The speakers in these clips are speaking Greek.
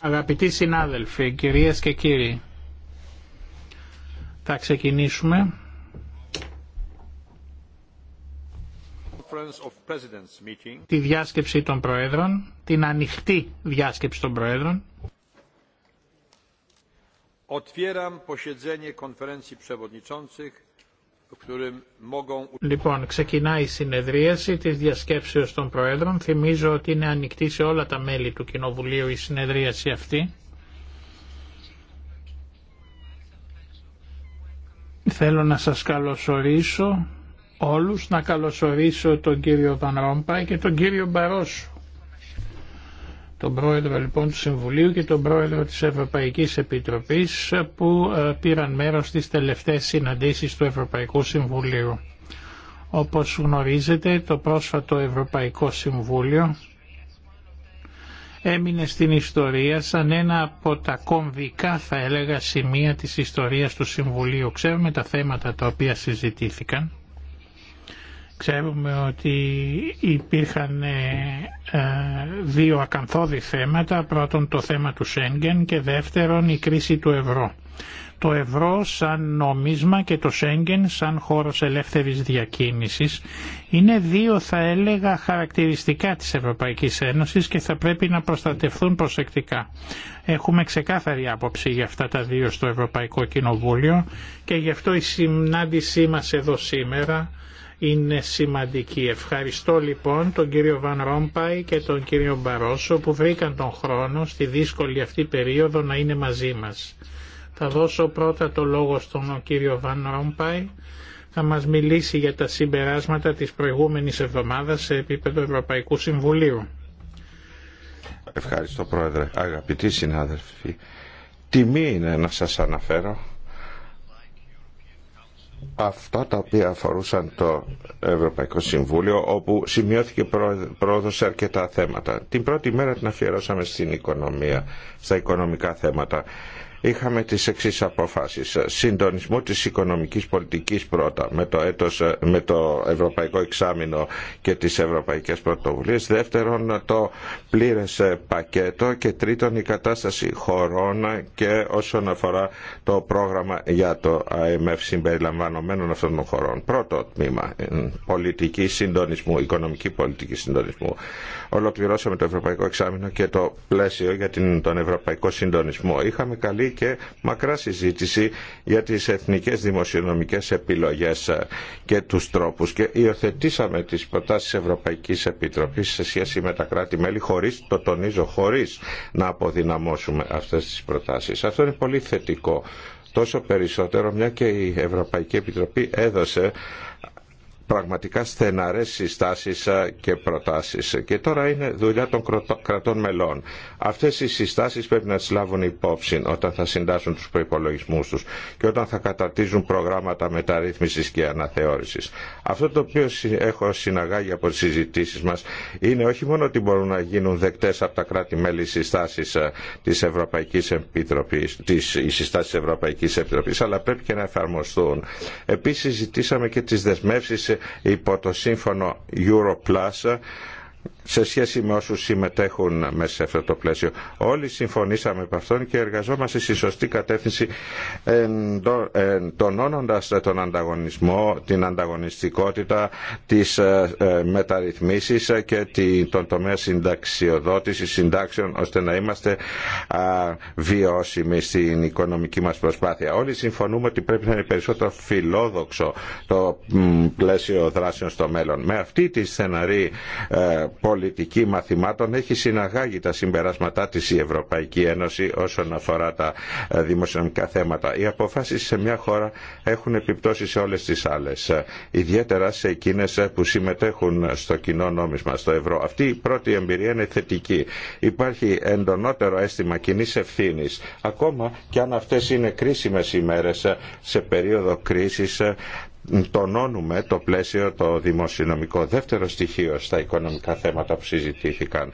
Αγαπητοί συνάδελφοι, κυρίες και κύριοι, θα ξεκινήσουμε. Τη διάσκεψη των Προέδρων, την ανοιχτή διάσκεψη των Προέδρων. Otwieram posiedzenie Λοιπόν, ξεκινάει η συνεδρίαση της διασκέψεως των Προέδρων. Θυμίζω ότι είναι ανοιχτή σε όλα τα μέλη του Κοινοβουλίου η συνεδρίαση αυτή. Θέλω να σας καλωσορίσω όλους, να καλωσορίσω τον κύριο Βανρόμπα και τον κύριο Μπαρόσου τον πρόεδρο λοιπόν του Συμβουλίου και τον πρόεδρο της Ευρωπαϊκής Επιτροπής που ε, πήραν μέρος στις τελευταίες συναντήσεις του Ευρωπαϊκού Συμβουλίου. Όπως γνωρίζετε το πρόσφατο Ευρωπαϊκό Συμβούλιο έμεινε στην ιστορία σαν ένα από τα κομβικά θα έλεγα σημεία της ιστορίας του Συμβουλίου. Ξέρουμε τα θέματα τα οποία συζητήθηκαν Ξέρουμε ότι υπήρχαν ε, ε, δύο ακαθόδη θέματα. Πρώτον το θέμα του Σέγγεν και δεύτερον η κρίση του ευρώ. Το ευρώ σαν νόμισμα και το Σέγγεν σαν χώρος ελεύθερης διακίνησης είναι δύο θα έλεγα χαρακτηριστικά της Ευρωπαϊκής Ένωσης και θα πρέπει να προστατευθούν προσεκτικά. Έχουμε ξεκάθαρη άποψη για αυτά τα δύο στο Ευρωπαϊκό Κοινοβούλιο και γι' αυτό η συνάντησή μας εδώ σήμερα είναι σημαντική. Ευχαριστώ λοιπόν τον κύριο Βαν Ρόμπαϊ και τον κύριο Μπαρόσο που βρήκαν τον χρόνο στη δύσκολη αυτή περίοδο να είναι μαζί μας. Θα δώσω πρώτα το λόγο στον κύριο Βαν Ρόμπαϊ θα μας μιλήσει για τα συμπεράσματα της προηγούμενης εβδομάδας σε επίπεδο Ευρωπαϊκού Συμβουλίου. Ευχαριστώ Πρόεδρε, αγαπητοί συνάδελφοι. Τιμή είναι να σας αναφέρω αυτά τα οποία αφορούσαν το Ευρωπαϊκό Συμβούλιο όπου σημειώθηκε πρόοδο σε αρκετά θέματα. Την πρώτη μέρα την αφιερώσαμε στην οικονομία, στα οικονομικά θέματα είχαμε τις εξής αποφάσεις. Συντονισμό της οικονομικής πολιτικής πρώτα με το, έτος, με το Ευρωπαϊκό Εξάμεινο και τις Ευρωπαϊκές Πρωτοβουλίες. Δεύτερον το πλήρες πακέτο και τρίτον η κατάσταση χωρών και όσον αφορά το πρόγραμμα για το IMF συμπεριλαμβανομένων αυτών των χωρών. Πρώτο τμήμα, πολιτική συντονισμού, οικονομική πολιτική συντονισμού. Ολοκληρώσαμε το Ευρωπαϊκό Εξάμεινο και το πλαίσιο για τον Ευρωπαϊκό Συντονισμό. Είχαμε καλή και μακρά συζήτηση για τις εθνικές δημοσιονομικές επιλογές και τους τρόπους και υιοθετήσαμε τις προτάσεις Ευρωπαϊκής Επιτροπής σε σχέση με τα κράτη-μέλη χωρίς, το τονίζω, χωρίς να αποδυναμώσουμε αυτές τις προτάσεις. Αυτό είναι πολύ θετικό. Τόσο περισσότερο μια και η Ευρωπαϊκή Επιτροπή έδωσε πραγματικά στεναρές συστάσεις ε, και προτάσεις. Και τώρα είναι δουλειά των κρατών μελών. Αυτές οι συστάσεις πρέπει να τις λάβουν υπόψη όταν θα συντάσσουν τους προϋπολογισμούς τους και όταν θα καταρτίζουν προγράμματα μεταρρύθμισης και αναθεώρησης. Αυτό το οποίο έχω συναγάγει από τις συζητήσεις μας είναι όχι μόνο ότι μπορούν να γίνουν δεκτές από τα κράτη-μέλη συστάσεις ε, της Ευρωπαϊκής Επιτροπής, της, συστάσεις Ευρωπαϊκής Επιτροπής, αλλά πρέπει και να εφαρμοστούν. Επίσης ζητήσαμε και τις δεσμεύσεις ε, υπό το σύμφωνο Europlus σε σχέση με όσους συμμετέχουν μέσα σε αυτό το πλαίσιο. Όλοι συμφωνήσαμε από αυτόν και εργαζόμαστε στη σωστή κατεύθυνση τονώνοντας τον ανταγωνισμό, την ανταγωνιστικότητα, τις ε, ε, μεταρρυθμίσεις και τον τομέα συνταξιοδότησης συντάξεων ώστε να είμαστε βιώσιμοι στην οικονομική μας προσπάθεια. Όλοι συμφωνούμε ότι πρέπει να είναι περισσότερο φιλόδοξο το πλαίσιο δράσεων στο μέλλον. Με αυτή τη στεναρή ε, πολιτική μαθημάτων έχει συναγάγει τα συμπεράσματά της η Ευρωπαϊκή Ένωση όσον αφορά τα ε, δημοσιονομικά θέματα. Οι αποφάσεις σε μια χώρα έχουν επιπτώσει σε όλες τις άλλες, ε, ιδιαίτερα σε εκείνες ε, που συμμετέχουν στο κοινό νόμισμα, στο ευρώ. Αυτή η πρώτη εμπειρία είναι θετική. Υπάρχει εντονότερο αίσθημα κοινή ευθύνη. Ακόμα και αν αυτές είναι κρίσιμες ημέρε σε περίοδο κρίσης τονώνουμε το πλαίσιο το δημοσιονομικό. Δεύτερο στοιχείο στα οικονομικά θέματα που συζητήθηκαν.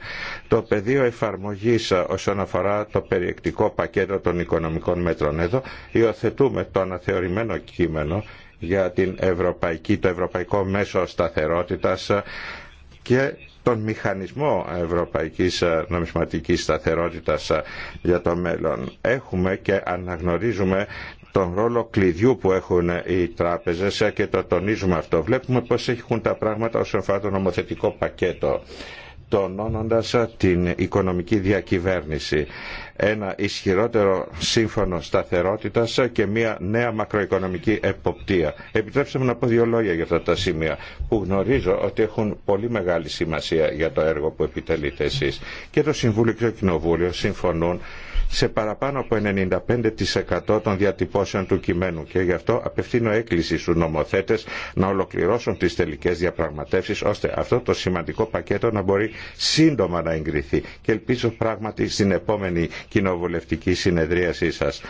Το πεδίο εφαρμογής όσον αφορά το περιεκτικό πακέτο των οικονομικών μέτρων. Εδώ υιοθετούμε το αναθεωρημένο κείμενο για την ευρωπαϊκή, το Ευρωπαϊκό Μέσο Σταθερότητας και τον μηχανισμό Ευρωπαϊκής Νομισματικής Σταθερότητας για το μέλλον. Έχουμε και αναγνωρίζουμε τον ρόλο κλειδιού που έχουν οι τράπεζες και το τονίζουμε αυτό. Βλέπουμε πώς έχουν τα πράγματα όσον αφορά το νομοθετικό πακέτο τονώνοντας την οικονομική διακυβέρνηση. Ένα ισχυρότερο σύμφωνο σταθερότητας και μια νέα μακροοικονομική εποπτεία. Επιτρέψτε μου να πω δύο λόγια για αυτά τα σημεία που γνωρίζω ότι έχουν πολύ μεγάλη σημασία για το έργο που επιτελείτε εσείς. Και το Συμβούλιο και το Κοινοβούλιο συμφωνούν σε παραπάνω από 95% των διατυπώσεων του κειμένου και γι' αυτό απευθύνω έκκληση στους νομοθέτες να ολοκληρώσουν τις τελικές διαπραγματεύσεις ώστε αυτό το σημαντικό πακέτο να μπορεί σύντομα να εγκριθεί και ελπίζω πράγματι στην επόμενη κοινοβουλευτική συνεδρίασή σας.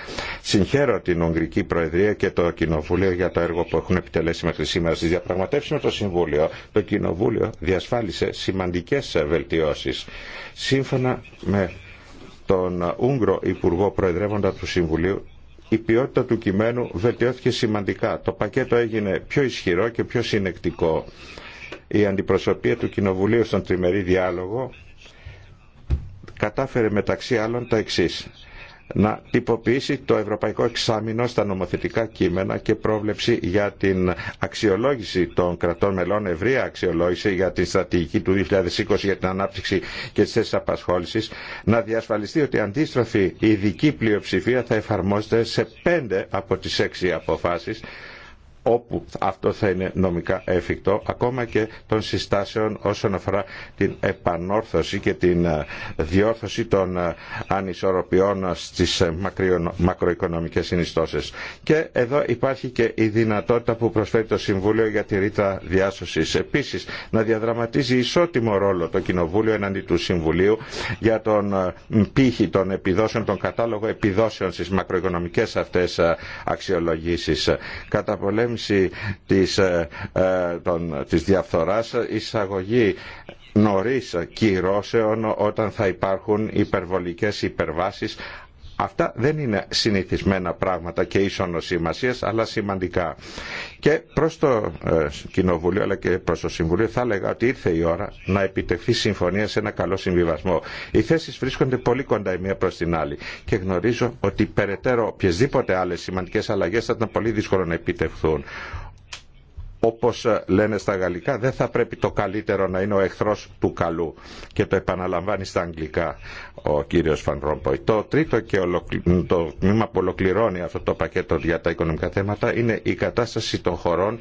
Συγχαίρω την Ουγγρική Προεδρία και το Κοινοβούλιο για το έργο που έχουν επιτελέσει μέχρι σήμερα στις διαπραγματεύσεις με το Συμβούλιο. Το Κοινοβούλιο διασφάλισε σημαντικές βελτιώσεις. Σύμφωνα με τον Ούγγρο Υπουργό Προεδρεύοντα του Συμβουλίου, η ποιότητα του κειμένου βελτιώθηκε σημαντικά. Το πακέτο έγινε πιο ισχυρό και πιο συνεκτικό. Η αντιπροσωπεία του Κοινοβουλίου στον τριμερή διάλογο κατάφερε μεταξύ άλλων τα εξής να τυποποιήσει το Ευρωπαϊκό Εξάμεινο στα νομοθετικά κείμενα και πρόβλεψη για την αξιολόγηση των κρατών μελών, ευρεία αξιολόγηση για την στρατηγική του 2020 για την ανάπτυξη και τις θέσεις απασχόλησης, να διασφαλιστεί ότι αντίστροφη ειδική πλειοψηφία θα εφαρμόζεται σε πέντε από τις έξι αποφάσεις όπου αυτό θα είναι νομικά εφικτό, ακόμα και των συστάσεων όσον αφορά την επανόρθωση και την ε, διόρθωση των ε, ανισορροπιών ε, στις μακροοικονομικές συνιστώσεις. Και εδώ υπάρχει και η δυνατότητα που προσφέρει το Συμβούλιο για τη ρήτρα διάσωσης. Επίσης, να διαδραματίζει ισότιμο ρόλο το Κοινοβούλιο εναντί του Συμβουλίου για τον πύχη των επιδόσεων, τον κατάλογο επιδόσεων στις μακροοικονομικές αυτές αξιολογήσεις. Τη της, ε, ε, της διαφθοράς, εισαγωγή νωρίς κυρώσεων όταν θα υπάρχουν υπερβολικές υπερβάσεις Αυτά δεν είναι συνηθισμένα πράγματα και ίσονο σημασία, αλλά σημαντικά. Και προ το ε, Κοινοβούλιο αλλά και προ το Συμβουλίο θα έλεγα ότι ήρθε η ώρα να επιτευχθεί συμφωνία σε ένα καλό συμβιβασμό. Οι θέσει βρίσκονται πολύ κοντά η μία προ την άλλη και γνωρίζω ότι περαιτέρω οποιασδήποτε άλλε σημαντικέ αλλαγέ θα ήταν πολύ δύσκολο να επιτευχθούν όπως ε, λένε στα γαλλικά, δεν θα πρέπει το καλύτερο να είναι ο εχθρός του καλού. Και το επαναλαμβάνει στα αγγλικά ο κύριος Φαν Το τρίτο και το τμήμα που ολοκληρώνει αυτό το πακέτο για τα οικονομικά θέματα είναι η κατάσταση των χωρών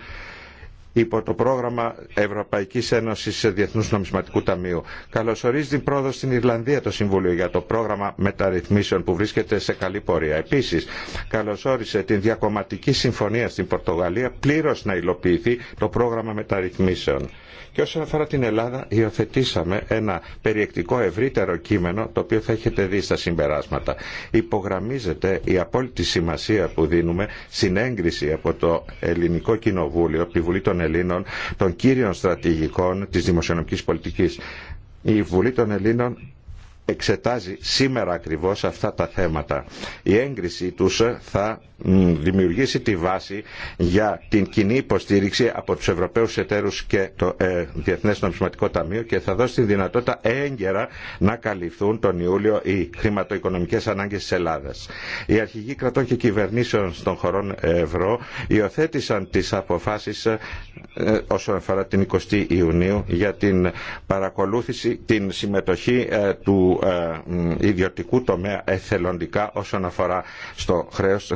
υπό το πρόγραμμα Ευρωπαϊκής Ένωσης Διεθνούς Νομισματικού Ταμείου. Καλωσορίζει την πρόοδο στην Ιρλανδία το Συμβούλιο για το πρόγραμμα μεταρρυθμίσεων που βρίσκεται σε καλή πορεία. Επίσης, καλωσόρισε την διακομματική συμφωνία στην Πορτογαλία πλήρως να υλοποιηθεί το πρόγραμμα μεταρρυθμίσεων. Και όσον αφορά την Ελλάδα, υιοθετήσαμε ένα περιεκτικό ευρύτερο κείμενο, το οποίο θα έχετε δει στα συμπεράσματα. Υπογραμμίζεται η απόλυτη σημασία που δίνουμε στην έγκριση από το Ελληνικό Κοινοβούλιο, τη Βουλή των Ελλήνων, των κύριων στρατηγικών της δημοσιονομικής πολιτικής. Η Βουλή των Ελλήνων εξετάζει σήμερα ακριβώς αυτά τα θέματα. Η έγκριση τους θα δημιουργήσει τη βάση για την κοινή υποστήριξη από τους Ευρωπαίους εταίρους και το ε, Διεθνές Νομισματικό Ταμείο και θα δώσει τη δυνατότητα έγκαιρα να καλυφθούν τον Ιούλιο οι χρηματοοικονομικές ανάγκες της Ελλάδας. Οι αρχηγοί κρατών και κυβερνήσεων των χωρών ευρώ υιοθέτησαν τις αποφάσεις ε, όσον αφορά την 20η Ιουνίου για την παρακολούθηση, την συμμετοχή ε, του ε, ιδιωτικού τομέα εθελοντικά όσον αφορά στο χρέος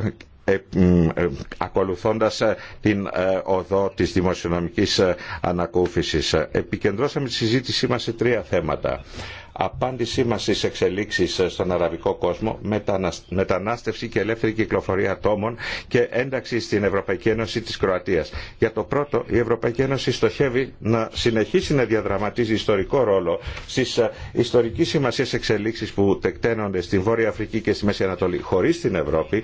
ε, ε, ακολουθώντας ε, την οδό της δημοσιονομικής ανακούφισης. Επικεντρώσαμε τη συζήτησή μας σε τρία θέματα. Απάντησή μας στις εξελίξεις στον αραβικό κόσμο, μετανάστευση και ελεύθερη κυκλοφορία ατόμων και ένταξη στην Ευρωπαϊκή Ένωση της Κροατίας. Για το πρώτο, η Ευρωπαϊκή Ένωση στοχεύει να συνεχίσει να διαδραματίζει ιστορικό ρόλο στις ιστορικής σημασίας εξελίξεις που τεκταίνονται στην Βόρεια Αφρική και στη Μέση Ανατολή χωρίς την Ευρώπη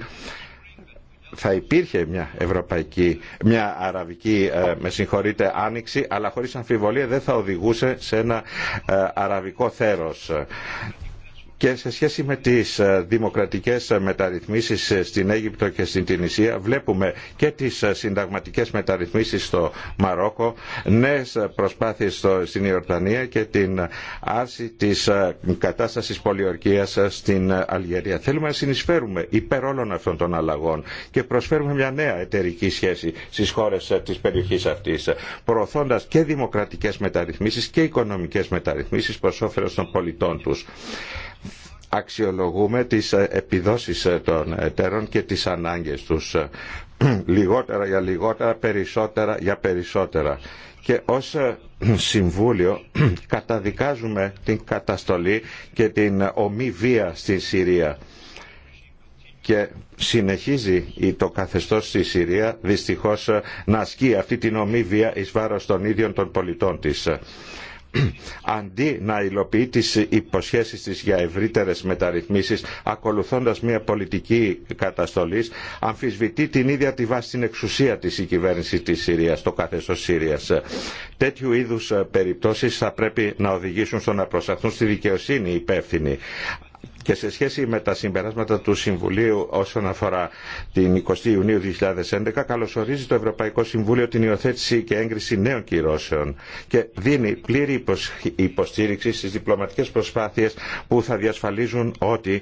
θα υπήρχε μια ευρωπαϊκή, μια αραβική, ε, με συγχωρείτε, άνοιξη, αλλά χωρίς αμφιβολία δεν θα οδηγούσε σε ένα ε, αραβικό θέρος. Και σε σχέση με τις ε, δημοκρατικές ε, μεταρρυθμίσεις ε, στην Αίγυπτο και στην Τινησία βλέπουμε και τις συνταγματικές μεταρρυθμίσεις στο Μαρόκο, νέες προσπάθειες στην Ιορτανία και την άρση της κατάστασης πολιορκίας στην Αλγερία. Θέλουμε να συνεισφέρουμε υπέρ όλων αυτών των αλλαγών και προσφέρουμε μια νέα εταιρική σχέση στις χώρες της περιοχής αυτής, προωθώντας και δημοκρατικές μεταρρυθμίσεις και οικονομικές μεταρρυθμίσεις προς όφελος των πολιτών τους αξιολογούμε τις ε, επιδόσεις ε, των εταίρων και τις ανάγκες τους. Ε, λιγότερα για λιγότερα, περισσότερα για περισσότερα. Και ως Συμβούλιο καταδικάζουμε την καταστολή και την ομή βία Συρία και συνεχίζει το καθεστώς στη Συρία δυστυχώς να ασκεί αυτή την ομίβια εις βάρος των ίδιων των πολιτών της. αντί να υλοποιεί τις υποσχέσεις της για ευρύτερες μεταρρυθμίσεις ακολουθώντας μια πολιτική καταστολής αμφισβητεί την ίδια τη βάση στην εξουσία της η κυβέρνηση της Συρίας, το καθεστώς Συρίας. Τέτοιου είδους περιπτώσεις θα πρέπει να οδηγήσουν στο να προσταθούν στη δικαιοσύνη υπεύθυνοι και σε σχέση με τα συμπεράσματα του Συμβουλίου όσον αφορά την 20 Ιουνίου 2011 καλωσορίζει το Ευρωπαϊκό Συμβούλιο την υιοθέτηση και έγκριση νέων κυρώσεων και δίνει πλήρη υποστήριξη στις διπλωματικές προσπάθειες που θα διασφαλίζουν ότι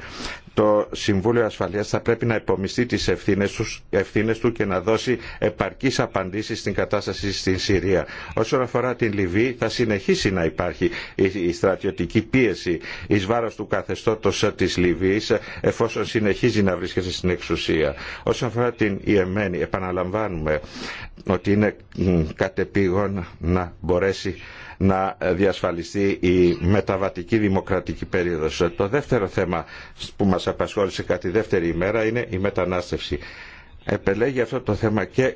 το Συμβούλιο Ασφαλείας θα πρέπει να υπομειστεί τις ευθύνες, ευθύνες του και να δώσει επαρκείς απαντήσεις στην κατάσταση στην Συρία. Όσον αφορά την Λιβύη θα συνεχίσει να υπάρχει η στρατιωτική πίεση εις βάρος του καθεστώτος τη της Λιβύης εφόσον συνεχίζει να βρίσκεται στην εξουσία. Όσον αφορά την Ιεμένη, επαναλαμβάνουμε ότι είναι κατεπήγον να μπορέσει να διασφαλιστεί η μεταβατική δημοκρατική περίοδος. Το δεύτερο θέμα που μας απασχόλησε κάτι δεύτερη ημέρα είναι η μετανάστευση επελέγει αυτό το θέμα και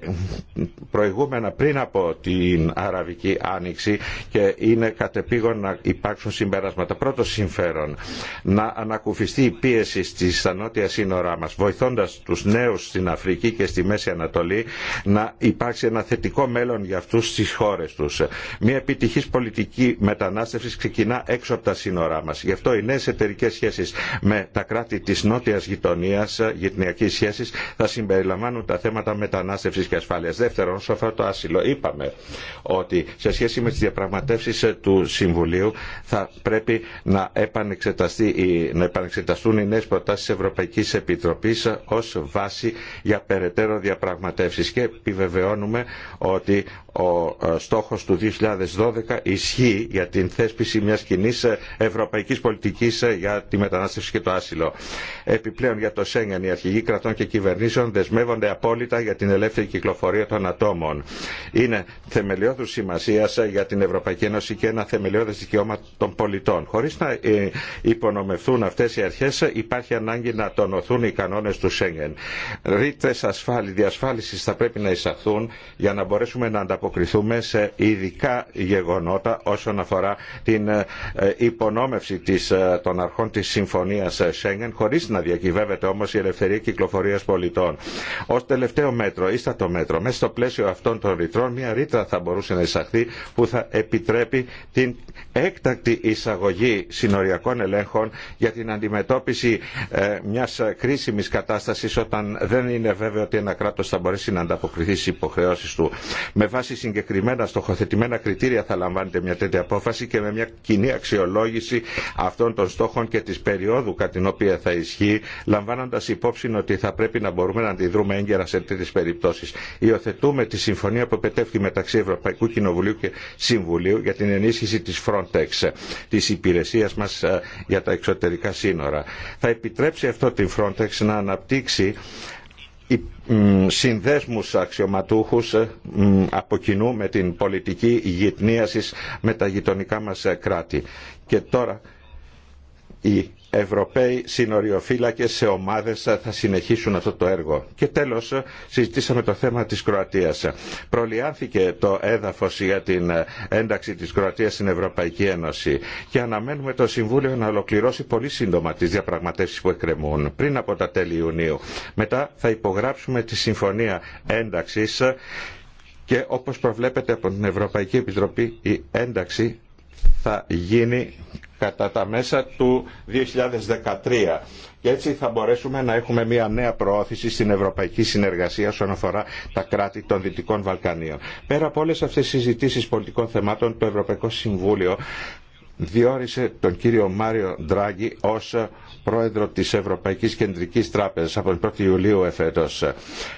προηγούμενα πριν από την Αραβική Άνοιξη και είναι κατεπήγον να υπάρξουν συμπεράσματα. Πρώτο συμφέρον, να ανακουφιστεί η πίεση στα νότια σύνορά μας, βοηθώντας τους νέους στην Αφρική και στη Μέση Ανατολή να υπάρξει ένα θετικό μέλλον για αυτούς στις χώρες τους. Μια επιτυχής πολιτική μετανάστευση ξεκινά έξω από τα σύνορά μας. Γι' αυτό οι νέες εταιρικές σχέσεις με τα κράτη της νότιας γειτονίας, γειτονιακής σχέση, θα συμπεριλαμβάνουν τα θέματα μετανάστευση και ασφάλεια. Δεύτερον, σε αυτό το άσυλο, είπαμε ότι σε σχέση με τι διαπραγματεύσει του Συμβουλίου θα πρέπει να, να επανεξεταστούν οι νέε προτάσει Ευρωπαϊκή Επιτροπή ω βάση για περαιτέρω διαπραγματεύσει. Και επιβεβαιώνουμε ότι ο ε, στόχος του 2012 ισχύει για την θέσπιση μιας κοινή ε, ευρωπαϊκής πολιτικής ε, για τη μετανάστευση και το άσυλο. Επιπλέον για το Σέγγεν οι αρχηγοί κρατών και κυβερνήσεων δεσμεύονται απόλυτα για την ελεύθερη κυκλοφορία των ατόμων. Είναι θεμελιώδους σημασία για την Ευρωπαϊκή Ένωση και ένα θεμελιώδες δικαιώμα των πολιτών. Χωρίς να υπονομευθούν αυτές οι αρχές υπάρχει ανάγκη να τονωθούν οι κανόνες του Σέγγεν. Ρήτρες ασφάλι, διασφάλισης θα πρέπει να εισαχθούν για να μπορέσουμε να ανταποκριθούμε ανταποκριθούμε σε ειδικά γεγονότα όσον αφορά την ε, υπονόμευση της, ε, των αρχών της Συμφωνίας ε, Σέγγεν χωρίς να διακυβεύεται όμως η ελευθερία κυκλοφορίας πολιτών. Ως τελευταίο μέτρο, ίστατο μέτρο, μέσα στο πλαίσιο αυτών των ρητρών μια ρήτρα θα μπορούσε να εισαχθεί που θα επιτρέπει την έκτακτη εισαγωγή συνοριακών ελέγχων για την αντιμετώπιση μιας κρίσιμης κατάστασης όταν δεν είναι βέβαιο ότι ένα κράτος θα μπορέσει να ανταποκριθεί στις υποχρεώσεις του. Με συγκεκριμένα στοχοθετημένα κριτήρια θα λαμβάνεται μια τέτοια απόφαση και με μια κοινή αξιολόγηση αυτών των στόχων και της περίοδου κατά την οποία θα ισχύει, λαμβάνοντας υπόψη ότι θα πρέπει να μπορούμε να αντιδρούμε έγκαιρα σε τέτοιες περιπτώσεις. Υιοθετούμε τη συμφωνία που επετεύχθη μεταξύ Ευρωπαϊκού Κοινοβουλίου και Συμβουλίου για την ενίσχυση της Frontex, της υπηρεσίας μας ε, για τα εξωτερικά σύνορα. Θα επιτρέψει αυτό την Frontex να αναπτύξει συνδέσμους αξιωματούχους ε, από κοινού με την πολιτική γυτνίασης με τα γειτονικά μας ε, κράτη. Και τώρα η Ευρωπαίοι συνοριοφύλακες σε ομάδες θα συνεχίσουν αυτό το έργο. Και τέλος συζητήσαμε το θέμα της Κροατίας. Προλιάνθηκε το έδαφος για την ένταξη της Κροατίας στην Ευρωπαϊκή Ένωση και αναμένουμε το Συμβούλιο να ολοκληρώσει πολύ σύντομα τις διαπραγματεύσεις που εκκρεμούν πριν από τα τέλη Ιουνίου. Μετά θα υπογράψουμε τη Συμφωνία Ένταξης και όπως προβλέπεται από την Ευρωπαϊκή Επιτροπή η ένταξη θα γίνει κατά τα μέσα του 2013. Και έτσι θα μπορέσουμε να έχουμε μια νέα προώθηση στην ευρωπαϊκή συνεργασία όσον αφορά τα κράτη των Δυτικών Βαλκανίων. Πέρα από όλες αυτές τις συζητήσεις πολιτικών θεμάτων, το Ευρωπαϊκό Συμβούλιο διόρισε τον κύριο Μάριο Ντράγκη ως πρόεδρο της Ευρωπαϊκής Κεντρικής Τράπεζας από την 1η Ιουλίου εφέτος.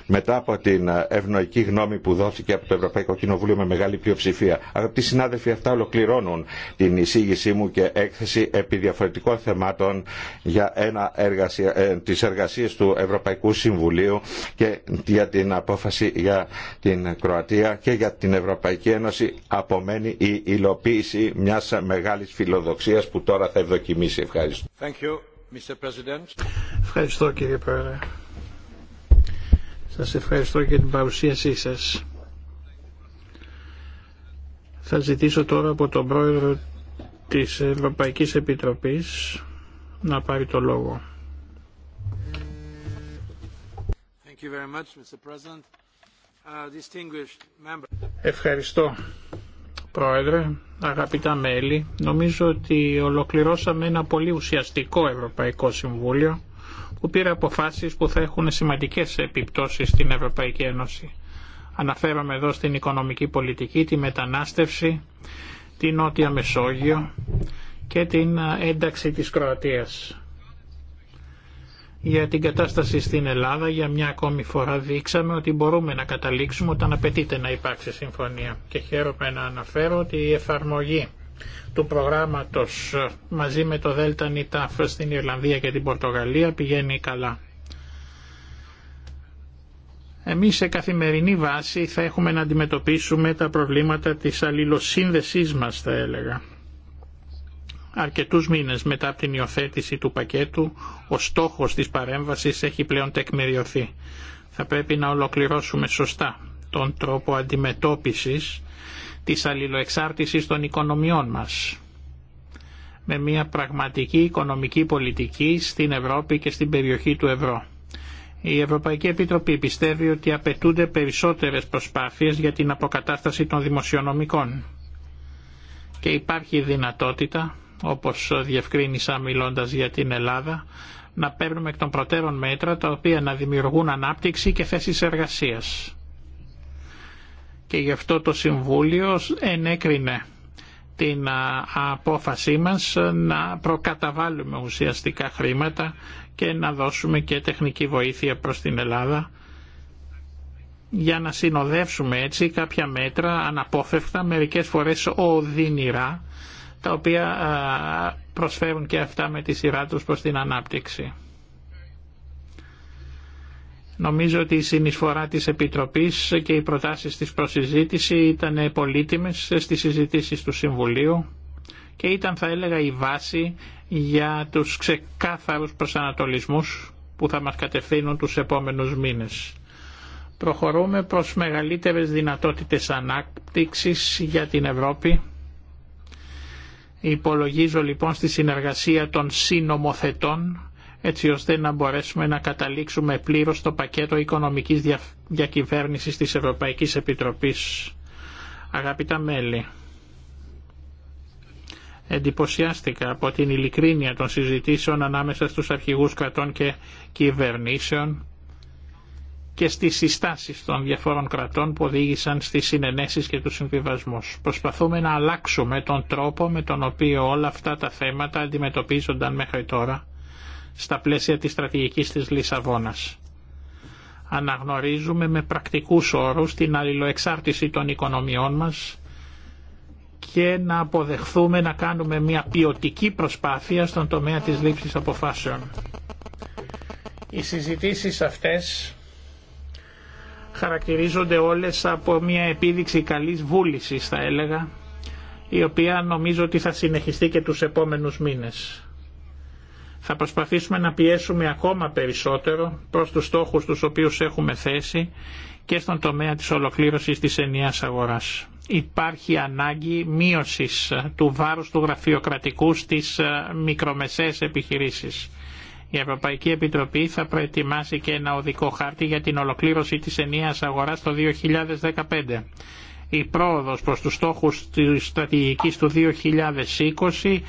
Μετά από την ευνοϊκή γνώμη που δόθηκε από το Ευρωπαϊκό Κοινοβούλιο με μεγάλη πλειοψηφία. Αγαπητοί συνάδελφοι, αυτά ολοκληρώνουν την εισήγησή μου και έκθεση επί διαφορετικών θεμάτων για ένα εργασία, ε, τις εργασίες του Ευρωπαϊκού Συμβουλίου και για την απόφαση για την Κροατία και για την Ευρωπαϊκή Ένωση απομένει η υλοποίηση μιας μεγάλης φιλοδοξίας που τώρα θα ευδοκιμήσει. Ευχαριστώ. Thank you. Ευχαριστώ κύριε Πρόεδρε. Σας ευχαριστώ για την παρουσίασή σας. Θα ζητήσω τώρα από τον Πρόεδρο της Ευρωπαϊκής Επιτροπής να πάρει το λόγο. Uh, ευχαριστώ Πρόεδρε, αγαπητά μέλη, νομίζω ότι ολοκληρώσαμε ένα πολύ ουσιαστικό Ευρωπαϊκό Συμβούλιο που πήρε αποφάσεις που θα έχουν σημαντικές επιπτώσεις στην Ευρωπαϊκή Ένωση. Αναφέραμε εδώ στην οικονομική πολιτική, τη μετανάστευση, την Νότια Μεσόγειο και την ένταξη της Κροατίας για την κατάσταση στην Ελλάδα για μια ακόμη φορά δείξαμε ότι μπορούμε να καταλήξουμε όταν απαιτείται να υπάρξει συμφωνία και χαίρομαι να αναφέρω ότι η εφαρμογή του προγράμματος μαζί με το Δέλτα Νιτάφ στην Ιρλανδία και την Πορτογαλία πηγαίνει καλά. Εμείς σε καθημερινή βάση θα έχουμε να αντιμετωπίσουμε τα προβλήματα της αλληλοσύνδεσής μας θα έλεγα αρκετούς μήνες μετά από την υιοθέτηση του πακέτου, ο στόχος της παρέμβασης έχει πλέον τεκμηριωθεί. Θα πρέπει να ολοκληρώσουμε σωστά τον τρόπο αντιμετώπισης της αλληλοεξάρτησης των οικονομιών μας με μια πραγματική οικονομική πολιτική στην Ευρώπη και στην περιοχή του ευρώ. Η Ευρωπαϊκή Επιτροπή πιστεύει ότι απαιτούνται περισσότερες προσπάθειες για την αποκατάσταση των δημοσιονομικών και υπάρχει δυνατότητα όπως διευκρίνησα μιλώντας για την Ελλάδα, να παίρνουμε εκ των προτέρων μέτρα τα οποία να δημιουργούν ανάπτυξη και θέσεις εργασίας. Και γι' αυτό το Συμβούλιο ενέκρινε την απόφασή μας να προκαταβάλουμε ουσιαστικά χρήματα και να δώσουμε και τεχνική βοήθεια προς την Ελλάδα για να συνοδεύσουμε έτσι κάποια μέτρα αναπόφευκτα, μερικές φορές οδυνηρά, τα οποία προσφέρουν και αυτά με τη σειρά τους προς την ανάπτυξη. Νομίζω ότι η συνεισφορά της Επιτροπής και οι προτάσεις της προσυζήτηση ήταν πολύτιμες στις συζητήσεις του Συμβουλίου και ήταν θα έλεγα η βάση για τους ξεκάθαρους προσανατολισμούς που θα μας κατευθύνουν τους επόμενους μήνες. Προχωρούμε προς μεγαλύτερες δυνατότητες ανάπτυξης για την Ευρώπη Υπολογίζω λοιπόν στη συνεργασία των συνομοθετών έτσι ώστε να μπορέσουμε να καταλήξουμε πλήρως το πακέτο οικονομικής διακυβέρνησης της Ευρωπαϊκής Επιτροπής. Αγαπητά μέλη, εντυπωσιάστηκα από την ειλικρίνεια των συζητήσεων ανάμεσα στους αρχηγούς κρατών και κυβερνήσεων και στις συστάσεις των διαφόρων κρατών που οδήγησαν στις συνενέσεις και τους συμβιβασμούς. Προσπαθούμε να αλλάξουμε τον τρόπο με τον οποίο όλα αυτά τα θέματα αντιμετωπίζονταν μέχρι τώρα στα πλαίσια της στρατηγικής της Λισαβόνας. Αναγνωρίζουμε με πρακτικούς όρους την αλληλοεξάρτηση των οικονομιών μας και να αποδεχθούμε να κάνουμε μια ποιοτική προσπάθεια στον τομέα της λήψης αποφάσεων. Οι συζητήσεις αυτές χαρακτηρίζονται όλες από μια επίδειξη καλής βούλησης θα έλεγα η οποία νομίζω ότι θα συνεχιστεί και τους επόμενους μήνες. Θα προσπαθήσουμε να πιέσουμε ακόμα περισσότερο προς τους στόχους τους οποίους έχουμε θέσει και στον τομέα της ολοκλήρωσης της ενιαίας αγοράς. Υπάρχει ανάγκη μείωσης του βάρους του γραφειοκρατικού στις μικρομεσαίες επιχειρήσεις η Ευρωπαϊκή Επιτροπή θα προετοιμάσει και ένα οδικό χάρτη για την ολοκλήρωση της ενίας αγοράς το 2015. Η πρόοδος προς τους στόχους της στρατηγικής του 2020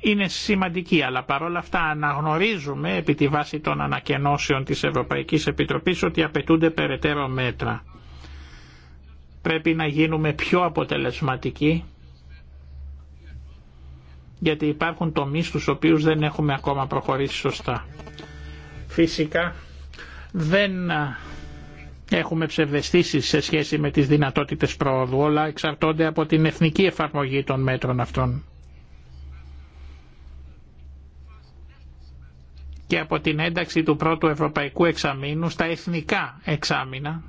είναι σημαντική, αλλά παρόλα αυτά αναγνωρίζουμε επί τη βάση των ανακαινώσεων της Ευρωπαϊκής Επιτροπής ότι απαιτούνται περαιτέρω μέτρα. Πρέπει να γίνουμε πιο αποτελεσματικοί γιατί υπάρχουν τομείς στους οποίους δεν έχουμε ακόμα προχωρήσει σωστά. Φυσικά δεν έχουμε ψευδεστήσεις σε σχέση με τις δυνατότητες προόδου, όλα εξαρτώνται από την εθνική εφαρμογή των μέτρων αυτών. και από την ένταξη του πρώτου ευρωπαϊκού εξαμήνου στα εθνικά εξάμεινα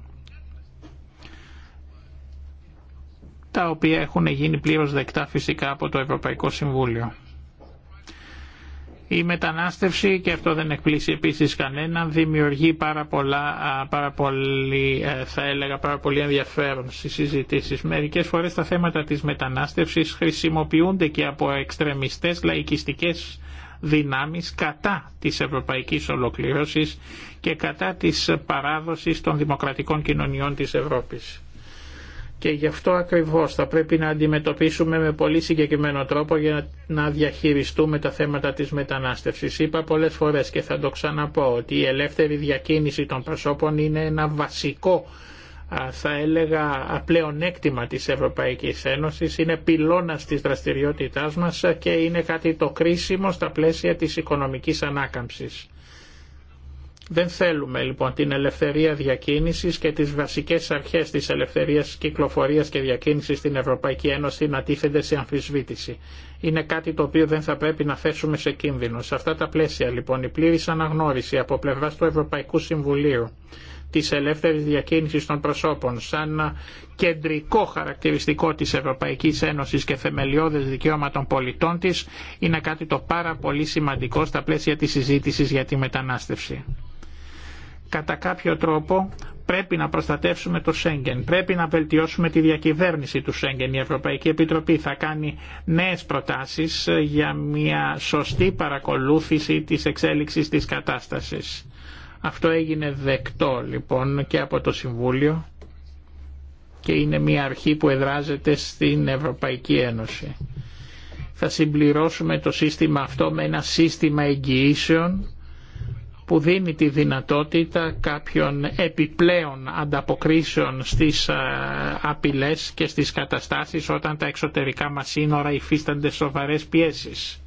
τα οποία έχουν γίνει πλήρως δεκτά φυσικά από το Ευρωπαϊκό Συμβούλιο. Η μετανάστευση, και αυτό δεν εκπλήσει επίσης κανένα, δημιουργεί πάρα, πολλά, πάρα πολύ, ε, θα έλεγα, πάρα πολύ ενδιαφέρον στις συζητήσεις. Μερικές φορές τα θέματα της μετανάστευσης χρησιμοποιούνται και από εξτρεμιστές λαϊκιστικές δυνάμεις κατά της ευρωπαϊκής ολοκλήρωσης και κατά της παράδοσης των δημοκρατικών κοινωνιών της Ευρώπης. Και γι' αυτό ακριβώς θα πρέπει να αντιμετωπίσουμε με πολύ συγκεκριμένο τρόπο για να διαχειριστούμε τα θέματα της μετανάστευσης. Είπα πολλές φορές και θα το ξαναπώ ότι η ελεύθερη διακίνηση των προσώπων είναι ένα βασικό θα έλεγα έκτημα της Ευρωπαϊκής Ένωσης, είναι πυλώνας της δραστηριότητάς μας και είναι κάτι το κρίσιμο στα πλαίσια της οικονομικής ανάκαμψης. Δεν θέλουμε λοιπόν την ελευθερία διακίνησης και τις βασικές αρχές της ελευθερίας κυκλοφορίας και διακίνησης στην Ευρωπαϊκή Ένωση να τίθενται σε αμφισβήτηση. Είναι κάτι το οποίο δεν θα πρέπει να θέσουμε σε κίνδυνο. Σε αυτά τα πλαίσια λοιπόν η πλήρης αναγνώριση από πλευρά του Ευρωπαϊκού Συμβουλίου τη ελεύθερη διακίνηση των προσώπων σαν κεντρικό χαρακτηριστικό τη Ευρωπαϊκή Ένωση και θεμελιώδε δικαίωμα των πολιτών τη είναι κάτι το πάρα πολύ σημαντικό στα πλαίσια τη συζήτηση για τη μετανάστευση κατά κάποιο τρόπο πρέπει να προστατεύσουμε το Σέγγεν, πρέπει να βελτιώσουμε τη διακυβέρνηση του Σέγγεν. Η Ευρωπαϊκή Επιτροπή θα κάνει νέες προτάσεις για μια σωστή παρακολούθηση της εξέλιξης της κατάστασης. Αυτό έγινε δεκτό λοιπόν και από το Συμβούλιο και είναι μια αρχή που εδράζεται στην Ευρωπαϊκή Ένωση. Θα συμπληρώσουμε το σύστημα αυτό με ένα σύστημα εγγυήσεων που δίνει τη δυνατότητα κάποιων επιπλέον ανταποκρίσεων στις ε, απειλές και στις καταστάσεις όταν τα εξωτερικά μας σύνορα υφίστανται σοβαρές πιέσεις.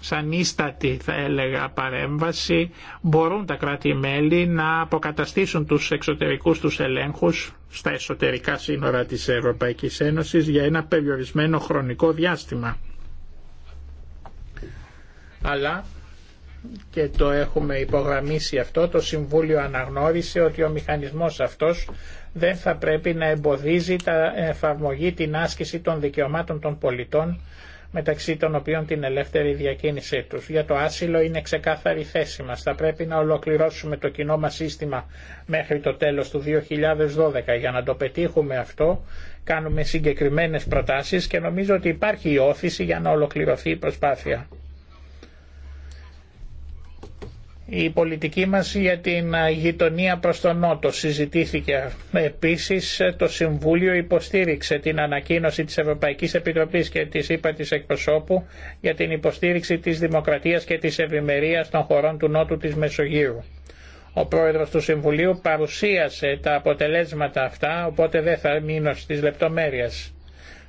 Σαν ίστατη θα έλεγα παρέμβαση μπορούν τα κράτη-μέλη να αποκαταστήσουν τους εξωτερικούς τους ελέγχους στα εσωτερικά σύνορα της Ευρωπαϊκής Ένωσης για ένα περιορισμένο χρονικό διάστημα αλλά και το έχουμε υπογραμμίσει αυτό, το Συμβούλιο αναγνώρισε ότι ο μηχανισμός αυτός δεν θα πρέπει να εμποδίζει τα εφαρμογή την άσκηση των δικαιωμάτων των πολιτών μεταξύ των οποίων την ελεύθερη διακίνησή τους. Για το άσυλο είναι ξεκάθαρη θέση μας. Θα πρέπει να ολοκληρώσουμε το κοινό μας σύστημα μέχρι το τέλος του 2012. Για να το πετύχουμε αυτό κάνουμε συγκεκριμένες προτάσεις και νομίζω ότι υπάρχει η όθηση για να ολοκληρωθεί η προσπάθεια. Η πολιτική μας για την γειτονία προς τον Νότο συζητήθηκε. Επίσης το Συμβούλιο υποστήριξε την ανακοίνωση της Ευρωπαϊκής Επιτροπής και της ΥΠΑ της Εκπροσώπου για την υποστήριξη της δημοκρατίας και της ευημερίας των χωρών του Νότου της Μεσογείου. Ο πρόεδρος του Συμβουλίου παρουσίασε τα αποτελέσματα αυτά, οπότε δεν θα μείνω στις λεπτομέρειες.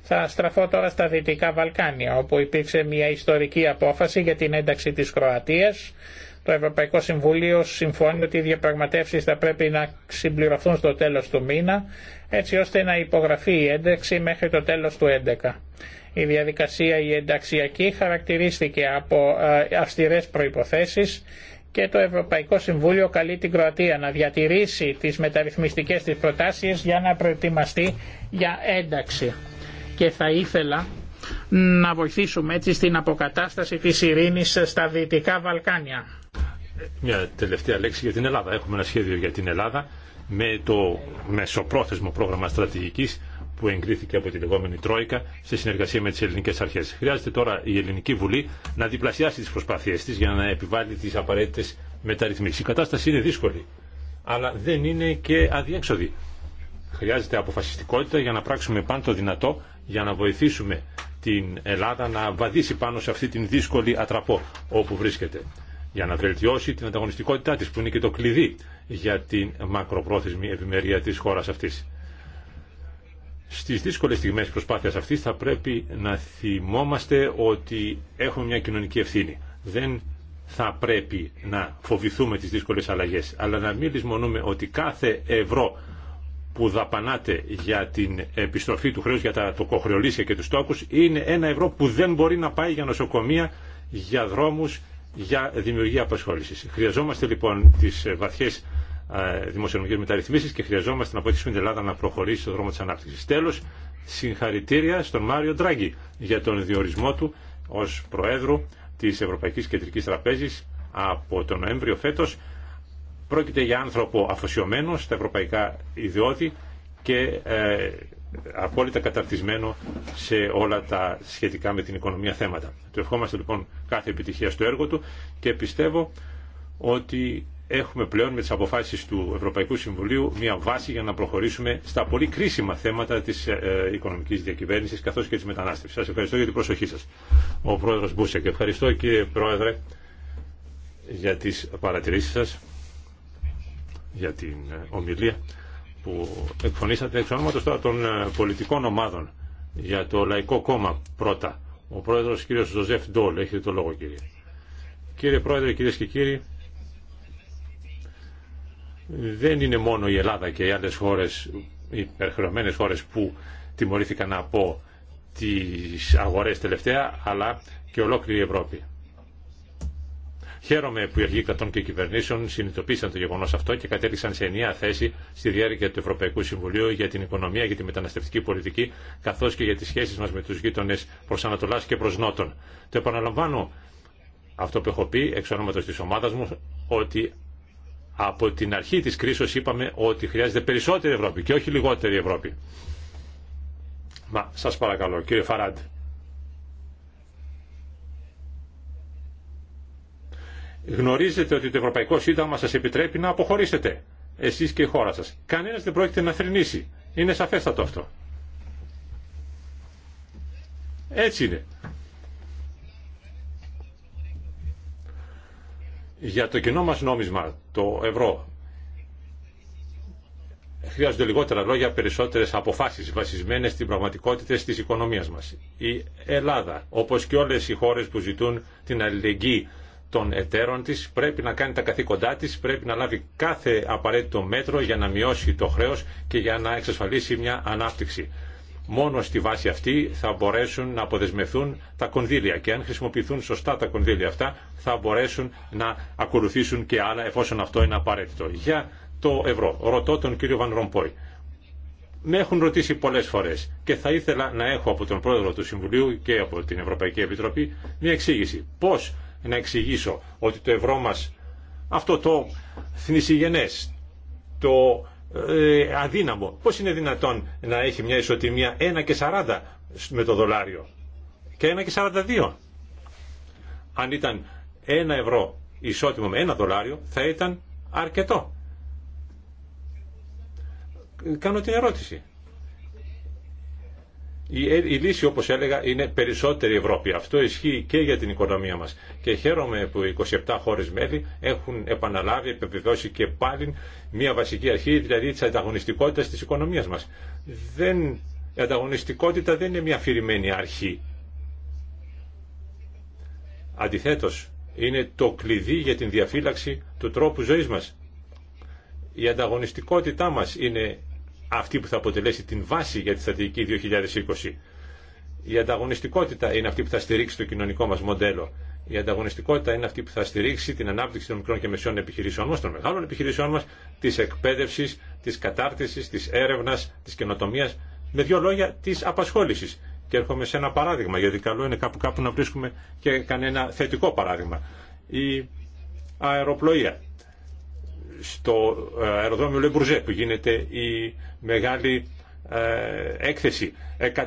Θα στραφώ τώρα στα Δυτικά Βαλκάνια, όπου υπήρξε μια ιστορική απόφαση για την ένταξη της Κροατίας το Ευρωπαϊκό Συμβούλιο συμφωνεί ότι οι διαπραγματεύσεις θα πρέπει να συμπληρωθούν στο τέλος του μήνα, έτσι ώστε να υπογραφεί η ένταξη μέχρι το τέλος του 2011. Η διαδικασία η ενταξιακή χαρακτηρίστηκε από ε, αυστηρές προϋποθέσεις και το Ευρωπαϊκό Συμβούλιο καλεί την Κροατία να διατηρήσει τις μεταρρυθμιστικές της προτάσεις για να προετοιμαστεί για ένταξη. Και θα ήθελα να βοηθήσουμε έτσι στην αποκατάσταση της ειρήνης στα Δυτικά Βαλκάνια. Μια τελευταία λέξη για την Ελλάδα. Έχουμε ένα σχέδιο για την Ελλάδα με το μεσοπρόθεσμο πρόγραμμα στρατηγική που εγκρίθηκε από τη λεγόμενη Τρόικα σε συνεργασία με τι ελληνικέ αρχέ. Χρειάζεται τώρα η Ελληνική Βουλή να διπλασιάσει τι προσπάθειές τη για να επιβάλλει τι απαραίτητε μεταρρυθμίσεις. Η κατάσταση είναι δύσκολη, αλλά δεν είναι και αδιέξοδη. Χρειάζεται αποφασιστικότητα για να πράξουμε πάνω δυνατό για να βοηθήσουμε την Ελλάδα να βαδίσει πάνω σε αυτή την δύσκολη ατραπό όπου βρίσκεται για να βελτιώσει την ανταγωνιστικότητά της που είναι και το κλειδί για την μακροπρόθεσμη ευημερία της χώρας αυτής. Στις δύσκολες στιγμές προσπάθειας αυτής θα πρέπει να θυμόμαστε ότι έχουμε μια κοινωνική ευθύνη. Δεν θα πρέπει να φοβηθούμε τις δύσκολες αλλαγές, αλλά να μην λησμονούμε ότι κάθε ευρώ που δαπανάτε για την επιστροφή του χρέους για τα τοκοχρεωλήσια και τους τόκους είναι ένα ευρώ που δεν μπορεί να πάει για νοσοκομεία, για δρόμους, για δημιουργία απασχόληση. Χρειαζόμαστε λοιπόν τις ε, βαθιές ε, δημοσιονομικές μεταρρυθμίσεις και χρειαζόμαστε να βοηθήσουμε την Ελλάδα να προχωρήσει στον δρόμο της ανάπτυξης. Τέλο, συγχαρητήρια στον Μάριο Ντράγκη για τον διορισμό του ως Προέδρου της Ευρωπαϊκής Κεντρική Τραπέζη από τον Νοέμβριο Φέτο, Πρόκειται για άνθρωπο αφοσιωμένο στα ευρωπαϊκά ιδιώτη και ε, απόλυτα καταρτισμένο σε όλα τα σχετικά με την οικονομία θέματα. Του ευχόμαστε λοιπόν κάθε επιτυχία στο έργο του και πιστεύω ότι έχουμε πλέον με τις αποφάσεις του Ευρωπαϊκού Συμβουλίου μια βάση για να προχωρήσουμε στα πολύ κρίσιμα θέματα της ε, οικονομικής διακυβέρνησης καθώς και της μετανάστευσης. Σας ευχαριστώ για την προσοχή σας. Ο Πρόεδρος Μπούσεκ. Ευχαριστώ κύριε Πρόεδρε για τις παρατηρήσεις σας, για την ε, ομιλία που εκφωνήσατε εξ ονόματος τώρα των ε, πολιτικών ομάδων για το Λαϊκό Κόμμα πρώτα. Ο πρόεδρος κύριος Ζωζεφ Ντόλ. Έχετε το λόγο κύριε. Κύριε πρόεδρε, κυρίες και κύριοι, δεν είναι μόνο η Ελλάδα και οι άλλες χώρες, οι υπερχρεωμένες χώρες που τιμωρήθηκαν από τις αγορές τελευταία, αλλά και ολόκληρη η Ευρώπη. Χαίρομαι που οι αρχηγοί κρατών και κυβερνήσεων συνειδητοποίησαν το γεγονό αυτό και κατέληξαν σε ενιαία θέση στη διάρκεια του Ευρωπαϊκού Συμβουλίου για την οικονομία, για τη μεταναστευτική πολιτική, καθώ και για τι σχέσει μα με του γείτονε προ Ανατολά και προ Νότον. Το επαναλαμβάνω αυτό που έχω πει εξ ονόματο τη ομάδα μου, ότι από την αρχή τη κρίση είπαμε ότι χρειάζεται περισσότερη Ευρώπη και όχι λιγότερη Ευρώπη. Μα σα παρακαλώ, κύριε Φαράντ, Γνωρίζετε ότι το Ευρωπαϊκό Σύνταγμα σα επιτρέπει να αποχωρήσετε, εσείς και η χώρα σας. Κανένα δεν πρόκειται να θρυνήσει. Είναι σαφέστατο αυτό. Έτσι είναι. Για το κοινό μας νόμισμα, το ευρώ, χρειάζονται λιγότερα λόγια, περισσότερες αποφάσεις βασισμένες στην πραγματικότητα της οικονομίας μας. Η Ελλάδα, όπως και όλες οι χώρες που ζητούν την αλληλεγγύη των εταίρων της πρέπει να κάνει τα καθήκοντά της, πρέπει να λάβει κάθε απαραίτητο μέτρο για να μειώσει το χρέος και για να εξασφαλίσει μια ανάπτυξη. Μόνο στη βάση αυτή θα μπορέσουν να αποδεσμευθούν τα κονδύλια και αν χρησιμοποιηθούν σωστά τα κονδύλια αυτά θα μπορέσουν να ακολουθήσουν και άλλα εφόσον αυτό είναι απαραίτητο. Για το ευρώ. Ρωτώ τον κύριο Βαν Ρομπόη. Με έχουν ρωτήσει πολλές φορές και θα ήθελα να έχω από τον πρόεδρο του Συμβουλίου και από την Ευρωπαϊκή Επιτροπή μια εξήγηση. Πώς να εξηγήσω ότι το ευρώ μας αυτό το θνησιγενές, το ε, αδύναμο, πώς είναι δυνατόν να έχει μια ισοτιμία 1,40 και 40 με το δολάριο και 1,42. και 42. Αν ήταν 1 ευρώ ισότιμο με 1 δολάριο θα ήταν αρκετό. Κάνω την ερώτηση. Ε, η, λύση, όπως έλεγα, είναι περισσότερη Ευρώπη. Αυτό ισχύει και για την οικονομία μας. Και χαίρομαι που οι 27 χώρες μέλη έχουν επαναλάβει, επιβεβαιώσει και πάλι μια βασική αρχή, δηλαδή της ανταγωνιστικότητα της οικονομίας μας. Δεν, η ανταγωνιστικότητα δεν είναι μια αφηρημένη αρχή. Αντιθέτως, είναι το κλειδί για την διαφύλαξη του τρόπου ζωής μας. Η ανταγωνιστικότητά μας είναι αυτή που θα αποτελέσει την βάση για τη στρατηγική 2020. Η ανταγωνιστικότητα είναι αυτή που θα στηρίξει το κοινωνικό μας μοντέλο. Η ανταγωνιστικότητα είναι αυτή που θα στηρίξει την ανάπτυξη των μικρών και μεσαίων επιχειρήσεών μας, των μεγάλων επιχειρήσεών μας, της εκπαίδευσης, της κατάρτισης, της έρευνας, της καινοτομία, με δύο λόγια της απασχόλησης. Και έρχομαι σε ένα παράδειγμα, γιατί καλό είναι κάπου κάπου να βρίσκουμε και κανένα θετικό παράδειγμα. Η αεροπλοεία. Στο ε, αεροδρόμιο Λεμπουρζέ που γίνεται η μεγάλη ε, έκθεση.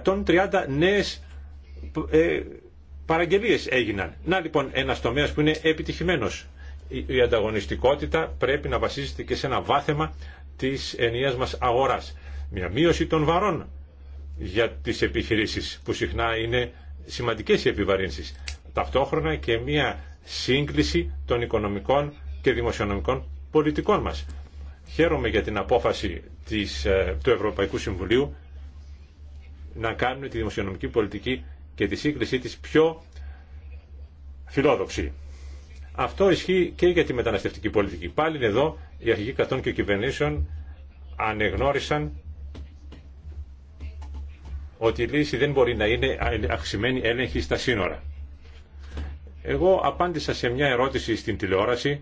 130 νέες ε, παραγγελίες έγιναν. Να λοιπόν ένας τομέας που είναι επιτυχημένος. Η ανταγωνιστικότητα πρέπει να βασίζεται και σε ένα βάθεμα της ενιαίας μας αγοράς. Μια μείωση των βαρών για τις επιχειρήσεις που συχνά είναι σημαντικές οι επιβαρύνσεις. Ταυτόχρονα και μια σύγκληση των οικονομικών και δημοσιονομικών πολιτικών μας. Χαίρομαι για την απόφαση ε, του Ευρωπαϊκού Συμβουλίου να κάνουν τη δημοσιονομική πολιτική και τη σύγκρισή της πιο φιλόδοξη. Αυτό ισχύει και για τη μεταναστευτική πολιτική. Πάλι εδώ οι αρχηγοί κρατών και κυβερνήσεων ανεγνώρισαν ότι η λύση δεν μπορεί να είναι αυξημένη έλεγχη στα σύνορα. Εγώ απάντησα σε μια ερώτηση στην τηλεόραση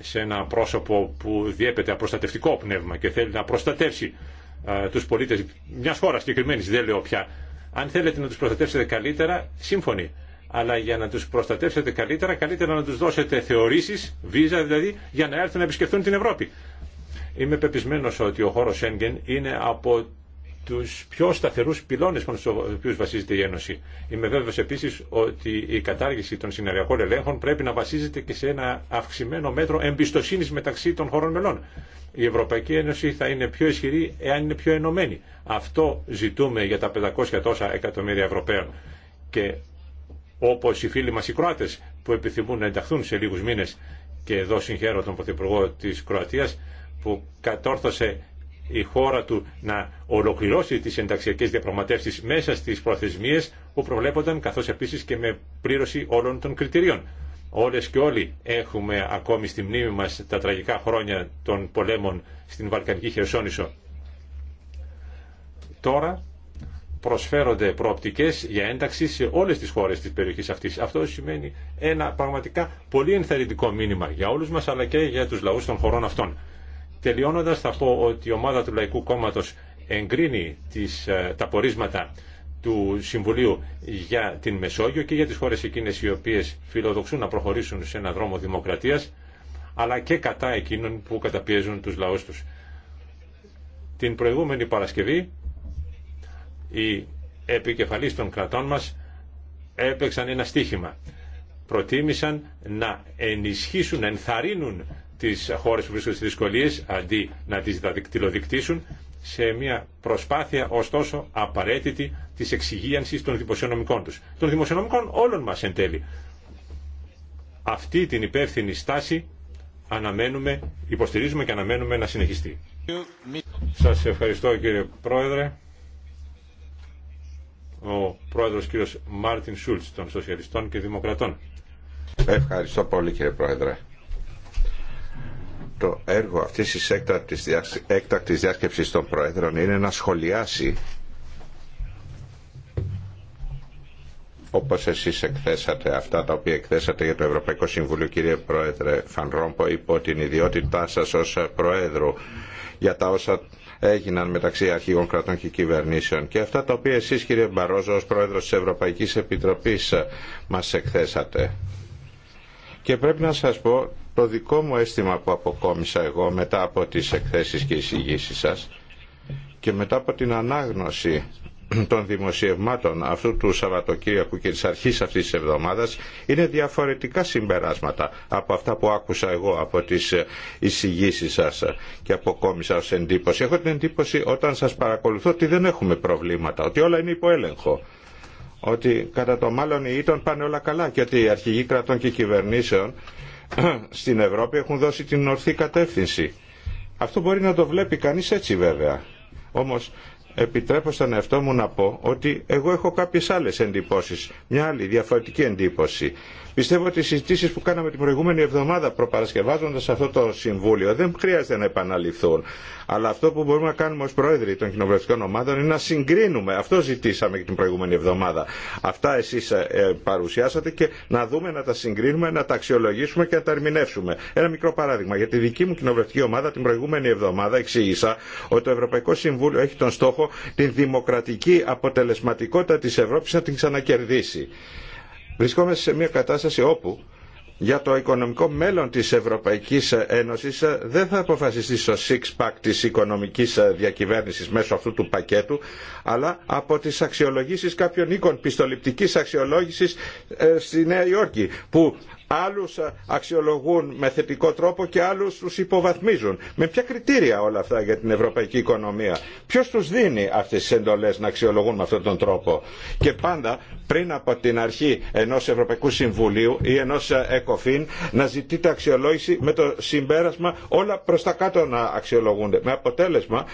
σε ένα πρόσωπο που διέπεται απροστατευτικό πνεύμα και θέλει να προστατεύσει τους πολίτες μιας χώρας συγκεκριμένη, δεν λέω πια. Αν θέλετε να τους προστατεύσετε καλύτερα, σύμφωνοι. Αλλά για να τους προστατεύσετε καλύτερα, καλύτερα να τους δώσετε θεωρήσεις, βίζα δηλαδή, για να έρθουν να επισκεφθούν την Ευρώπη. Είμαι πεπισμένος ότι ο χώρος Σέγγεν είναι από του πιο σταθερού πυλώνε πάνω στους οποίους βασίζεται η Ένωση. Είμαι βέβαιο επίση ότι η κατάργηση των συναριακών ελέγχων πρέπει να βασίζεται και σε ένα αυξημένο μέτρο εμπιστοσύνη μεταξύ των χωρών μελών. Η Ευρωπαϊκή Ένωση θα είναι πιο ισχυρή εάν είναι πιο ενωμένη. Αυτό ζητούμε για τα 500 τόσα εκατομμύρια Ευρωπαίων. Και όπω οι φίλοι μα οι κρόατε που επιθυμούν να ενταχθούν σε λίγου μήνε και εδώ συγχαίρω τον Πρωθυπουργό τη Κροατία που κατόρθωσε η χώρα του να ολοκληρώσει τις ενταξιακές διαπραγματεύσεις μέσα στις προθεσμίες που προβλέπονταν, καθώς επίσης και με πλήρωση όλων των κριτηρίων. Όλες και όλοι έχουμε ακόμη στη μνήμη μας τα τραγικά χρόνια των πολέμων στην Βαλκανική Χερσόνησο. Τώρα προσφέρονται προοπτικές για ένταξη σε όλες τις χώρες της περιοχής αυτής. Αυτό σημαίνει ένα πραγματικά πολύ ενθαρρυντικό μήνυμα για όλους μας αλλά και για τους λαούς των χωρών αυτών. Τελειώνοντας θα πω ότι η ομάδα του Λαϊκού Κόμματος εγκρίνει τις, ε, τα πορίσματα του Συμβουλίου για την Μεσόγειο και για τις χώρες εκείνες οι οποίες φιλοδοξούν να προχωρήσουν σε έναν δρόμο δημοκρατίας αλλά και κατά εκείνων που καταπιέζουν τους λαούς τους. Την προηγούμενη Παρασκευή οι επικεφαλής των κρατών μας έπαιξαν ένα στίχημα. Προτίμησαν να ενισχύσουν, να ενθαρρύνουν τις χώρες που βρίσκονται στις δυσκολίες αντί να τις δακτυλοδεικτήσουν σε μια προσπάθεια ωστόσο απαραίτητη της εξυγίανσης των δημοσιονομικών τους. Των δημοσιονομικών όλων μας εν τέλει. Αυτή την υπεύθυνη στάση αναμένουμε, υποστηρίζουμε και αναμένουμε να συνεχιστεί. Σας ευχαριστώ κύριε Πρόεδρε. Ο Πρόεδρος κύριος Μάρτιν Σούλτς των Σοσιαλιστών και Δημοκρατών. Ευχαριστώ πολύ κύριε Πρόεδρε το έργο αυτής της έκτακτης, έκτακτης διάσκεψης των Προέδρων είναι να σχολιάσει όπως εσείς εκθέσατε αυτά τα οποία εκθέσατε για το Ευρωπαϊκό Συμβούλιο κύριε Πρόεδρε Φανρόμπο υπό την ιδιότητά σας ως Προέδρου για τα όσα έγιναν μεταξύ αρχηγών κρατών και κυβερνήσεων και αυτά τα οποία εσείς κύριε Μπαρόζο ως Πρόεδρος της Ευρωπαϊκής Επιτροπής μας εκθέσατε. Και πρέπει να σας πω το δικό μου αίσθημα που αποκόμισα εγώ μετά από τις εκθέσεις και εισηγήσεις σας και μετά από την ανάγνωση των δημοσιευμάτων αυτού του Σαββατοκύριακου και της αρχής αυτής της εβδομάδας είναι διαφορετικά συμπεράσματα από αυτά που άκουσα εγώ από τις εισηγήσει σας και αποκόμισα ως εντύπωση. Έχω την εντύπωση όταν σας παρακολουθώ ότι δεν έχουμε προβλήματα, ότι όλα είναι υποέλεγχο ότι κατά το μάλλον οι ήττων πάνε όλα καλά και ότι οι αρχηγοί κρατών και κυβερνήσεων στην Ευρώπη έχουν δώσει την ορθή κατεύθυνση. Αυτό μπορεί να το βλέπει κανείς έτσι βέβαια. Όμως επιτρέπω στον εαυτό μου να πω ότι εγώ έχω κάποιες άλλες εντυπώσεις, μια άλλη διαφορετική εντύπωση. Πιστεύω ότι οι συζητήσει που κάναμε την προηγούμενη εβδομάδα προπαρασκευάζοντα αυτό το Συμβούλιο δεν χρειάζεται να επαναληφθούν. Αλλά αυτό που μπορούμε να κάνουμε ω πρόεδροι των κοινοβουλευτικών ομάδων είναι να συγκρίνουμε. Αυτό ζητήσαμε και την προηγούμενη εβδομάδα. Αυτά εσεί ε, ε, παρουσιάσατε και να δούμε, να τα συγκρίνουμε, να τα αξιολογήσουμε και να τα ερμηνεύσουμε. Ένα μικρό παράδειγμα. Για τη δική μου κοινοβουλευτική ομάδα την προηγούμενη εβδομάδα εξήγησα ότι το Ευρωπαϊκό Συμβούλιο έχει τον στόχο την δημοκρατική αποτελεσματικότητα τη Ευρώπη να την ξανακερδίσει. Βρισκόμαστε σε μια κατάσταση όπου για το οικονομικό μέλλον της Ευρωπαϊκής Ένωσης δεν θα αποφασιστεί στο six-pack της οικονομικής διακυβέρνησης μέσω αυτού του πακέτου, αλλά από τις αξιολογήσεις κάποιων οίκων πιστοληπτικής αξιολόγησης ε, στη Νέα Υόρκη, που άλλους αξιολογούν με θετικό τρόπο και άλλους τους υποβαθμίζουν. Με ποια κριτήρια όλα αυτά για την ευρωπαϊκή οικονομία. Ποιος τους δίνει αυτές τις εντολές να αξιολογούν με αυτόν τον τρόπο. Και πάντα πριν από την αρχή ενός Ευρωπαϊκού Συμβουλίου ή ενός ΕΚΟΦΗΝ να ζητείτε αξιολόγηση με το συμπέρασμα όλα προς τα κάτω να αξιολογούνται. Με αποτέλεσμα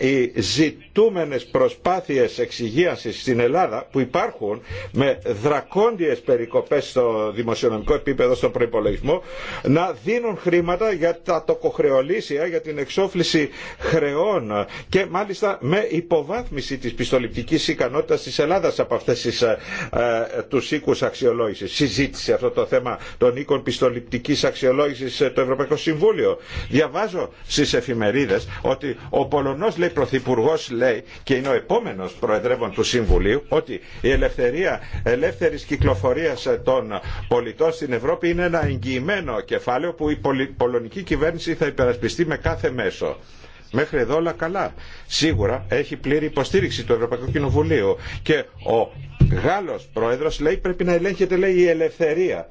οι ζητούμενες προσπάθειες εξυγίανσης στην Ελλάδα που υπάρχουν με δρακόντιες περικοπές στο δημοσιονομικό επίπεδο, στον προϋπολογισμό, να δίνουν χρήματα για τα τοκοχρεωλήσια, για την εξόφληση χρεών και μάλιστα με υποβάθμιση της πιστοληπτικής ικανότητας της Ελλάδας από αυτές τις, ε, ε τους οίκους αξιολόγησης. Συζήτησε αυτό το θέμα των οίκων πιστοληπτικής αξιολόγησης ε, το Ευρωπαϊκό Συμβούλιο. Διαβάζω στις ότι ο Πολωνός λέει Πρωθυπουργό λέει και είναι ο επόμενο Προεδρεύων του Συμβουλίου ότι η ελευθερία ελεύθερη κυκλοφορία των πολιτών στην Ευρώπη είναι ένα εγγυημένο κεφάλαιο που η πολωνική κυβέρνηση θα υπερασπιστεί με κάθε μέσο. Μέχρι εδώ όλα καλά. Σίγουρα έχει πλήρη υποστήριξη του Ευρωπαϊκού Κοινοβουλίου και ο Γάλλος πρόεδρος λέει πρέπει να ελέγχεται λέει η ελευθερία.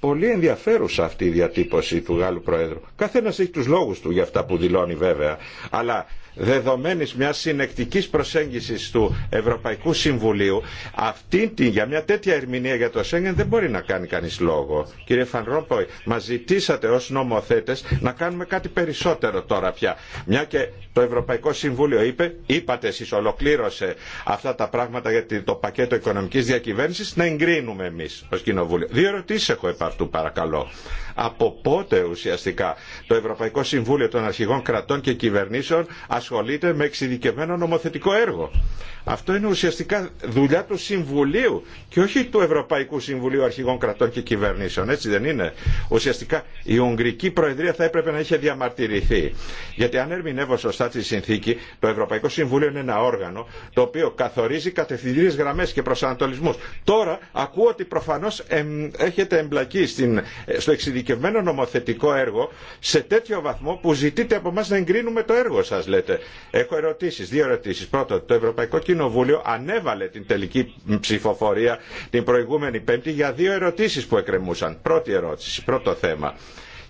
Πολύ ενδιαφέρουσα αυτή η διατύπωση του Γάλλου Προέδρου. Καθένας έχει τους λόγους του για αυτά που δηλώνει βέβαια. Αλλά δεδομένης μιας συνεκτικής προσέγγισης του Ευρωπαϊκού Συμβουλίου αυτή την, για μια τέτοια ερμηνεία για το Σέγγεν δεν μπορεί να κάνει κανείς λόγο. Κύριε Φανρόμποη, μας ζητήσατε ως νομοθέτες να κάνουμε κάτι περισσότερο τώρα πια. Μια και το Ευρωπαϊκό Συμβούλιο είπε, είπατε εσείς ολοκλήρωσε αυτά τα πράγματα για το πακέτο οικονομικής διακυβέρνησης, να εγκρίνουμε εμείς ως Κοινοβούλιο. Δύο ερωτήσεις έχω επ' αυτού παρακαλώ. Από πότε ουσιαστικά το Ευρωπαϊκό Συμβούλιο των Αρχηγών Κρατών και Κυβερνήσεων ασχολείται με εξειδικευμένο νομοθετικό έργο. Αυτό είναι ουσιαστικά δουλειά του Συμβουλίου και όχι του Ευρωπαϊκού Συμβουλίου Αρχηγών Κρατών και Κυβερνήσεων. Έτσι δεν είναι. Ουσιαστικά η Ουγγρική Προεδρία θα έπρεπε να είχε διαμαρτυρηθεί. Γιατί αν ερμηνεύω σωστά τη συνθήκη, το Ευρωπαϊκό Συμβούλιο είναι ένα όργανο το οποίο καθορίζει κατευθυντήριε γραμμέ και προσανατολισμού. Τώρα ακούω ότι προφανώ έχετε εμπλακεί στην, στο εξειδικευμένο νομοθετικό έργο σε τέτοιο βαθμό που ζητείτε από εμά να εγκρίνουμε το έργο σα, λέτε. Έχω ερωτήσει, δύο ερωτήσει. Πρώτο, το Ευρωπαϊκό Κοινοβούλιο ανέβαλε την τελική ψηφοφορία την προηγούμενη Πέμπτη για δύο ερωτήσει που εκκρεμούσαν. Πρώτη ερώτηση, πρώτο θέμα.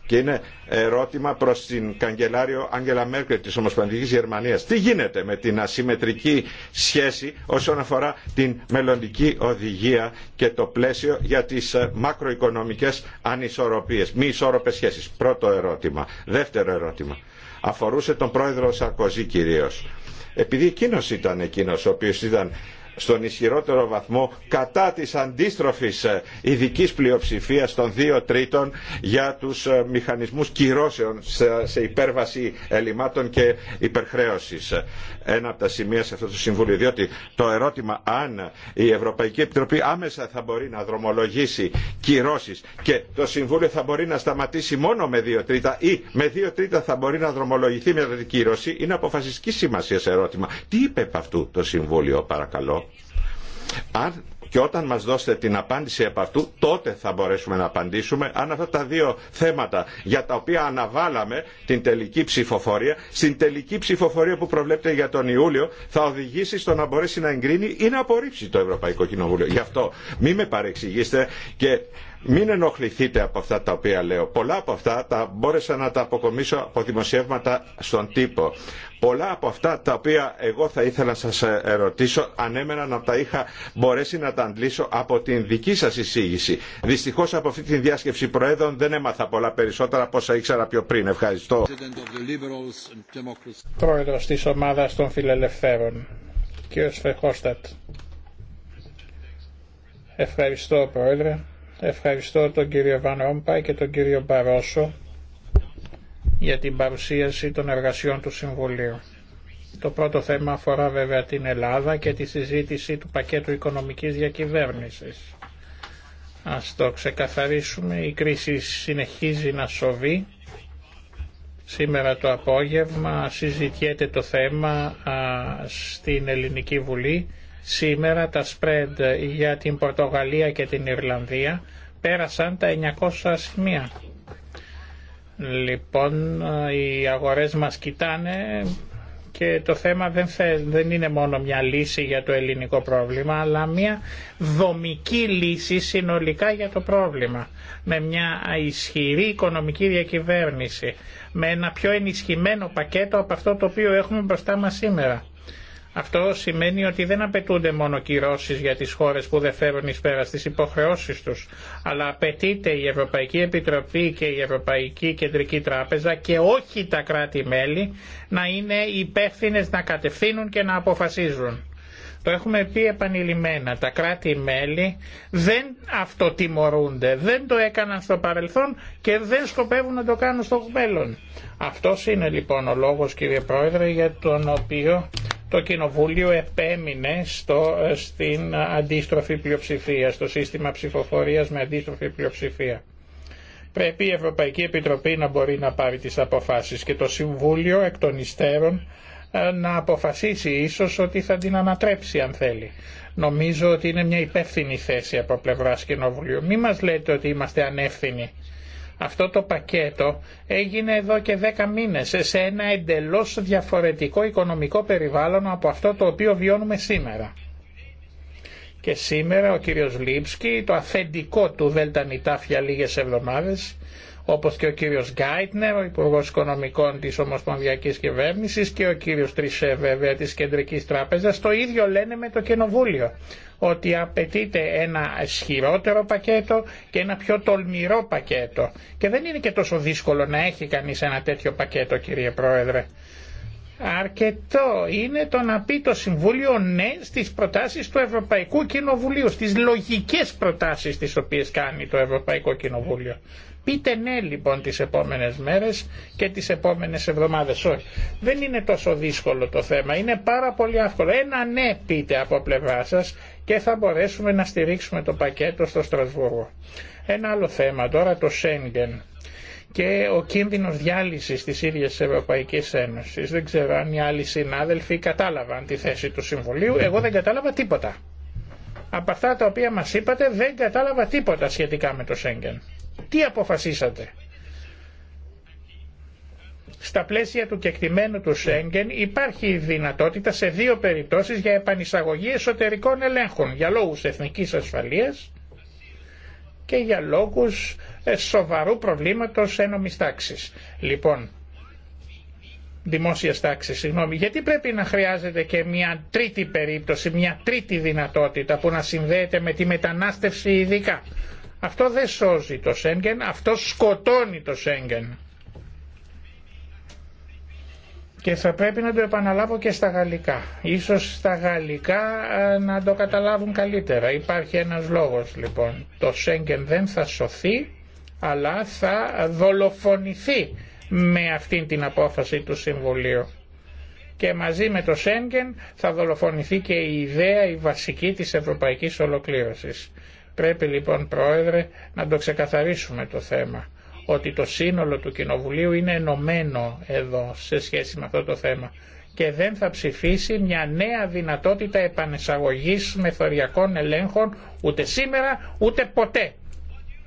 Και είναι ερώτημα προ την καγκελάριο Άγγελα Μέρκελ τη Ομοσπονδική Γερμανία. Τι γίνεται με την ασυμμετρική σχέση όσον αφορά την μελλοντική οδηγία και το πλαίσιο για τι ε, μακροοικονομικέ ανισορροπίε, μη ισόρροπε σχέσει. Πρώτο ερώτημα. Δεύτερο ερώτημα αφορούσε τον πρόεδρο Σαρκοζή κυρίω. Επειδή εκείνο ήταν εκείνο, ο οποίο ήταν στον ισχυρότερο βαθμό κατά της αντίστροφης ε, ειδική πλειοψηφίας των δύο τρίτων για τους ε, μηχανισμούς κυρώσεων σε υπέρβαση ελλημάτων και υπερχρέωσης. Ένα από τα σημεία σε αυτό το Συμβούλιο, διότι το ερώτημα αν η Ευρωπαϊκή Επιτροπή άμεσα θα μπορεί να δρομολογήσει κυρώσεις και το Συμβούλιο θα μπορεί να σταματήσει μόνο με δύο τρίτα ή με δύο τρίτα θα μπορεί να δρομολογηθεί με την κύρωση είναι αποφασιστική σημασία σε ερώτημα. Τι είπε επ' αυτού το Συμβούλιο παρακαλώ. Αν και όταν μας δώσετε την απάντηση από αυτού, τότε θα μπορέσουμε να απαντήσουμε αν αυτά τα δύο θέματα για τα οποία αναβάλαμε την τελική ψηφοφορία, στην τελική ψηφοφορία που προβλέπεται για τον Ιούλιο, θα οδηγήσει στο να μπορέσει να εγκρίνει ή να απορρίψει το Ευρωπαϊκό Κοινοβούλιο. Γι' αυτό μην με παρεξηγήσετε και μην ενοχληθείτε από αυτά τα οποία λέω. Πολλά από αυτά τα μπόρεσα να τα αποκομίσω από δημοσιεύματα στον τύπο. Πολλά από αυτά τα οποία εγώ θα ήθελα να σας ε, ερωτήσω ανέμενα να τα είχα μπορέσει να τα αντλήσω από την δική σας εισήγηση. Δυστυχώς από αυτή τη διάσκεψη προέδρων δεν έμαθα πολλά περισσότερα από όσα ήξερα πιο πριν. Ευχαριστώ. Πρόεδρος της ομάδας των φιλελευθέρων. Φεχόστατ. Ευχαριστώ Πρόεδρε. Ευχαριστώ τον κύριο Βαν και τον κύριο Μπαρόσο για την παρουσίαση των εργασιών του Συμβουλίου. Το πρώτο θέμα αφορά βέβαια την Ελλάδα και τη συζήτηση του πακέτου οικονομικής διακυβέρνησης. Ας το ξεκαθαρίσουμε, η κρίση συνεχίζει να σοβεί. Σήμερα το απόγευμα συζητιέται το θέμα στην Ελληνική Βουλή Σήμερα τα spread για την Πορτογαλία και την Ιρλανδία πέρασαν τα 900 σημεία. Λοιπόν, οι αγορές μας κοιτάνε και το θέμα δεν, θε, είναι μόνο μια λύση για το ελληνικό πρόβλημα, αλλά μια δομική λύση συνολικά για το πρόβλημα. Με μια ισχυρή οικονομική διακυβέρνηση, με ένα πιο ενισχυμένο πακέτο από αυτό το οποίο έχουμε μπροστά μας σήμερα. Αυτό σημαίνει ότι δεν απαιτούνται μόνο κυρώσει για τι χώρε που δεν φέρουν ει πέρα στι υποχρεώσει του, αλλά απαιτείται η Ευρωπαϊκή Επιτροπή και η Ευρωπαϊκή Κεντρική Τράπεζα και όχι τα κράτη-μέλη να είναι υπεύθυνε να κατευθύνουν και να αποφασίζουν. Το έχουμε πει επανειλημμένα. Τα κράτη-μέλη δεν αυτοτιμωρούνται. Δεν το έκαναν στο παρελθόν και δεν σκοπεύουν να το κάνουν στο μέλλον. Αυτό είναι λοιπόν ο λόγο, κύριε Πρόεδρε για τον οποίο το Κοινοβούλιο επέμεινε στο, στην αντίστροφη πλειοψηφία, στο σύστημα ψηφοφορίας με αντίστροφη πλειοψηφία. Πρέπει η Ευρωπαϊκή Επιτροπή να μπορεί να πάρει τις αποφάσεις και το Συμβούλιο εκ των υστέρων ε, να αποφασίσει ίσως ότι θα την ανατρέψει αν θέλει. Νομίζω ότι είναι μια υπεύθυνη θέση από πλευράς Κοινοβουλίου. Μην μας λέτε ότι είμαστε ανεύθυνοι. Αυτό το πακέτο έγινε εδώ και δέκα μήνες σε ένα εντελώς διαφορετικό οικονομικό περιβάλλον από αυτό το οποίο βιώνουμε σήμερα. Και σήμερα ο κύριος Λίψκι, το αφεντικό του Δέλτα λίγες εβδομάδες, όπως και ο κύριος Γκάιτνερ, ο Υπουργός Οικονομικών της Ομοσπονδιακής Κυβέρνησης και ο κύριος Τρισέ βέβαια της Κεντρικής Τράπεζας, το ίδιο λένε με το Κοινοβούλιο, ότι απαιτείται ένα ισχυρότερο πακέτο και ένα πιο τολμηρό πακέτο. Και δεν είναι και τόσο δύσκολο να έχει κανείς ένα τέτοιο πακέτο κύριε Πρόεδρε. Αρκετό είναι το να πει το Συμβούλιο ναι στις προτάσεις του Ευρωπαϊκού Κοινοβουλίου, στις λογικές προτάσεις τις οποίες κάνει το Ευρωπαϊκό Κοινοβούλιο. Πείτε ναι λοιπόν τις επόμενες μέρες και τις επόμενες εβδομάδες. Όχι. Δεν είναι τόσο δύσκολο το θέμα. Είναι πάρα πολύ εύκολο. Ένα ναι πείτε από πλευρά σας και θα μπορέσουμε να στηρίξουμε το πακέτο στο Στρασβούργο. Ένα άλλο θέμα τώρα το Σέγγεν και ο κίνδυνος διάλυσης της ίδιας Ευρωπαϊκής Ένωσης. Δεν ξέρω αν οι άλλοι συνάδελφοι κατάλαβαν τη θέση του Συμβουλίου. Εγώ δεν κατάλαβα τίποτα. Από αυτά τα οποία μας είπατε δεν κατάλαβα τίποτα σχετικά με το Σέγγεν. Τι αποφασίσατε. Στα πλαίσια του κεκτημένου του Σέγγεν υπάρχει η δυνατότητα σε δύο περιπτώσεις για επανεισαγωγή εσωτερικών ελέγχων για λόγους εθνικής ασφαλείας και για λόγους ε, σοβαρού προβλήματος ένομης τάξης. Λοιπόν, δημόσιας τάξη, συγγνώμη, γιατί πρέπει να χρειάζεται και μια τρίτη περίπτωση, μια τρίτη δυνατότητα που να συνδέεται με τη μετανάστευση ειδικά. Αυτό δεν σώζει το Σέγγεν, αυτό σκοτώνει το Σέγγεν. Και θα πρέπει να το επαναλάβω και στα γαλλικά. Ίσως στα γαλλικά ε, να το καταλάβουν καλύτερα. Υπάρχει ένας λόγος λοιπόν. Το Σέγγεν δεν θα σωθεί αλλά θα δολοφονηθεί με αυτήν την απόφαση του Συμβουλίου. Και μαζί με το Σέγγεν θα δολοφονηθεί και η ιδέα η βασική της ευρωπαϊκής ολοκλήρωσης. Πρέπει λοιπόν Πρόεδρε να το ξεκαθαρίσουμε το θέμα ότι το σύνολο του Κοινοβουλίου είναι ενωμένο εδώ σε σχέση με αυτό το θέμα και δεν θα ψηφίσει μια νέα δυνατότητα επανεσαγωγής μεθοριακών ελέγχων ούτε σήμερα ούτε ποτέ.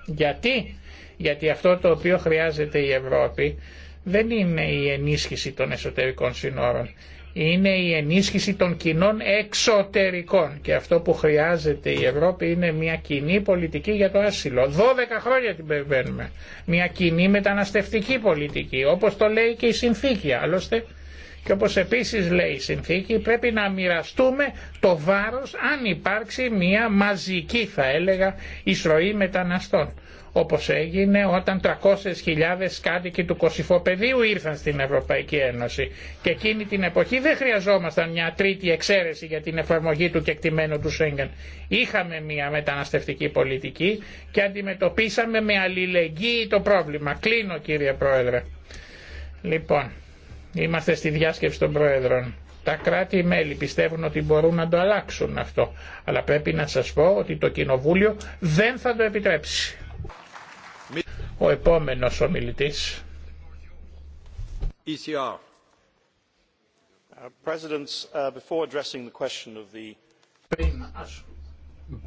Γιατί? Γιατί αυτό το οποίο χρειάζεται η Ευρώπη δεν είναι η ενίσχυση των εσωτερικών συνόρων είναι η ενίσχυση των κοινών εξωτερικών και αυτό που χρειάζεται η Ευρώπη είναι μια κοινή πολιτική για το άσυλο. 12 χρόνια την περιμένουμε. Μια κοινή μεταναστευτική πολιτική όπως το λέει και η συνθήκη άλλωστε και όπως επίσης λέει η συνθήκη πρέπει να μοιραστούμε το βάρος αν υπάρξει μια μαζική θα έλεγα εισρωή μεταναστών όπως έγινε όταν 300.000 κάτοικοι του Κωσυφοπεδίου ήρθαν στην Ευρωπαϊκή Ένωση. Και εκείνη την εποχή δεν χρειαζόμασταν μια τρίτη εξαίρεση για την εφαρμογή του κεκτημένου του Σέγγεν. Είχαμε μια μεταναστευτική πολιτική και αντιμετωπίσαμε με αλληλεγγύη το πρόβλημα. Κλείνω κύριε Πρόεδρε. Λοιπόν, είμαστε στη διάσκεψη των Πρόεδρων. Τα κράτη-μέλη πιστεύουν ότι μπορούν να το αλλάξουν αυτό. Αλλά πρέπει να σας πω ότι το Κοινοβούλιο δεν θα το επιτρέψει. Ο επόμενος ομιλητής. ECR. Uh, uh,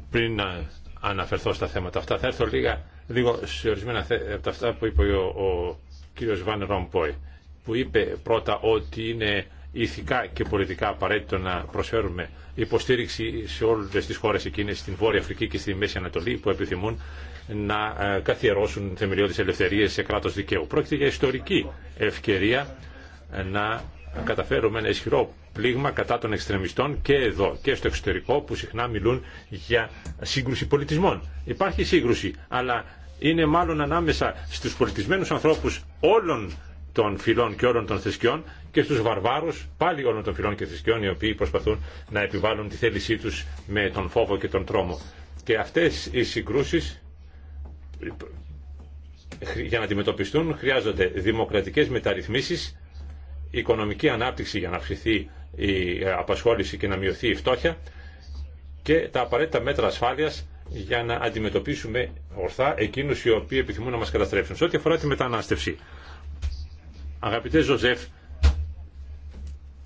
Πριν να αναφερθώ στα θέματα αυτά, θα έρθω λίγα, λίγο σε ορισμένα από τα αυτά που είπε ο, ο κύριος Βαν Ρομποϊ, που είπε πρώτα ότι είναι ηθικά και πολιτικά απαραίτητο να προσφέρουμε υποστήριξη σε όλες τις χώρες εκείνες στην Βόρεια Αφρική και στη Μέση Ανατολή που επιθυμούν να ε, καθιερώσουν θεμελιώδεις ελευθερίες σε κράτος δικαίου. Πρόκειται για ιστορική ευκαιρία ε, να καταφέρουμε ένα ισχυρό πλήγμα κατά των εξτρεμιστών και εδώ και στο εξωτερικό που συχνά μιλούν για σύγκρουση πολιτισμών. Υπάρχει σύγκρουση, αλλά είναι μάλλον ανάμεσα στους πολιτισμένους ανθρώπους όλων των φυλών και όλων των θρησκειών και στους βαρβάρους πάλι όλων των φυλών και θρησκειών οι οποίοι προσπαθούν να επιβάλλουν τη θέλησή τους με τον φόβο και τον τρόμο. Και αυτές οι συγκρούσεις για να αντιμετωπιστούν χρειάζονται δημοκρατικές μεταρρυθμίσεις, οικονομική ανάπτυξη για να αυξηθεί η απασχόληση και να μειωθεί η φτώχεια και τα απαραίτητα μέτρα ασφάλειας για να αντιμετωπίσουμε ορθά εκείνους οι οποίοι επιθυμούν να μας καταστρέψουν. Σε ό,τι αφορά τη μετανάστευση. Αγαπητέ Ζωζεφ,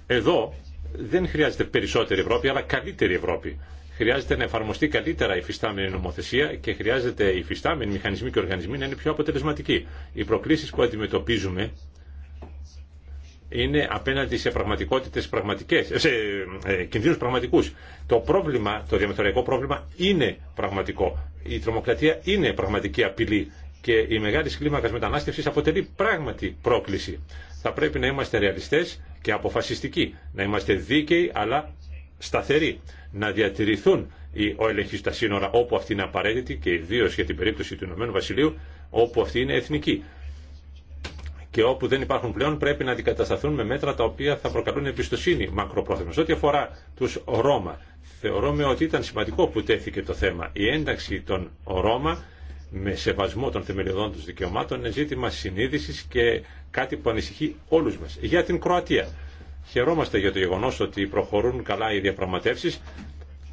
εδώ δεν χρειάζεται περισσότερη Ευρώπη, αλλά καλύτερη Ευρώπη χρειάζεται να εφαρμοστεί καλύτερα η φυστάμενη νομοθεσία και χρειάζεται οι φυστάμενοι μηχανισμοί και οργανισμοί να είναι πιο αποτελεσματικοί. Οι προκλήσει που αντιμετωπίζουμε είναι απέναντι σε πραγματικότητες πραγματικές, σε ε, κινδύνους πραγματικούς. Το πρόβλημα, το διαμεθοριακό πρόβλημα είναι πραγματικό. Η τρομοκρατία είναι πραγματική απειλή και η μεγάλη κλίμακα μετανάστευση αποτελεί πράγματι πρόκληση. Θα πρέπει να είμαστε ρεαλιστέ και αποφασιστικοί, να είμαστε δίκαιοι αλλά σταθερή, να διατηρηθούν ο έλεγχοι στα σύνορα όπου αυτή είναι απαραίτητη και ιδίω για την περίπτωση του Ηνωμένου Βασιλείου όπου αυτή είναι εθνική. Και όπου δεν υπάρχουν πλέον πρέπει να αντικατασταθούν με μέτρα τα οποία θα προκαλούν εμπιστοσύνη μακροπρόθεσμα. Ό,τι αφορά του Ρώμα, θεωρούμε ότι ήταν σημαντικό που τέθηκε το θέμα. Η ένταξη των Ρώμα με σεβασμό των θεμελιωδών του δικαιωμάτων είναι ζήτημα συνείδηση και κάτι που ανησυχεί όλου μα. Για την Κροατία. Χαιρόμαστε για το γεγονός ότι προχωρούν καλά οι διαπραγματεύσεις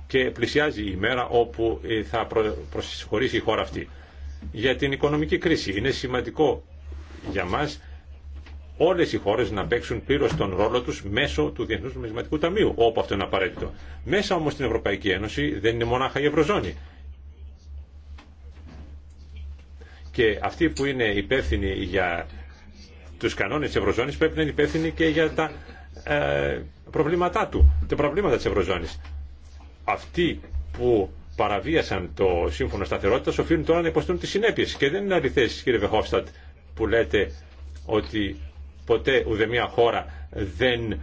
και πλησιάζει η μέρα όπου ε, θα προσχωρήσει η χώρα αυτή. Για την οικονομική κρίση είναι σημαντικό για μας όλες οι χώρες να παίξουν πλήρως τον ρόλο τους μέσω του Διεθνούς Νομισματικού Ταμείου, όπου αυτό είναι απαραίτητο. Μέσα όμως στην Ευρωπαϊκή Ένωση δεν είναι μονάχα η Ευρωζώνη. Και αυτοί που είναι υπεύθυνοι για τους κανόνες της Ευρωζώνης πρέπει να είναι υπεύθυνοι και για τα ε, προβλήματά του, τα προβλήματα της Ευρωζώνης. Αυτοί που παραβίασαν το σύμφωνο σταθερότητας οφείλουν τώρα να υποστούν τις συνέπειες. Και δεν είναι αληθές κύριε Βεχόφστατ που λέτε ότι ποτέ μια χώρα δεν ε,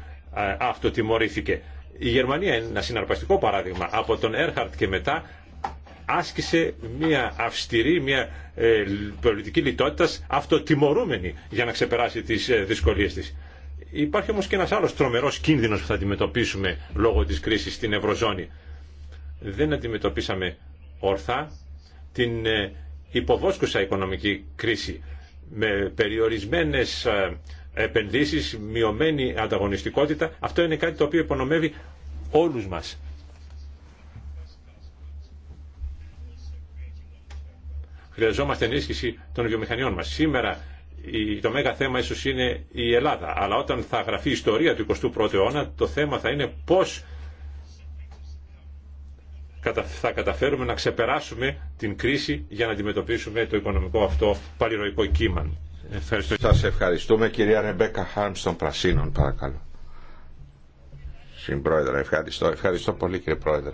αυτοτιμωρήθηκε. Η Γερμανία είναι ένα συναρπαστικό παράδειγμα. Από τον Έρχαρτ και μετά άσκησε μια αυστηρή, μια ε, πολιτική λιτότητα αυτοτιμωρούμενη για να ξεπεράσει τις δυσκολίες της. Υπάρχει όμως και ένας άλλος τρομερός κίνδυνος που θα αντιμετωπίσουμε λόγω της κρίσης στην Ευρωζώνη. Δεν αντιμετωπίσαμε όρθα την ε, υποβόσκουσα οικονομική κρίση με περιορισμένες ε, επενδύσεις, μειωμένη ανταγωνιστικότητα. Αυτό είναι κάτι το οποίο υπονομεύει όλους μας. Χρειαζόμαστε ενίσχυση των βιομηχανιών μας. Σήμερα το μέγα θέμα ίσως είναι η Ελλάδα. Αλλά όταν θα γραφεί η ιστορία του 21ου αιώνα, το θέμα θα είναι πώς θα καταφέρουμε να ξεπεράσουμε την κρίση για να αντιμετωπίσουμε το οικονομικό αυτό παλιροϊκό κύμα. Ευχαριστώ. Σας ευχαριστούμε κυρία Ρεμπέκα Χάρμς των Πρασίνων παρακαλώ. Συμπρόεδρε, ευχαριστώ. Ευχαριστώ πολύ κύριε Πρόεδρε.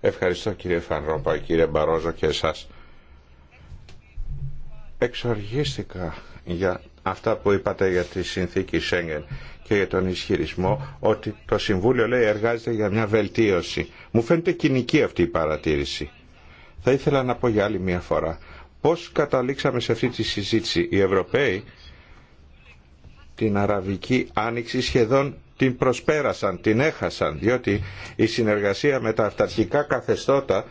Ευχαριστώ κύριε Φανρόπα, κύριε Μπαρόζο και εσάς. Εξοργίστηκα για αυτά που είπατε για τη συνθήκη Σέγγεν και για τον ισχυρισμό ότι το Συμβούλιο λέει εργάζεται για μια βελτίωση. Μου φαίνεται κοινική αυτή η παρατήρηση. Θα ήθελα να πω για άλλη μια φορά. Πώς καταλήξαμε σε αυτή τη συζήτηση. Οι Ευρωπαίοι την Αραβική Άνοιξη σχεδόν την προσπέρασαν, την έχασαν, διότι η συνεργασία με τα αυταρχικά καθεστώτα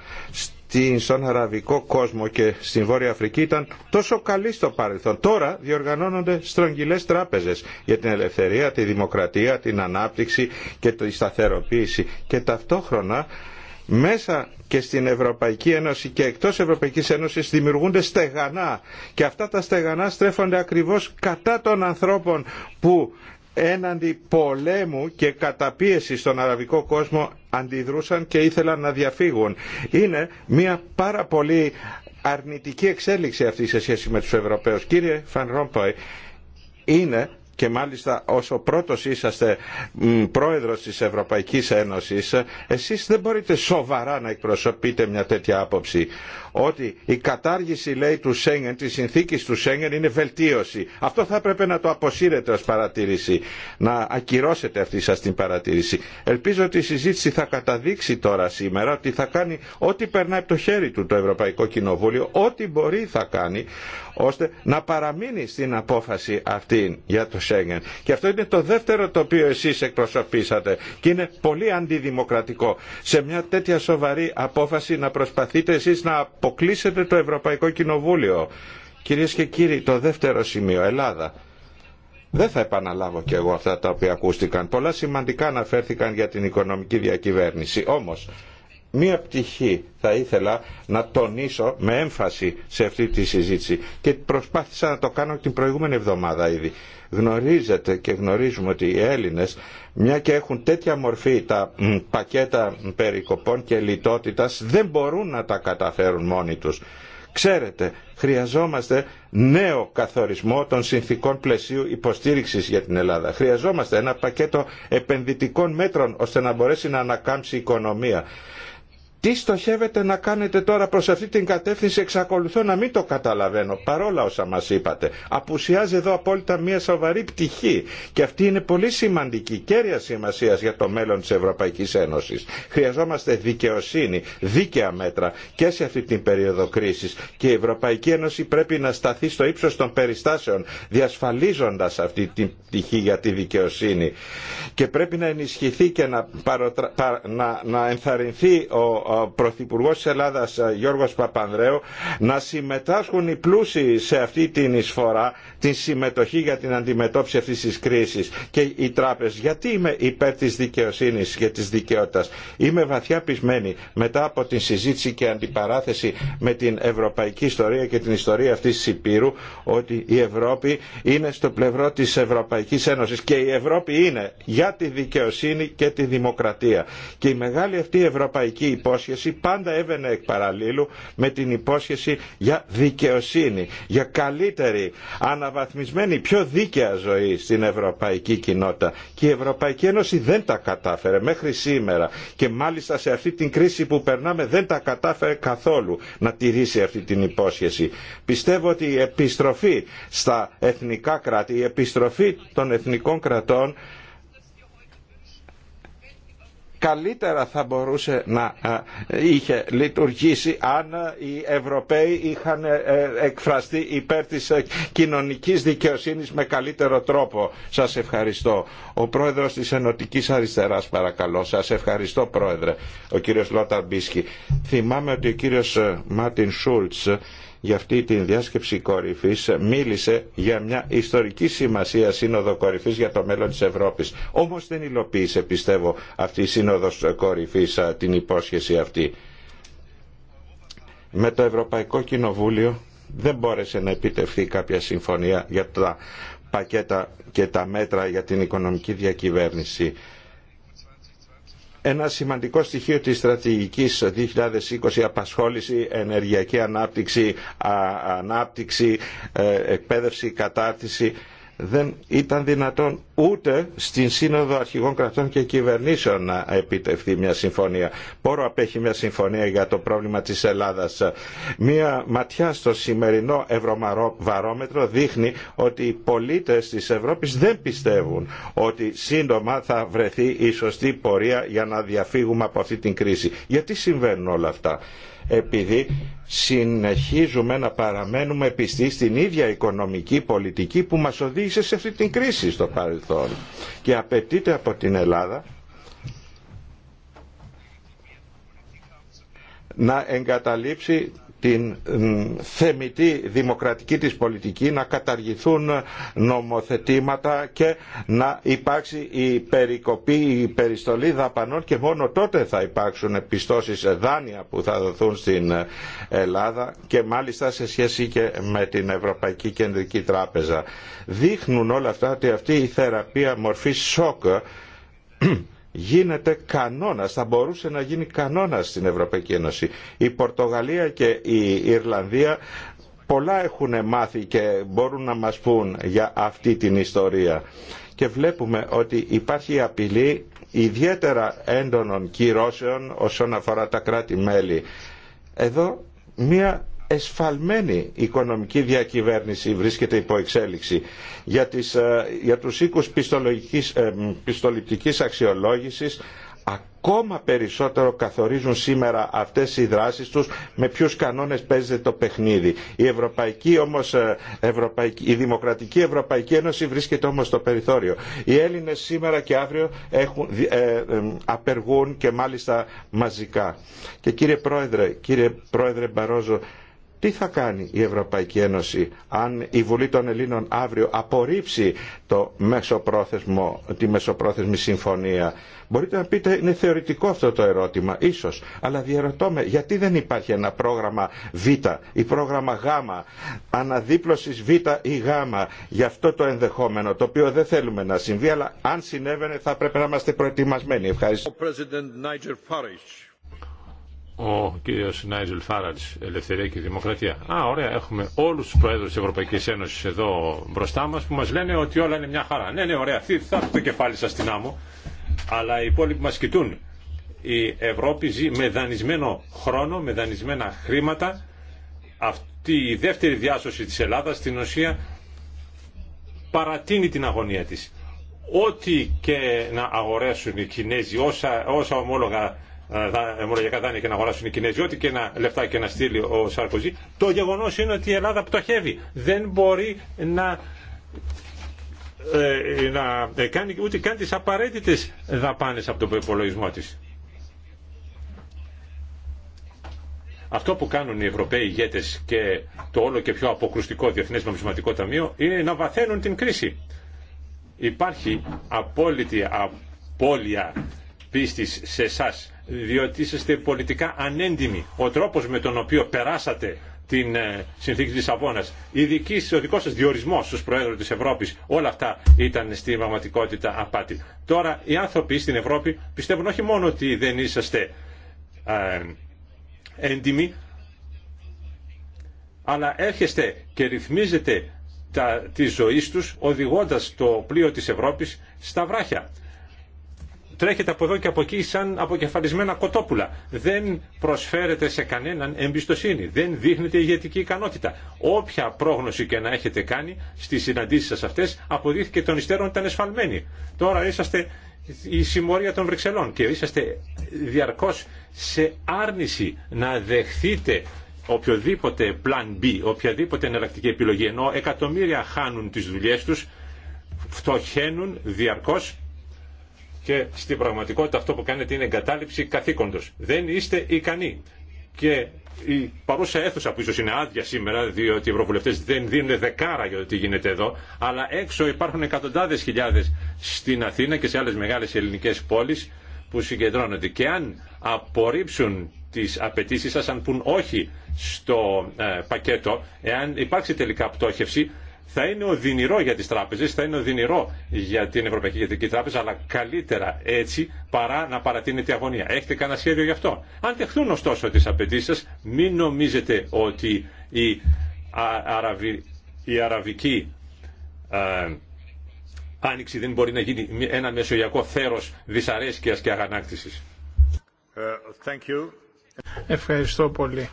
στον αραβικό κόσμο και στην Βόρεια Αφρική ήταν τόσο καλή στο παρελθόν. Τώρα διοργανώνονται στρογγυλές τράπεζες για την ελευθερία, τη δημοκρατία, την ανάπτυξη και τη σταθεροποίηση. Και ταυτόχρονα μέσα και στην Ευρωπαϊκή Ένωση και εκτός Ευρωπαϊκής Ένωσης δημιουργούνται στεγανά και αυτά τα στεγανά στρέφονται ακριβώς κατά των ανθρώπων που έναντι πολέμου και καταπίεση στον αραβικό κόσμο αντιδρούσαν και ήθελαν να διαφύγουν. Είναι μια πάρα πολύ αρνητική εξέλιξη αυτή σε σχέση με τους Ευρωπαίους. Κύριε Φαν είναι και μάλιστα ως ο πρώτος είσαστε πρόεδρος της Ευρωπαϊκής Ένωσης, εσείς δεν μπορείτε σοβαρά να εκπροσωπείτε μια τέτοια άποψη. Ότι η κατάργηση λέει του Σέγγεν, της συνθήκης του Σέγγεν είναι βελτίωση. Αυτό θα έπρεπε να το αποσύρετε ως παρατήρηση, να ακυρώσετε αυτή σας την παρατήρηση. Ελπίζω ότι η συζήτηση θα καταδείξει τώρα σήμερα ότι θα κάνει ό,τι περνάει από το χέρι του το Ευρωπαϊκό Κοινοβούλιο, ό,τι μπορεί θα κάνει, ώστε να παραμείνει στην απόφαση αυτή για το Σέγγεν. Και αυτό είναι το δεύτερο το οποίο εσείς εκπροσωπήσατε και είναι πολύ αντιδημοκρατικό. Σε μια τέτοια σοβαρή απόφαση να προσπαθείτε εσείς να αποκλείσετε το Ευρωπαϊκό Κοινοβούλιο. Κυρίες και κύριοι, το δεύτερο σημείο, Ελλάδα. Δεν θα επαναλάβω κι εγώ αυτά τα οποία ακούστηκαν. Πολλά σημαντικά αναφέρθηκαν για την οικονομική διακυβέρνηση. Όμω μία πτυχή θα ήθελα να τονίσω με έμφαση σε αυτή τη συζήτηση και προσπάθησα να το κάνω την προηγούμενη εβδομάδα ήδη. Γνωρίζετε και γνωρίζουμε ότι οι Έλληνες, μια και έχουν τέτοια μορφή τα πακέτα περικοπών και λιτότητας, δεν μπορούν να τα καταφέρουν μόνοι τους. Ξέρετε, χρειαζόμαστε νέο καθορισμό των συνθήκων πλαισίου υποστήριξης για την Ελλάδα. Χρειαζόμαστε ένα πακέτο επενδυτικών μέτρων ώστε να μπορέσει να ανακάμψει η οικονομία. Τι στοχεύετε να κάνετε τώρα προς αυτή την κατεύθυνση, εξακολουθώ να μην το καταλαβαίνω, παρόλα όσα μας είπατε. Απουσιάζει εδώ απόλυτα μια σοβαρή πτυχή και αυτή είναι πολύ σημαντική, κέρια σημασία για το μέλλον της Ευρωπαϊκής Ένωσης. Χρειαζόμαστε δικαιοσύνη, δίκαια μέτρα και σε αυτή την περίοδο κρίσης και η Ευρωπαϊκή Ένωση πρέπει να σταθεί στο ύψος των περιστάσεων, διασφαλίζοντας αυτή την πτυχή για τη δικαιοσύνη. Και πρέπει να ενισχυθεί και να, παροτρα... να... να ενθαρρυνθεί ο Πρωθυπουργό τη Ελλάδας ε, Γιώργος Παπανδρέου να συμμετάσχουν οι πλούσιοι σε αυτή την εισφορά τη συμμετοχή για την αντιμετώπιση αυτής της κρίσης και οι τράπεζες. Γιατί είμαι υπέρ της δικαιοσύνης και της δικαιότητας. Είμαι βαθιά πεισμένη μετά από την συζήτηση και αντιπαράθεση με την ευρωπαϊκή ιστορία και την ιστορία αυτής της Υπήρου ότι η Ευρώπη είναι στο πλευρό της Ευρωπαϊκής Ένωσης και η Ευρώπη είναι για τη δικαιοσύνη και τη δημοκρατία. Και η μεγάλη αυτή ευρωπαϊκή υπόσχεση πάντα έβαινε εκ με την υπόσχεση για δικαιοσύνη, για καλύτερη ανα αναβαθμισμένη, πιο δίκαια ζωή στην ευρωπαϊκή κοινότητα. Και η Ευρωπαϊκή Ένωση δεν τα κατάφερε μέχρι σήμερα. Και μάλιστα σε αυτή την κρίση που περνάμε δεν τα κατάφερε καθόλου να τηρήσει αυτή την υπόσχεση. Πιστεύω ότι η επιστροφή στα εθνικά κράτη, η επιστροφή των εθνικών κρατών καλύτερα θα μπορούσε να ε, είχε λειτουργήσει αν ε, οι Ευρωπαίοι είχαν ε, εκφραστεί υπέρ της κοινωνικής δικαιοσύνης με καλύτερο τρόπο. Σας ευχαριστώ. Ο πρόεδρος της Ενωτικής Αριστεράς παρακαλώ. Σας ευχαριστώ πρόεδρε, ο κύριος Λόταρ Μπίσκι. Θυμάμαι ότι ο κύριος Μάρτιν Σούλτς για αυτή την διάσκεψη κορυφής μίλησε για μια ιστορική σημασία σύνοδο κορυφής για το μέλλον της Ευρώπης. Όμως δεν υλοποίησε πιστεύω αυτή η σύνοδος κορυφής την υπόσχεση αυτή. Με το Ευρωπαϊκό Κοινοβούλιο δεν μπόρεσε να επιτευχθεί κάποια συμφωνία για τα πακέτα και τα μέτρα για την οικονομική διακυβέρνηση ένα σημαντικό στοιχείο της στρατηγικής 2020 απασχόληση, ενεργειακή ανάπτυξη, ανάπτυξη, ε, εκπαίδευση, κατάρτιση δεν ήταν δυνατόν ούτε στην Σύνοδο Αρχηγών Κρατών και Κυβερνήσεων να επιτευχθεί μια συμφωνία. Πόρο απέχει μια συμφωνία για το πρόβλημα της Ελλάδας. Μια ματιά στο σημερινό ευρωβαρόμετρο δείχνει ότι οι πολίτες της Ευρώπης δεν πιστεύουν ότι σύντομα θα βρεθεί η σωστή πορεία για να διαφύγουμε από αυτή την κρίση. Γιατί συμβαίνουν όλα αυτά επειδή συνεχίζουμε να παραμένουμε πιστοί στην ίδια οικονομική πολιτική που μας οδήγησε σε αυτή την κρίση στο παρελθόν. Και απαιτείται από την Ελλάδα να εγκαταλείψει την θεμητή δημοκρατική της πολιτική να καταργηθούν νομοθετήματα και να υπάρξει η περικοπή, η περιστολή δαπανών και μόνο τότε θα υπάρξουν πιστώσεις δάνεια που θα δοθούν στην Ελλάδα και μάλιστα σε σχέση και με την Ευρωπαϊκή Κεντρική Τράπεζα. Δείχνουν όλα αυτά ότι αυτή η θεραπεία μορφής σοκ γίνεται κανόνας, θα μπορούσε να γίνει κανόνας στην Ευρωπαϊκή Ένωση. Η Πορτογαλία και η Ιρλανδία πολλά έχουν μάθει και μπορούν να μας πούν για αυτή την ιστορία. Και βλέπουμε ότι υπάρχει απειλή ιδιαίτερα έντονων κυρώσεων όσον αφορά τα κράτη-μέλη. Εδώ μία εσφαλμένη οικονομική διακυβέρνηση βρίσκεται υπό εξέλιξη για, τις, ε, για τους οίκους ε, πιστοληπτικής αξιολόγησης ακόμα περισσότερο καθορίζουν σήμερα αυτές οι δράσεις τους με ποιους κανόνες παίζεται το παιχνίδι. Η, Ευρωπαϊκή, όμως, ε, Ευρωπαϊκή, η Δημοκρατική Ευρωπαϊκή Ένωση βρίσκεται όμως στο περιθώριο. Οι Έλληνες σήμερα και αύριο έχουν, απεργούν και μάλιστα μαζικά. Και κύριε Πρόεδρε, κύριε Πρόεδρε Μπαρόζο, τι θα κάνει η Ευρωπαϊκή Ένωση αν η Βουλή των Ελλήνων αύριο απορρίψει το μεσοπρόθεσμο, τη μεσοπρόθεσμη συμφωνία. Μπορείτε να πείτε είναι θεωρητικό αυτό το ερώτημα, ίσως, αλλά διαρωτώ με γιατί δεν υπάρχει ένα πρόγραμμα Β ή πρόγραμμα Γ, αναδίπλωσης Β ή Γ για αυτό το ενδεχόμενο, το οποίο δεν θέλουμε να συμβεί, αλλά αν συνέβαινε θα πρέπει να είμαστε προετοιμασμένοι. Ευχαριστώ ο κύριος Νάιζελ Φάραντς, Ελευθερία και Δημοκρατία. Α, ωραία, έχουμε όλους τους Προέδρους της Ευρωπαϊκής Ένωσης εδώ μπροστά μας που μας λένε ότι όλα είναι μια χαρά. Ναι, ναι, ωραία, θα το κεφάλι σας στην άμμο, αλλά οι υπόλοιποι μας κοιτούν. Η Ευρώπη ζει με δανεισμένο χρόνο, με δανεισμένα χρήματα. Αυτή η δεύτερη διάσωση της Ελλάδας στην ουσία παρατείνει την αγωνία της. Ό,τι και να αγορέσουν οι Κινέζοι, όσα, όσα ομόλογα μοριακά δάνεια και να αγοράσουν οι Κινέζοι, ό,τι και να λεφτά και να στείλει ο Σαρκοζή. Το γεγονό είναι ότι η Ελλάδα πτωχεύει. Δεν μπορεί να, ε, να ε, κάνει ούτε καν τι απαραίτητε δαπάνε από τον προπολογισμό τη. Αυτό που κάνουν οι Ευρωπαίοι ηγέτε και το όλο και πιο αποκρουστικό Διεθνέ Νομισματικό Ταμείο είναι να βαθαίνουν την κρίση. Υπάρχει απόλυτη απώλεια πίστη σε εσά διότι είσαστε πολιτικά ανέντιμοι. Ο τρόπος με τον οποίο περάσατε την ε, συνθήκη της Λισαβόνας, ο δικός σας διορισμός στους Προέδρους της Ευρώπης, όλα αυτά ήταν στην πραγματικότητα απάτη. Τώρα οι άνθρωποι στην Ευρώπη πιστεύουν όχι μόνο ότι δεν είσαστε ε, έντιμοι, αλλά έρχεστε και ρυθμίζετε τα, τη ζωή τους οδηγώντας το πλοίο της Ευρώπης στα βράχια τρέχετε από εδώ και από εκεί σαν αποκεφαλισμένα κοτόπουλα. Δεν προσφέρετε σε κανέναν εμπιστοσύνη. Δεν δείχνετε ηγετική ικανότητα. Όποια πρόγνωση και να έχετε κάνει στι συναντήσει σα αυτέ, αποδείχθηκε των υστέρων ήταν εσφαλμένη. Τώρα είσαστε η συμμορία των Βρυξελών και είσαστε διαρκώ σε άρνηση να δεχθείτε οποιοδήποτε plan B, οποιαδήποτε εναλλακτική επιλογή, ενώ εκατομμύρια χάνουν τις δουλειές τους, φτωχαίνουν διαρκώς και στην πραγματικότητα αυτό που κάνετε είναι εγκατάλειψη καθήκοντος. Δεν είστε ικανοί. Και η παρούσα αίθουσα που ίσως είναι άδεια σήμερα διότι οι ευρωβουλευτές δεν δίνουν δεκάρα για το τι γίνεται εδώ αλλά έξω υπάρχουν εκατοντάδες χιλιάδες στην Αθήνα και σε άλλες μεγάλες ελληνικές πόλεις που συγκεντρώνονται. Και αν απορρίψουν τις απαιτήσει σας, αν πούν όχι στο ε, πακέτο, εάν υπάρξει τελικά πτώχευση, θα είναι οδυνηρό για τις τράπεζες, θα είναι οδυνηρό για την Ευρωπαϊκή Κεντρική Τράπεζα, αλλά καλύτερα έτσι παρά να παρατείνετε η αγωνία. Έχετε κανένα σχέδιο γι' αυτό. Αν δεχθούν ωστόσο τις απαιτήσει σα, μην νομίζετε ότι η, η αραβική ε, άνοιξη δεν μπορεί να γίνει ένα μεσογειακό θέρος δυσαρέσκειας και αγανάκτησης. Ε, Ευχαριστώ πολύ.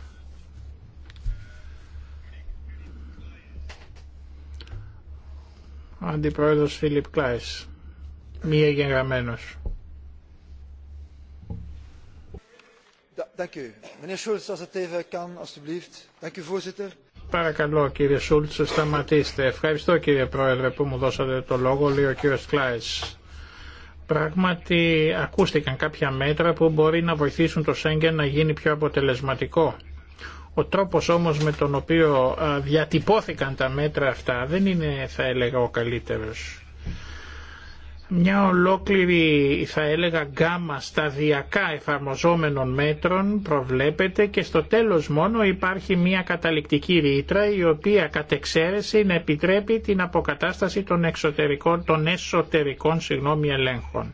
Ο αντιπρόεδρος Φίλιπ Κλάις. Μη εγγεγραμμένος. Παρακαλώ κύριε Σούλτς, σταματήστε. Ευχαριστώ κύριε Πρόεδρε που μου δώσατε το λόγο, λέει ο κύριος Κλάις. Πράγματι ακούστηκαν κάποια μέτρα που μπορεί να βοηθήσουν το Σέγγεν να γίνει πιο αποτελεσματικό ο τρόπος όμως με τον οποίο διατυπώθηκαν τα μέτρα αυτά δεν είναι θα έλεγα ο καλύτερος. Μια ολόκληρη θα έλεγα γκάμα σταδιακά εφαρμοζόμενων μέτρων προβλέπεται και στο τέλος μόνο υπάρχει μια καταληκτική ρήτρα η οποία κατ' εξαίρεση να επιτρέπει την αποκατάσταση των, εξωτερικών, των εσωτερικών συγγνώμη, ελέγχων.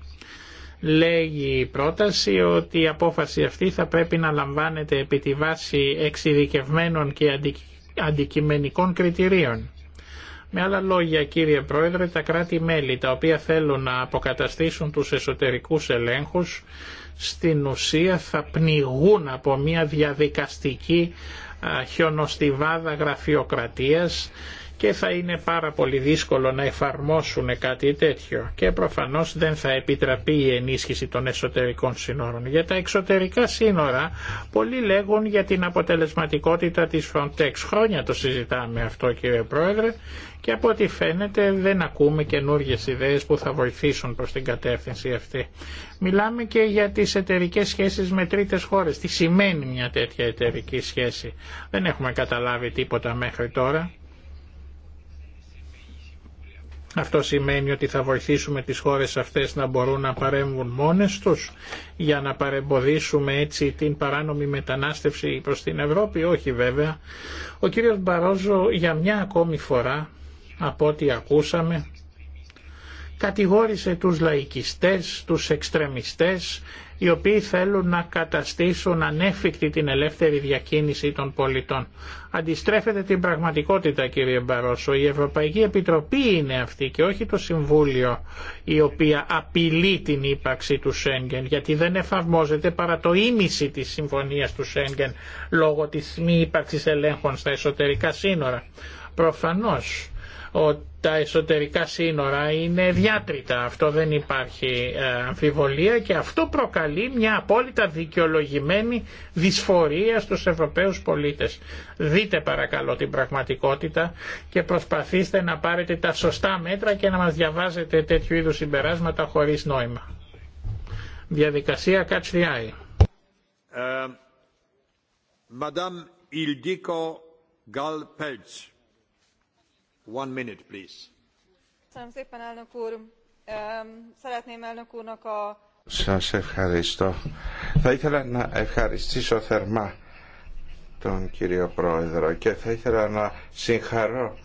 Λέγει η πρόταση ότι η απόφαση αυτή θα πρέπει να λαμβάνεται επί τη βάση εξειδικευμένων και αντικειμενικών κριτηρίων. Με άλλα λόγια κύριε Πρόεδρε, τα κράτη-μέλη τα οποία θέλουν να αποκαταστήσουν τους εσωτερικούς ελέγχους στην ουσία θα πνιγούν από μια διαδικαστική χιονοστιβάδα γραφειοκρατίας και θα είναι πάρα πολύ δύσκολο να εφαρμόσουν κάτι τέτοιο και προφανώς δεν θα επιτραπεί η ενίσχυση των εσωτερικών σύνορων. Για τα εξωτερικά σύνορα πολλοί λέγουν για την αποτελεσματικότητα της Frontex. Χρόνια το συζητάμε αυτό κύριε Πρόεδρε και από ό,τι φαίνεται δεν ακούμε καινούριε ιδέες που θα βοηθήσουν προς την κατεύθυνση αυτή. Μιλάμε και για τις εταιρικέ σχέσεις με τρίτες χώρες. Τι σημαίνει μια τέτοια εταιρική σχέση. Δεν έχουμε καταλάβει τίποτα μέχρι τώρα αυτό σημαίνει ότι θα βοηθήσουμε τις χώρες αυτές να μπορούν να παρέμβουν μόνες τους για να παρεμποδίσουμε έτσι την παράνομη μετανάστευση προς την Ευρώπη. Όχι βέβαια. Ο κύριος Μπαρόζο για μια ακόμη φορά από ό,τι ακούσαμε κατηγόρησε τους λαϊκιστές, τους εξτρεμιστές οι οποίοι θέλουν να καταστήσουν ανέφικτη την ελεύθερη διακίνηση των πολιτών. Αντιστρέφεται την πραγματικότητα κύριε Μπαρόσο. Η Ευρωπαϊκή Επιτροπή είναι αυτή και όχι το Συμβούλιο η οποία απειλεί την ύπαρξη του Σέγγεν γιατί δεν εφαρμόζεται παρά το ίμιση της συμφωνίας του Σέγγεν λόγω της μη ύπαρξης ελέγχων στα εσωτερικά σύνορα. Προφανώς ότι τα εσωτερικά σύνορα είναι διάτρητα. Αυτό δεν υπάρχει ε, αμφιβολία και αυτό προκαλεί μια απόλυτα δικαιολογημένη δυσφορία στους Ευρωπαίους πολίτες. Δείτε παρακαλώ την πραγματικότητα και προσπαθήστε να πάρετε τα σωστά μέτρα και να μας διαβάζετε τέτοιου είδους συμπεράσματα χωρίς νόημα. Διαδικασία Κατσιάη. Ε, Madame Ildiko σας ευχαριστώ. Θα ήθελα να ευχαριστήσω θερμά τον κύριο Πρόεδρο και θα ήθελα να συγχαρώ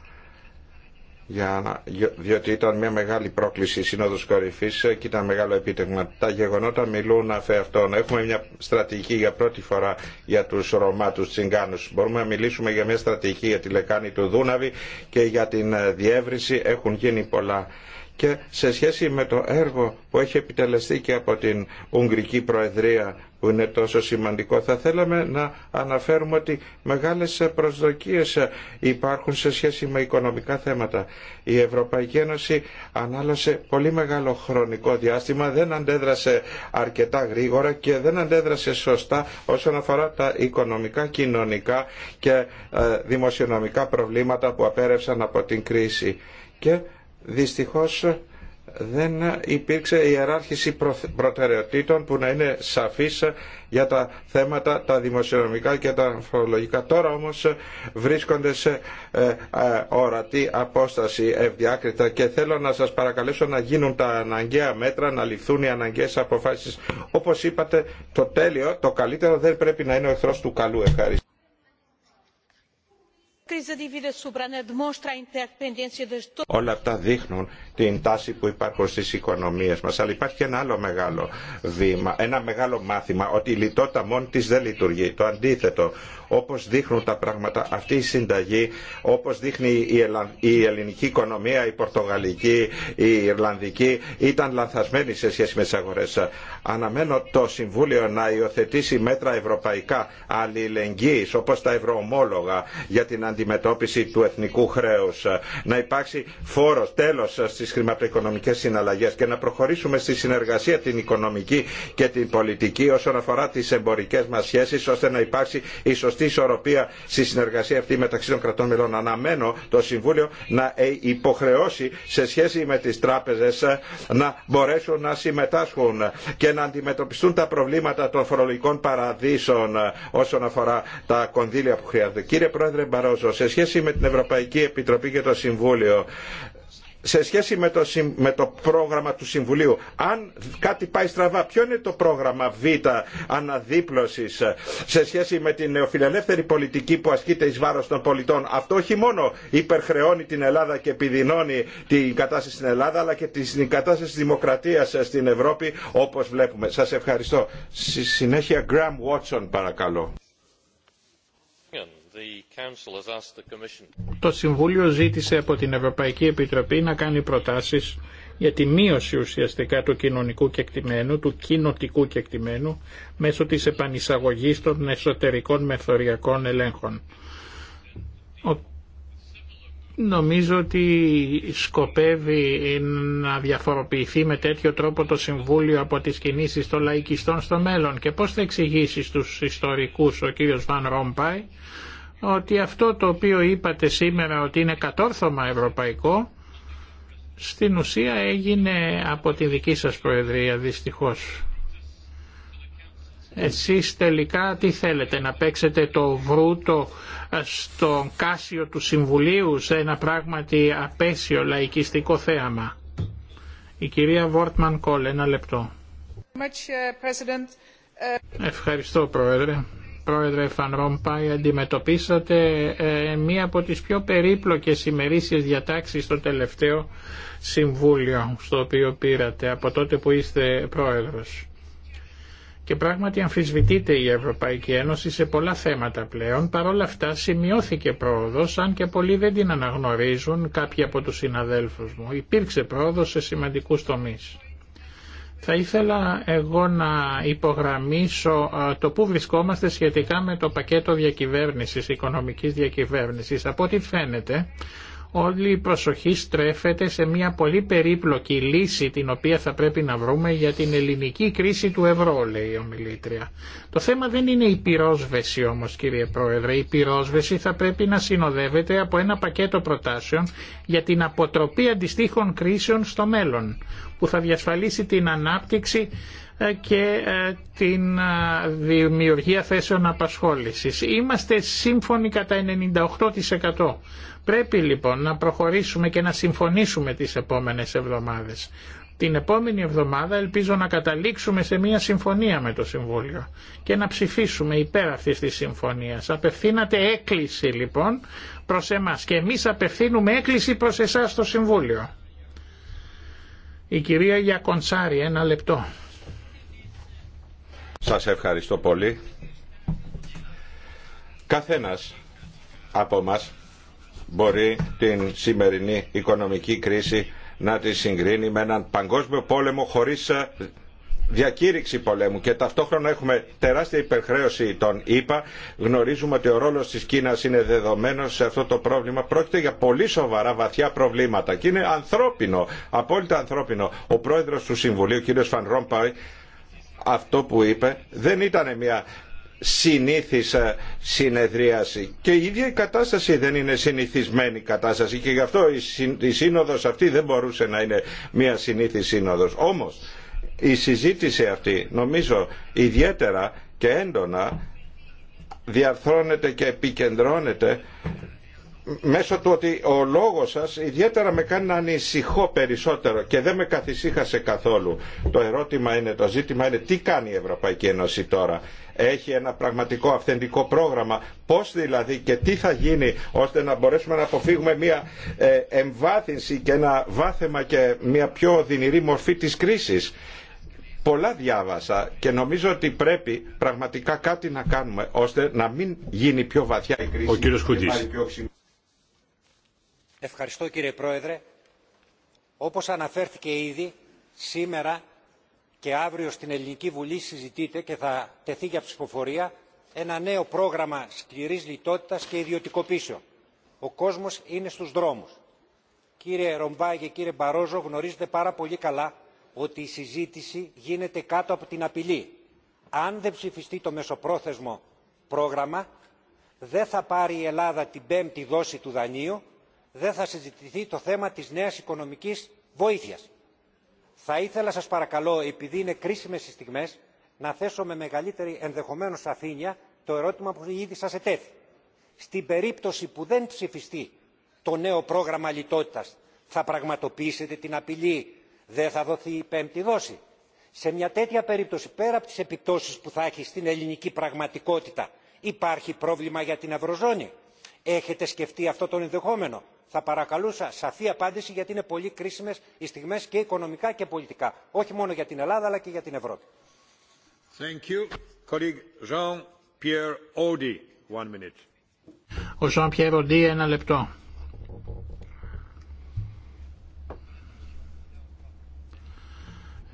για να... διότι ήταν μια μεγάλη πρόκληση η Σύνοδος Κορυφής ε, και ήταν μεγάλο επίτευγμα. Τα γεγονότα μιλούν αφ' αυτόν. Έχουμε μια στρατηγική για πρώτη φορά για τους Ρωμά, τους Τσιγκάνους. Μπορούμε να μιλήσουμε για μια στρατηγική για τη λεκάνη του Δούναβη και για την ε, διεύρυνση. Έχουν γίνει πολλά και σε σχέση με το έργο που έχει επιτελεστεί και από την Ουγγρική Προεδρία που είναι τόσο σημαντικό. Θα θέλαμε να αναφέρουμε ότι μεγάλες προσδοκίες υπάρχουν σε σχέση με οικονομικά θέματα. Η Ευρωπαϊκή Ένωση ανάλωσε πολύ μεγάλο χρονικό διάστημα, δεν αντέδρασε αρκετά γρήγορα και δεν αντέδρασε σωστά όσον αφορά τα οικονομικά, κοινωνικά και ε, δημοσιονομικά προβλήματα που απέρευσαν από την κρίση. Και δυστυχώς δεν υπήρξε ιεράρχηση προτεραιοτήτων που να είναι σαφής για τα θέματα τα δημοσιονομικά και τα φορολογικά. Τώρα όμως βρίσκονται σε ε, ε, ορατή απόσταση ευδιάκριτα και θέλω να σας παρακαλέσω να γίνουν τα αναγκαία μέτρα, να ληφθούν οι αναγκαίες αποφάσεις. Όπως είπατε, το τέλειο, το καλύτερο δεν πρέπει να είναι ο εχθρός του καλού. Ευχαριστώ. Όλα αυτά δείχνουν την τάση που υπάρχουν στις οικονομίες μας. Αλλά υπάρχει και ένα άλλο μεγάλο βήμα, ένα μεγάλο μάθημα ότι η λιτότητα μόνη της δεν λειτουργεί. Το αντίθετο, όπως δείχνουν τα πράγματα, αυτή η συνταγή, όπως δείχνει η ελληνική οικονομία, η πορτογαλική, η ιρλανδική, ήταν λανθασμένη σε σχέση με τις αγορές. Αναμένω το Συμβούλιο να υιοθετήσει μέτρα ευρωπαϊκά αλληλεγγύης, όπως τα ευρωομόλογα, για την αντιμετώπιση του εθνικού χρέους. Να υπάρξει φόρος τέλος στις χρηματοοικονομικές συναλλαγές και να προχωρήσουμε στη συνεργασία την οικονομική και την πολιτική όσον αφορά τις εμπορικές μας σχέσεις ώστε να υπάρξει η σωστή ισορροπία στη συνεργασία αυτή μεταξύ των κρατών μελών. Αναμένω το Συμβούλιο να ε, υποχρεώσει σε σχέση με τις τράπεζες ε, να μπορέσουν να συμμετάσχουν και να αντιμετωπιστούν τα προβλήματα των φορολογικών παραδείσων ε, όσον αφορά τα κονδύλια που χρειάζονται. Κύριε Πρόεδρε Μπαρόζο, σε σχέση με την Ευρωπαϊκή Επιτροπή και το Συμβούλιο σε σχέση με το, με το πρόγραμμα του Συμβουλίου. Αν κάτι πάει στραβά, ποιο είναι το πρόγραμμα Β αναδίπλωσης σε σχέση με την νεοφιλελεύθερη πολιτική που ασκείται εις βάρος των πολιτών. Αυτό όχι μόνο υπερχρεώνει την Ελλάδα και επιδεινώνει την κατάσταση στην Ελλάδα, αλλά και την κατάσταση της δημοκρατίας στην Ευρώπη, όπως βλέπουμε. Σας ευχαριστώ. Στη συνέχεια, Γκραμ Βότσον, παρακαλώ. Το Συμβούλιο ζήτησε από την Ευρωπαϊκή Επιτροπή να κάνει προτάσεις για τη μείωση ουσιαστικά του κοινωνικού κεκτημένου, του κοινοτικού κεκτημένου, μέσω της επανεισαγωγής των εσωτερικών μεθοριακών ελέγχων. Νομίζω ότι σκοπεύει να διαφοροποιηθεί με τέτοιο τρόπο το Συμβούλιο από τις κινήσεις των λαϊκιστών στο μέλλον και πώς θα εξηγήσει στους ιστορικούς ο κύριος Βαν Ρόμπαϊ ότι αυτό το οποίο είπατε σήμερα ότι είναι κατόρθωμα ευρωπαϊκό στην ουσία έγινε από τη δική σας Προεδρία δυστυχώς. Εσείς τελικά τι θέλετε να παίξετε το βρούτο στον κάσιο του Συμβουλίου σε ένα πράγματι απέσιο λαϊκιστικό θέαμα. Η κυρία Βόρτμαν Κόλ, ένα λεπτό. Ευχαριστώ Πρόεδρε πρόεδρε Φαν αντιμετωπίσατε ε, μία από τις πιο περίπλοκες ημερήσιες διατάξεις στο τελευταίο συμβούλιο στο οποίο πήρατε από τότε που είστε πρόεδρος. Και πράγματι αμφισβητείται η Ευρωπαϊκή Ένωση σε πολλά θέματα πλέον. Παρ' όλα αυτά σημειώθηκε πρόοδος, αν και πολλοί δεν την αναγνωρίζουν, κάποιοι από τους συναδέλφους μου. Υπήρξε πρόοδος σε σημαντικούς τομείς. Θα ήθελα εγώ να υπογραμμίσω το πού βρισκόμαστε σχετικά με το πακέτο διακυβέρνησης, οικονομικής διακυβέρνησης. Από ό,τι φαίνεται, όλη η προσοχή στρέφεται σε μια πολύ περίπλοκη λύση την οποία θα πρέπει να βρούμε για την ελληνική κρίση του ευρώ, λέει η ομιλήτρια. Το θέμα δεν είναι η πυρόσβεση όμως κύριε Πρόεδρε. Η πυρόσβεση θα πρέπει να συνοδεύεται από ένα πακέτο προτάσεων για την αποτροπή αντιστοίχων κρίσεων στο μέλλον που θα διασφαλίσει την ανάπτυξη ε, και ε, την ε, δημιουργία θέσεων απασχόλησης. Είμαστε σύμφωνοι κατά 98%. Πρέπει λοιπόν να προχωρήσουμε και να συμφωνήσουμε τις επόμενες εβδομάδες. Την επόμενη εβδομάδα ελπίζω να καταλήξουμε σε μια συμφωνία με το Συμβούλιο και να ψηφίσουμε υπέρ αυτής της συμφωνίας. Απευθύνατε έκκληση λοιπόν προς εμάς και εμείς απευθύνουμε έκκληση προς εσάς στο Συμβούλιο. Η κυρία Γιακονσάρη, ένα λεπτό. Σας ευχαριστώ πολύ. Καθένας από μας μπορεί την σημερινή οικονομική κρίση να τη συγκρίνει με έναν παγκόσμιο πόλεμο χωρίς ε, διακήρυξη πολέμου και ταυτόχρονα έχουμε τεράστια υπερχρέωση των ΗΠΑ. Γνωρίζουμε ότι ο ρόλος της Κίνας είναι δεδομένος σε αυτό το πρόβλημα. Πρόκειται για πολύ σοβαρά βαθιά προβλήματα και είναι ανθρώπινο, απόλυτα ανθρώπινο. Ο πρόεδρος του Συμβουλίου, κ. Φαν Ρόμπαϊ, αυτό που είπε δεν ήταν μια συνήθις ε, συνεδρίαση και η ίδια η κατάσταση δεν είναι συνηθισμένη κατάσταση και γι' αυτό η σύνοδος αυτή δεν μπορούσε να είναι μια συνήθις σύνοδος. Όμως η συζήτηση αυτή νομίζω ιδιαίτερα και έντονα διαρθρώνεται και επικεντρώνεται μέσω του ότι ο λόγος σας ιδιαίτερα με κάνει να ανησυχώ περισσότερο και δεν με καθησύχασε καθόλου. Το ερώτημα είναι, το ζήτημα είναι τι κάνει η Ευρωπαϊκή Ένωση τώρα. Έχει ένα πραγματικό αυθεντικό πρόγραμμα. Πώς δηλαδή και τι θα γίνει ώστε να μπορέσουμε να αποφύγουμε μια ε, εμβάθυνση και ένα βάθεμα και μια πιο δυνηρή μορφή της κρίσης. Πολλά διάβασα και νομίζω ότι πρέπει πραγματικά κάτι να κάνουμε ώστε να μην γίνει πιο βαθιά η κρίση. Ο κύριος Ευχαριστώ κύριε Πρόεδρε. Όπως αναφέρθηκε ήδη, σήμερα και αύριο στην Ελληνική Βουλή συζητείται και θα τεθεί για ψηφοφορία ένα νέο πρόγραμμα σκληρής λιτότητας και ιδιωτικοποίησεων. Ο κόσμος είναι στους δρόμους. Κύριε Ρομπάη και κύριε Μπαρόζο γνωρίζετε πάρα πολύ καλά ότι η συζήτηση γίνεται κάτω από την απειλή. Αν δεν ψηφιστεί το μεσοπρόθεσμο πρόγραμμα δεν θα πάρει η Ελλάδα την πέμπτη δόση του δανείου δεν θα συζητηθεί το θέμα της νέας οικονομικής βοήθειας. Θα ήθελα σας παρακαλώ, επειδή είναι κρίσιμες οι στιγμές, να θέσω με μεγαλύτερη ενδεχομένως σαφήνεια το ερώτημα που ήδη σας ετέθη. Στην περίπτωση που δεν ψηφιστεί το νέο πρόγραμμα λιτότητας, θα πραγματοποιήσετε την απειλή, δεν θα δοθεί η πέμπτη δόση. Σε μια τέτοια περίπτωση, πέρα από τις επιπτώσεις που θα έχει στην ελληνική πραγματικότητα, υπάρχει πρόβλημα για την Ευρωζώνη. Έχετε σκεφτεί αυτό το ενδεχόμενο θα παρακαλούσα σαφή απάντηση γιατί είναι πολύ κρίσιμες οι στιγμές και οικονομικά και πολιτικά όχι μόνο για την ελλάδα αλλά και για την ευρώπη.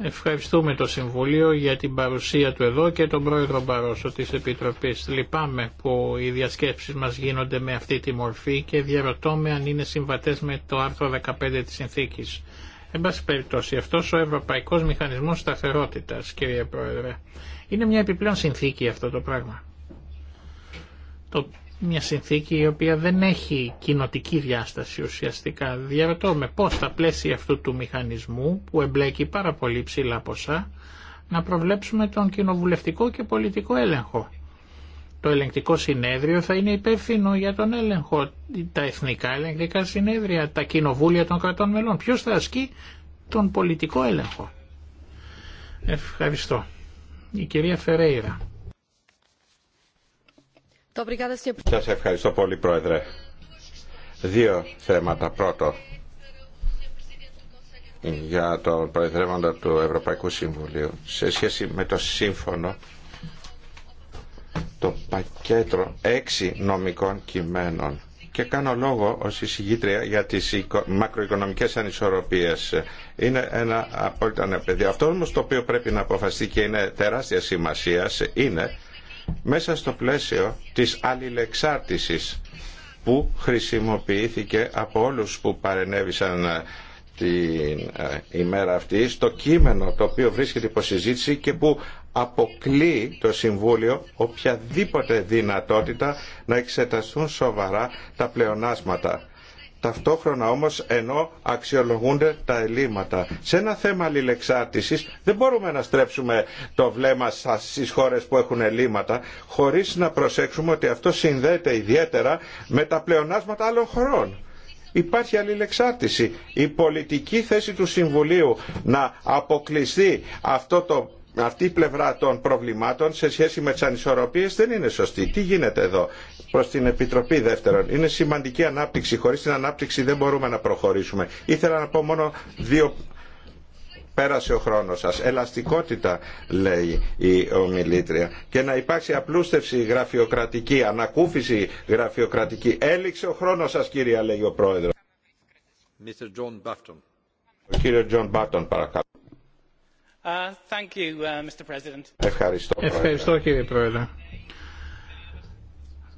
Ευχαριστούμε το Συμβουλίο για την παρουσία του εδώ και τον Πρόεδρο Μπαρόσο της Επιτροπής. Λυπάμαι που οι διασκέψεις μας γίνονται με αυτή τη μορφή και διαρωτώ αν είναι συμβατές με το άρθρο 15 της Συνθήκης. Εν πάση περιπτώσει, αυτό ο Ευρωπαϊκός Μηχανισμός Σταθερότητας, κύριε Πρόεδρε, είναι μια επιπλέον συνθήκη αυτό το πράγμα. Το μια συνθήκη η οποία δεν έχει κοινοτική διάσταση ουσιαστικά. Διαρωτώ με πώς τα πλαίσια αυτού του μηχανισμού που εμπλέκει πάρα πολύ ψηλά ποσά να προβλέψουμε τον κοινοβουλευτικό και πολιτικό έλεγχο. Το ελεγκτικό συνέδριο θα είναι υπεύθυνο για τον έλεγχο. Τα εθνικά ελεγκτικά συνέδρια, τα κοινοβούλια των κρατών μελών. Ποιος θα ασκεί τον πολιτικό έλεγχο. Ευχαριστώ. Η κυρία Φερέιρα. Σας ευχαριστώ πολύ Πρόεδρε. Δύο θέματα. Πρώτο, για τον Προεδρεύοντα του Ευρωπαϊκού Συμβουλίου σε σχέση με το σύμφωνο το πακέτρο έξι νομικών κειμένων και κάνω λόγο ως εισηγήτρια για τις μακροοικονομικές ανισορροπίες. Είναι ένα απόλυτα νέο Αυτό όμως το οποίο πρέπει να αποφασιστεί και είναι τεράστια σημασία είναι μέσα στο πλαίσιο της αλληλεξάρτησης που χρησιμοποιήθηκε από όλους που παρενέβησαν ε, την ε, ημέρα αυτή στο κείμενο το οποίο βρίσκεται υπό συζήτηση και που αποκλεί το Συμβούλιο οποιαδήποτε δυνατότητα να εξεταστούν σοβαρά τα πλεονάσματα ταυτόχρονα όμως ενώ αξιολογούνται τα ελλείμματα. Σε ένα θέμα αλληλεξάρτησης δεν μπορούμε να στρέψουμε το βλέμμα στις χώρες που έχουν ελλείμματα χωρίς να προσέξουμε ότι αυτό συνδέεται ιδιαίτερα με τα πλεονάσματα άλλων χωρών υπάρχει αλληλεξάρτηση. Η πολιτική θέση του Συμβουλίου να αποκλειστεί αυτό το, αυτή η πλευρά των προβλημάτων σε σχέση με τις ανισορροπίες δεν είναι σωστή. Τι γίνεται εδώ προς την Επιτροπή δεύτερον. Είναι σημαντική ανάπτυξη. Χωρίς την ανάπτυξη δεν μπορούμε να προχωρήσουμε. Ήθελα να πω μόνο δύο πέρασε ο χρόνος σας. Ελαστικότητα λέει η ομιλήτρια και να υπάρξει απλούστευση γραφειοκρατική, ανακούφιση γραφειοκρατική. Έληξε ο χρόνος σας κύριε, λέει ο πρόεδρος. κύριο παρακαλώ. Uh, thank you, uh, Mr. President. Ευχαριστώ, Ευχαριστώ κύριε Πρόεδρε.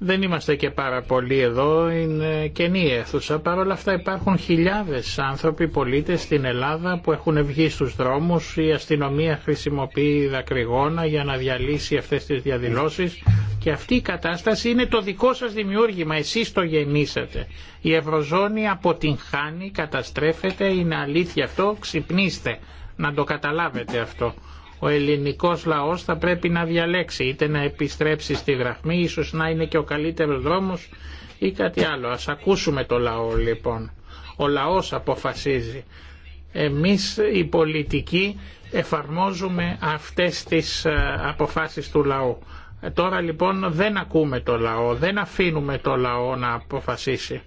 Δεν είμαστε και πάρα πολλοί εδώ, είναι καινή αίθουσα. Παρ' όλα αυτά υπάρχουν χιλιάδες άνθρωποι, πολίτες στην Ελλάδα που έχουν βγει στους δρόμους. Η αστυνομία χρησιμοποιεί δακρυγόνα για να διαλύσει αυτές τις διαδηλώσεις. Και αυτή η κατάσταση είναι το δικό σας δημιούργημα, εσείς το γεννήσατε. Η Ευρωζώνη αποτυγχάνει, καταστρέφεται, είναι αλήθεια αυτό, ξυπνήστε να το καταλάβετε αυτό. Ο ελληνικός λαός θα πρέπει να διαλέξει είτε να επιστρέψει στη γραχμή, ίσως να είναι και ο καλύτερος δρόμος ή κάτι άλλο. Ας ακούσουμε το λαό λοιπόν. Ο λαός αποφασίζει. Εμείς οι πολιτικοί εφαρμόζουμε αυτές τις ε, αποφάσεις του λαού. Ε, τώρα λοιπόν δεν ακούμε το λαό, δεν αφήνουμε το λαό να αποφασίσει.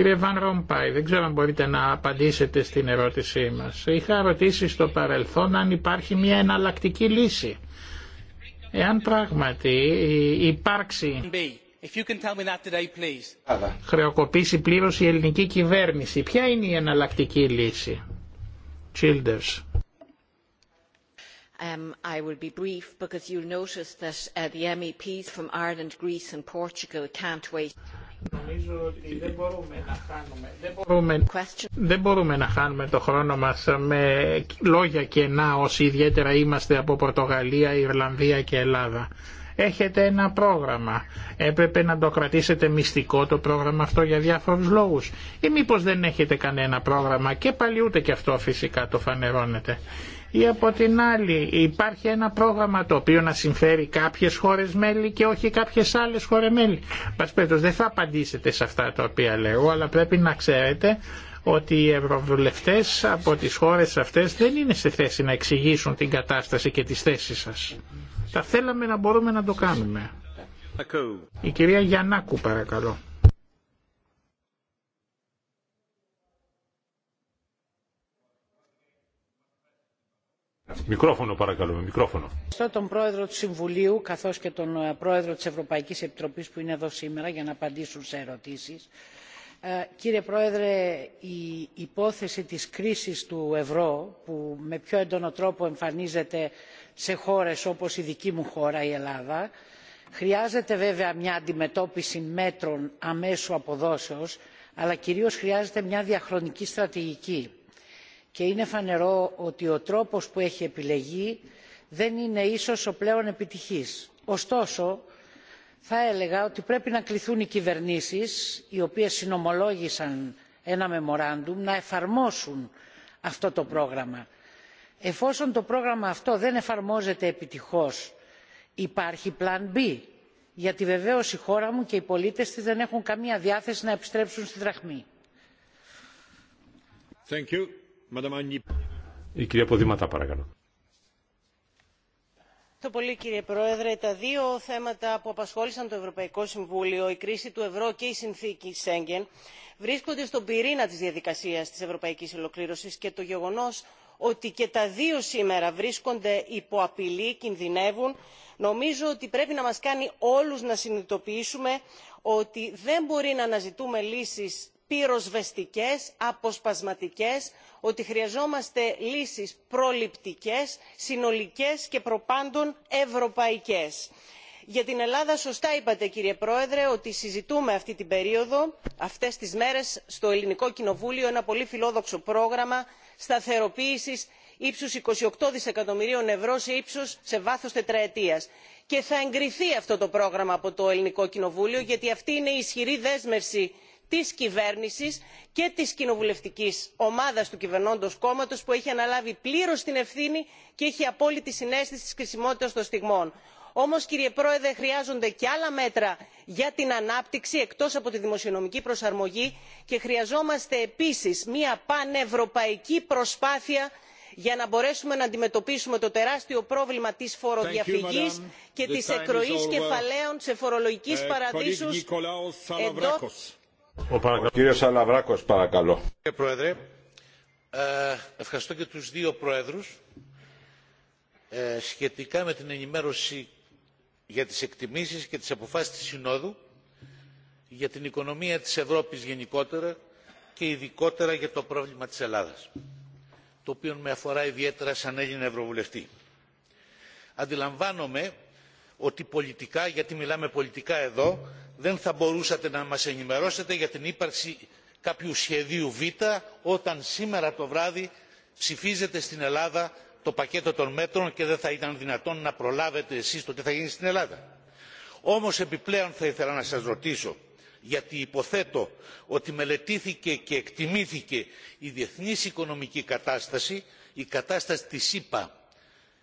Κύριε Βαν Ρομπάι, δεν ξέρω αν μπορείτε να απαντήσετε στην ερώτησή μας. Είχα ρωτήσει στο παρελθόν αν υπάρχει μια εναλλακτική λύση. Εάν πράγματι υπάρξει χρεοκοπήσει πλήρως η ελληνική κυβέρνηση, ποια είναι η εναλλακτική λύση. Childers. Um, I will be brief because you'll notice that uh, the MEPs from Ireland, Greece and Portugal can't wait. Νομίζω ότι δεν μπορούμε να χάνουμε, δεν μπορούμε, δεν μπορούμε να χάνουμε το χρόνο μας με λόγια κενά όσοι ιδιαίτερα είμαστε από Πορτογαλία, Ιρλανδία και Ελλάδα. Έχετε ένα πρόγραμμα. Έπρεπε να το κρατήσετε μυστικό το πρόγραμμα αυτό για διάφορους λόγους. Ή μήπως δεν έχετε κανένα πρόγραμμα και πάλι ούτε και αυτό φυσικά το φανερώνετε ή από την άλλη υπάρχει ένα πρόγραμμα το οποίο να συμφέρει κάποιες χώρες μέλη και όχι κάποιες άλλες χώρες μέλη. πέτω, δεν θα απαντήσετε σε αυτά τα οποία λέω αλλά πρέπει να ξέρετε ότι οι ευρωβουλευτές από τις χώρες αυτές δεν είναι σε θέση να εξηγήσουν την κατάσταση και τις θέσεις σας. Θα θέλαμε να μπορούμε να το κάνουμε. Η κυρία Γιαννάκου παρακαλώ. Μικρόφωνο μικρόφωνο. Ευχαριστώ τον Πρόεδρο του Συμβουλίου καθώς και τον ε, Πρόεδρο της Ευρωπαϊκής Επιτροπής που είναι εδώ σήμερα για να απαντήσουν σε ερωτήσεις. Ε, κύριε Πρόεδρε, η υπόθεση της κρίσης του ευρώ που με πιο έντονο τρόπο εμφανίζεται σε χώρες όπως η δική μου χώρα η Ελλάδα χρειάζεται βέβαια μια αντιμετώπιση μέτρων αμέσου αποδόσεως αλλά κυρίως χρειάζεται μια διαχρονική στρατηγική και είναι φανερό ότι ο τρόπος που έχει επιλεγεί δεν είναι ίσως ο πλέον επιτυχής. ωστόσο θα έλεγα ότι πρέπει να κληθούν οι κυβερνήσεις οι οποίες συνομολόγησαν ένα μεμοράντουμ να εφαρμόσουν αυτό το πρόγραμμα. εφόσον το πρόγραμμα αυτό δεν εφαρμόζεται επιτυχώς υπάρχει plan b γιατί βεβαίως η χώρα μου και οι πολίτες της δεν έχουν καμία διάθεση να επιστρέψουν στη δραχμή. Η κυρία Ποδήματα παρακαλώ. Ευχαριστώ πολύ κύριε Πρόεδρε. Τα δύο θέματα που απασχόλησαν το Ευρωπαϊκό Συμβούλιο, η κρίση του ευρώ και η συνθήκη Σέγγεν, βρίσκονται στον πυρήνα της διαδικασίας της ευρωπαϊκής ολοκλήρωσης και το γεγονός ότι και τα δύο σήμερα βρίσκονται υπό απειλή, κινδυνεύουν, νομίζω ότι πρέπει να μας κάνει όλους να συνειδητοποιήσουμε ότι δεν μπορεί να αναζητούμε λύσεις πυροσβεστικές αποσπασματικές ότι χρειαζόμαστε λύσεις προληπτικές συνολικές και προπάντων ευρωπαϊκές. για την ελλάδα σωστά είπατε κύριε πρόεδρε ότι συζητούμε αυτή την περίοδο αυτές τις μέρες στο ελληνικό κοινοβούλιο ένα πολύ φιλόδοξο πρόγραμμα σταθεροποίησης ύψους 28 δισεκατομμυρίων ευρώ σε, ύψος, σε βάθος τετραετίας και θα εγκριθεί αυτό το πρόγραμμα από το ελληνικό κοινοβούλιο γιατί αυτή είναι η ισχυρή δέσμευση της κυβέρνησης και της κοινοβουλευτικής ομάδας του κυβερνώντος κόμματος που έχει αναλάβει πλήρως την ευθύνη και έχει απόλυτη συνέστηση της κρισιμότητας των στιγμών. όμως κύριε πρόεδρε χρειάζονται και άλλα μέτρα για την ανάπτυξη εκτός από τη δημοσιονομική προσαρμογή και χρειαζόμαστε επίσης μια πανευρωπαϊκή προσπάθεια για να μπορέσουμε να αντιμετωπίσουμε το τεράστιο πρόβλημα της φοροδιαφυγής και της εκροής κεφαλαίων σε φορολογικούς ε, παραδείσους εντός ο, παρακαλώ. Κύριε Πρόεδρε, ε, ευχαριστώ και τους δύο Πρόεδρους ε, σχετικά με την ενημέρωση για τις εκτιμήσεις και τις αποφάσεις της Συνόδου για την οικονομία της Ευρώπης γενικότερα και ειδικότερα για το πρόβλημα της Ελλάδας το οποίο με αφορά ιδιαίτερα σαν Έλληνα Ευρωβουλευτή. Αντιλαμβάνομαι ότι πολιτικά, γιατί μιλάμε πολιτικά εδώ, δεν θα μπορούσατε να μας ενημερώσετε για την ύπαρξη κάποιου σχεδίου β όταν σήμερα το βράδυ ψηφίζεται στην ελλάδα το πακέτο των μέτρων και δεν θα ήταν δυνατόν να προλάβετε εσείς το τι θα γίνει στην ελλάδα. όμως επιπλέον θα ήθελα να σας ρωτήσω γιατί υποθέτω ότι μελετήθηκε και εκτιμήθηκε η διεθνής οικονομική κατάσταση η κατάσταση της ηπα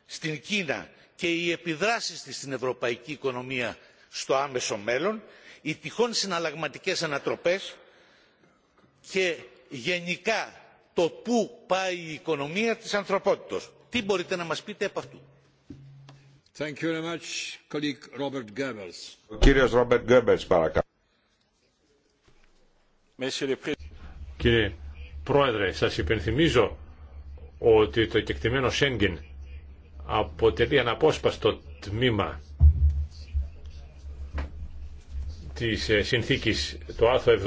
στην κίνα και οι επιδράσεις της στην ευρωπαϊκή οικονομία στο άμεσο μέλλον οι τυχόν συναλλαγματικές ανατροπές και γενικά το πού πάει η οικονομία της ανθρωπότητος. Τι μπορείτε να μας πείτε από αυτού. Κύριε Πρόεδρε, σας υπενθυμίζω ότι το κεκτημένο Σέγγιν αποτελεί αναπόσπαστο τμήμα της ε, συνθήκης το άρθρο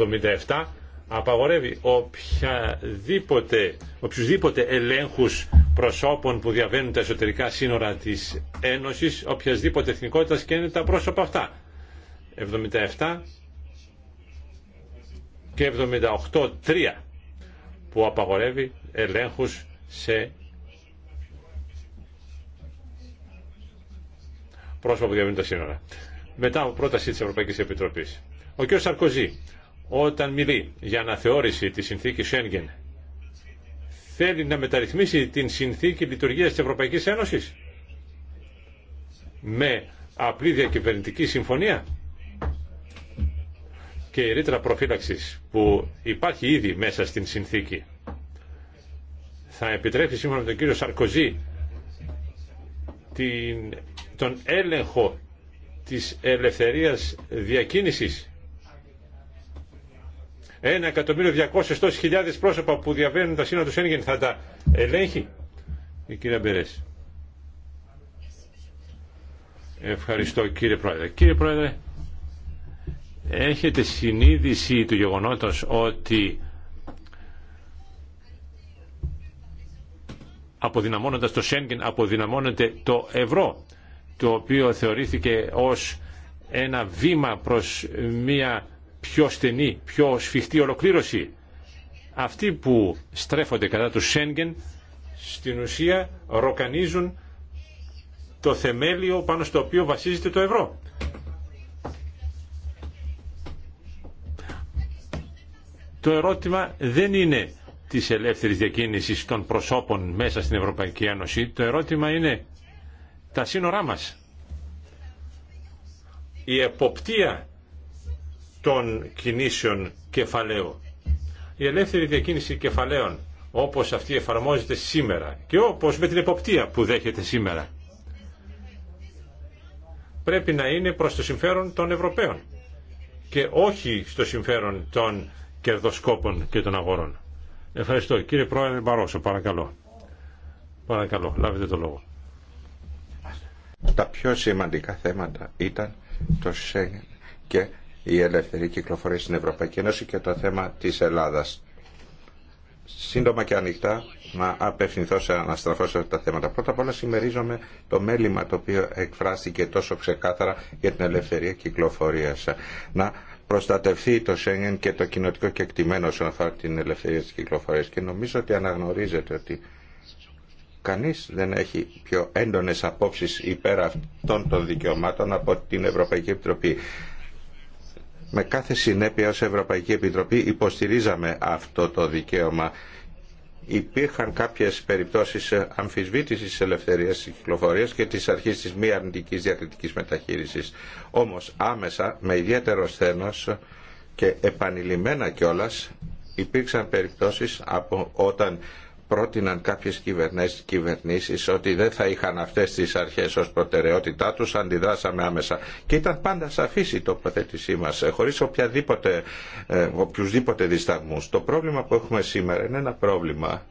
77 απαγορεύει οποιαδήποτε, οποιουσδήποτε ελέγχους προσώπων που διαβαίνουν τα εσωτερικά σύνορα της Ένωσης, οποιασδήποτε εθνικότητα και είναι τα πρόσωπα αυτά. 77 και 78.3 που απαγορεύει ελέγχους σε πρόσωπα που διαβαίνουν τα σύνορα μετά από πρόταση της Ευρωπαϊκής Επιτροπής. Ο κ. Σαρκοζή, όταν μιλεί για αναθεώρηση της συνθήκης Σέγγεν, θέλει να μεταρρυθμίσει την συνθήκη λειτουργίας της Ευρωπαϊκής Ένωσης με απλή διακυβερνητική συμφωνία και η ρήτρα προφύλαξης που υπάρχει ήδη μέσα στην συνθήκη θα επιτρέψει σύμφωνα με τον κύριο Σαρκοζή την, τον έλεγχο της ελευθερίας διακίνησης. 1.200.000 πρόσωπα που διαβαίνουν τα σύνορα του Σένγεν θα τα ελέγχει η κυρία Μπερές. Ευχαριστώ κύριε Πρόεδρε. Κύριε Πρόεδρε, έχετε συνείδηση του γεγονότος ότι αποδυναμώνοντας το Σένγκεν αποδυναμώνεται το ευρώ το οποίο θεωρήθηκε ως ένα βήμα προς μια πιο στενή, πιο σφιχτή ολοκλήρωση. Αυτοί που στρέφονται κατά του Σέγγεν στην ουσία ροκανίζουν το θεμέλιο πάνω στο οποίο βασίζεται το ευρώ. Το ερώτημα δεν είναι της ελεύθερης διακίνησης των προσώπων μέσα στην Ευρωπαϊκή Ένωση. Το ερώτημα είναι τα σύνορά μας. Η εποπτεία των κινήσεων κεφαλαίου. Η ελεύθερη διακίνηση κεφαλαίων όπως αυτή εφαρμόζεται σήμερα και όπως με την εποπτεία που δέχεται σήμερα πρέπει να είναι προς το συμφέρον των Ευρωπαίων και όχι στο συμφέρον των κερδοσκόπων και των αγορών. Ευχαριστώ. Κύριε Πρόεδρε Μπαρόσο, παρακαλώ. Παρακαλώ, λάβετε το λόγο. Τα πιο σημαντικά θέματα ήταν το Σέγγεν και η ελευθερία κυκλοφορία στην Ευρωπαϊκή Ένωση και το θέμα της Ελλάδας. Σύντομα και ανοιχτά να απευθυνθώ σε αναστραφώ σε αυτά τα θέματα. Πρώτα απ' όλα συμμερίζομαι το μέλημα το οποίο εκφράστηκε τόσο ξεκάθαρα για την ελευθερία κυκλοφορίας. Να προστατευτεί το Σέγγεν και το κοινοτικό κεκτημένο όσον αφορά την ελευθερία της κυκλοφορίας και νομίζω ότι αναγνωρίζετε ότι Κανείς δεν έχει πιο έντονες απόψεις υπέρ αυτών των δικαιωμάτων από την Ευρωπαϊκή Επιτροπή. Με κάθε συνέπεια ως Ευρωπαϊκή Επιτροπή υποστηρίζαμε αυτό το δικαίωμα. Υπήρχαν κάποιες περιπτώσεις αμφισβήτησης της ελευθερίας της κυκλοφορίας και της αρχής της μη αρνητικής διακριτικής μεταχείρισης. Όμως άμεσα, με ιδιαίτερο σθένος και επανειλημμένα κιόλας, υπήρξαν περιπτώσεις από όταν πρότειναν κάποιες κυβερνήσεις ότι δεν θα είχαν αυτές τις αρχές ως προτεραιότητά τους, αντιδράσαμε άμεσα. Και ήταν πάντα σαφής η τοποθέτησή μας, ε, χωρίς οποιαδήποτε, ε, οποιουσδήποτε δισταγμούς. Το πρόβλημα που έχουμε σήμερα είναι ένα πρόβλημα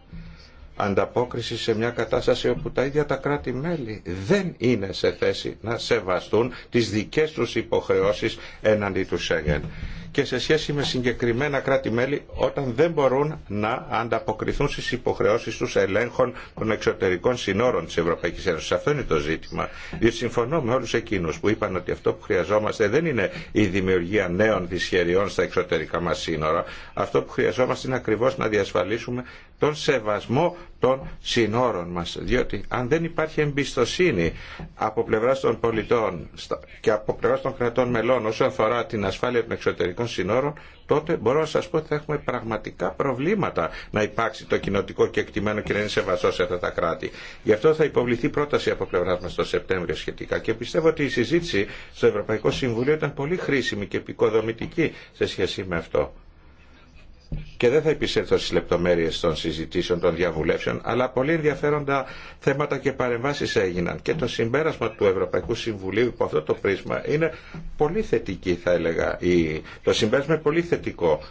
ανταπόκριση σε μια κατάσταση όπου τα ίδια τα κράτη-μέλη δεν είναι σε θέση να σεβαστούν τις δικές τους υποχρεώσεις εναντί του Σέγγεν και σε σχέση με συγκεκριμένα κράτη-μέλη όταν δεν μπορούν να ανταποκριθούν στις υποχρεώσεις τους ελέγχων των εξωτερικών συνόρων της Ευρωπαϊκής Ένωσης. Αυτό είναι το ζήτημα. Διότι συμφωνώ με όλους εκείνους που είπαν ότι αυτό που χρειαζόμαστε δεν είναι η δημιουργία νέων δυσχεριών στα εξωτερικά μας σύνορα. Αυτό που χρειαζόμαστε είναι ακριβώς να διασφαλίσουμε τον σεβασμό των συνόρων μας. Διότι αν δεν υπάρχει εμπιστοσύνη από πλευράς των πολιτών και από πλευράς των κρατών μελών όσον αφορά την ασφάλεια των εξωτερικών συνόρων, τότε μπορώ να σας πω ότι θα έχουμε πραγματικά προβλήματα να υπάρξει το κοινοτικό και εκτιμένο και να είναι σεβαστό σε αυτά τα κράτη. Γι' αυτό θα υποβληθεί πρόταση από πλευρά μα το Σεπτέμβριο σχετικά και πιστεύω ότι η συζήτηση στο Ευρωπαϊκό Συμβουλίο ήταν πολύ χρήσιμη και επικοδομητική σε σχέση με αυτό και δεν θα επισέλθω στις λεπτομέρειες των συζητήσεων, των διαβουλεύσεων, αλλά πολύ ενδιαφέροντα θέματα και παρεμβάσεις έγιναν. Και το συμπέρασμα του Ευρωπαϊκού Συμβουλίου υπό αυτό το πρίσμα είναι πολύ θετική, θα έλεγα. Το συμπέρασμα είναι πολύ θετικό.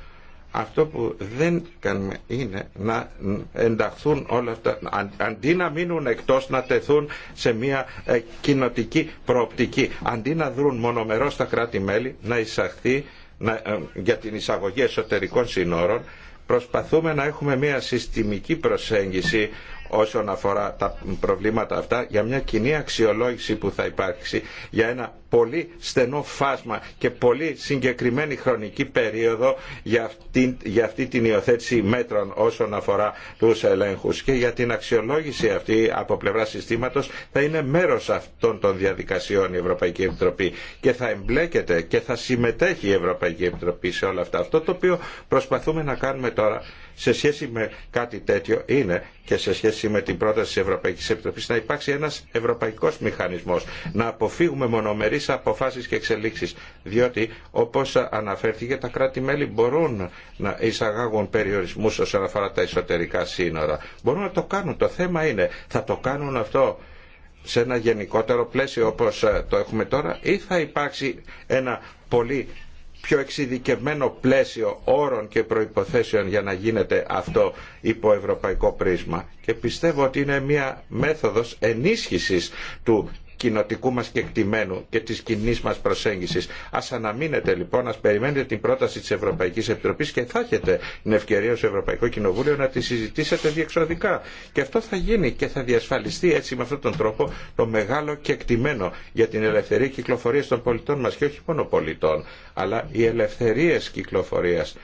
Αυτό που δεν κάνουμε είναι να ενταχθούν όλα αυτά, αντί να μείνουν εκτός να τεθούν σε μια ε, κοινοτική προοπτική, αντί να δρουν μονομερό στα κράτη-μέλη, να εισαχθεί ε, για την εισαγωγή εσωτερικών συνόρων προσπαθούμε να έχουμε μια συστημική προσέγγιση όσον αφορά τα προβλήματα αυτά για μια κοινή αξιολόγηση που θα υπάρξει για ένα πολύ στενό φάσμα και πολύ συγκεκριμένη χρονική περίοδο για αυτή, για αυτή την υιοθέτηση μέτρων όσον αφορά τους ελέγχους και για την αξιολόγηση αυτή από πλευρά συστήματος θα είναι μέρος αυτών των διαδικασιών η Ευρωπαϊκή Επιτροπή και θα εμπλέκεται και θα συμμετέχει η Ευρωπαϊκή Επιτροπή σε όλα αυτά. Αυτό το οποίο προσπαθούμε να κάνουμε τώρα σε σχέση με κάτι τέτοιο είναι και σε σχέση σχέση με την πρόταση της Ευρωπαϊκής Επιτροπής να υπάρξει ένας ευρωπαϊκός μηχανισμός, να αποφύγουμε μονομερείς αποφάσεις και εξελίξεις, διότι όπως αναφέρθηκε τα κράτη-μέλη μπορούν να εισαγάγουν περιορισμούς όσον αφορά τα εσωτερικά σύνορα. Μπορούν να το κάνουν. Το θέμα είναι, θα το κάνουν αυτό σε ένα γενικότερο πλαίσιο όπως το έχουμε τώρα ή θα υπάρξει ένα πολύ πιο εξειδικευμένο πλαίσιο όρων και προϋποθέσεων για να γίνεται αυτό υπό ευρωπαϊκό πρίσμα. Και πιστεύω ότι είναι μια μέθοδος ενίσχυσης του κοινοτικού μας κεκτημένου και της κοινή μας προσέγγισης. Ας αναμείνετε λοιπόν, ας περιμένετε την πρόταση της Ευρωπαϊκής Επιτροπής και θα έχετε την ευκαιρία στο Ευρωπαϊκό Κοινοβούλιο να τη συζητήσετε διεξοδικά. Και αυτό θα γίνει και θα διασφαλιστεί έτσι με αυτόν τον τρόπο το μεγάλο κεκτημένο για την ελευθερία κυκλοφορία των πολιτών μα και όχι μόνο πολιτών, αλλά οι ελευθερίες κυκλοφορίας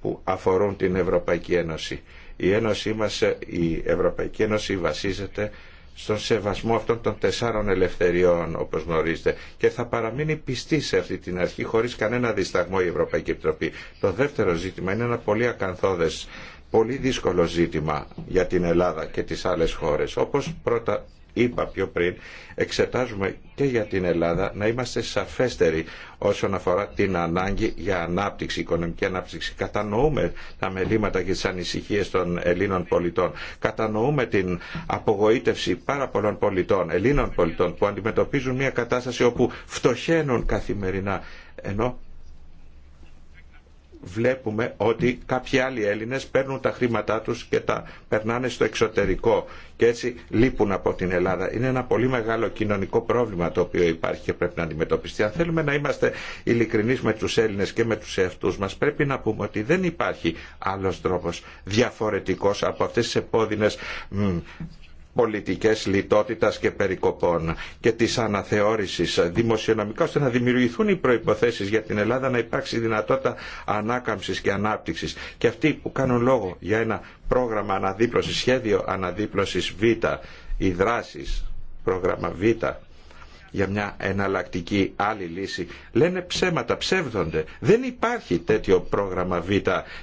που αφορούν την Ευρωπαϊκή Ένωση. Η Ένωσή μας, η Ευρωπαϊκή Ένωση βασίζεται στον σεβασμό αυτών των τεσσάρων ελευθεριών όπως γνωρίζετε και θα παραμείνει πιστή σε αυτή την αρχή χωρίς κανένα δισταγμό η Ευρωπαϊκή Επιτροπή. Το δεύτερο ζήτημα είναι ένα πολύ ακαθόδε, πολύ δύσκολο ζήτημα για την Ελλάδα και τις άλλες χώρες. Όπως πρώτα είπα πιο πριν, εξετάζουμε και για την Ελλάδα να είμαστε σαφέστεροι όσον αφορά την ανάγκη για ανάπτυξη, οικονομική ανάπτυξη. Κατανοούμε τα μελήματα και τις ανησυχίες των Ελλήνων πολιτών. Κατανοούμε την απογοήτευση πάρα πολλών πολιτών, Ελλήνων πολιτών που αντιμετωπίζουν μια κατάσταση όπου φτωχαίνουν καθημερινά ενώ βλέπουμε ότι κάποιοι άλλοι Έλληνες παίρνουν τα χρήματά τους και τα περνάνε στο εξωτερικό και έτσι λείπουν από την Ελλάδα. Είναι ένα πολύ μεγάλο κοινωνικό πρόβλημα το οποίο υπάρχει και πρέπει να αντιμετωπιστεί. Αν θέλουμε να είμαστε ειλικρινεί με τους Έλληνες και με τους εαυτούς μας πρέπει να πούμε ότι δεν υπάρχει άλλος τρόπος διαφορετικός από αυτές τις επώδυνες πολιτικές λιτότητας και περικοπών και της αναθεώρησης δημοσιονομικά ώστε να δημιουργηθούν οι προϋποθέσεις για την Ελλάδα να υπάρξει δυνατότητα ανάκαμψης και ανάπτυξης. Και αυτοί που κάνουν λόγο για ένα πρόγραμμα αναδίπλωσης, σχέδιο αναδίπλωσης Β, οι δράσεις, πρόγραμμα Β, για μια εναλλακτική άλλη λύση. Λένε ψέματα, ψεύδονται. Δεν υπάρχει τέτοιο πρόγραμμα Β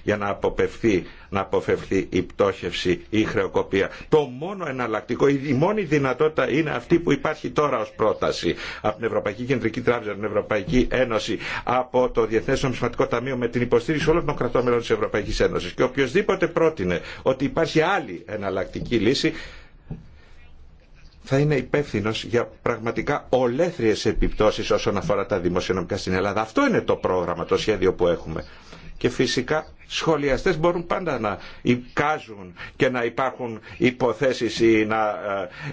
για να αποφευθεί, να αποφευθεί η πτώχευση ή η χρεοκοπία. Το μόνο εναλλακτικό, η μόνη δυνατότητα είναι αυτή που υπάρχει τώρα ως πρόταση από την Ευρωπαϊκή Κεντρική Τράπεζα, την Ευρωπαϊκή Ένωση, από το Διεθνές Νομισματικό την ευρωπαικη ενωση απο το διεθνε νομισματικο ταμειο με την υποστήριξη όλων των κρατών μελών τη Ευρωπαϊκή Ένωση. Και οποιοδήποτε πρότεινε ότι υπάρχει άλλη εναλλακτική λύση θα είναι υπεύθυνο για πραγματικά ολέθριε επιπτώσει όσον αφορά τα δημοσιονομικά στην Ελλάδα. Αυτό είναι το πρόγραμμα, το σχέδιο που έχουμε. Και φυσικά σχολιαστέ μπορούν πάντα να εικάζουν και να υπάρχουν υποθέσει ή να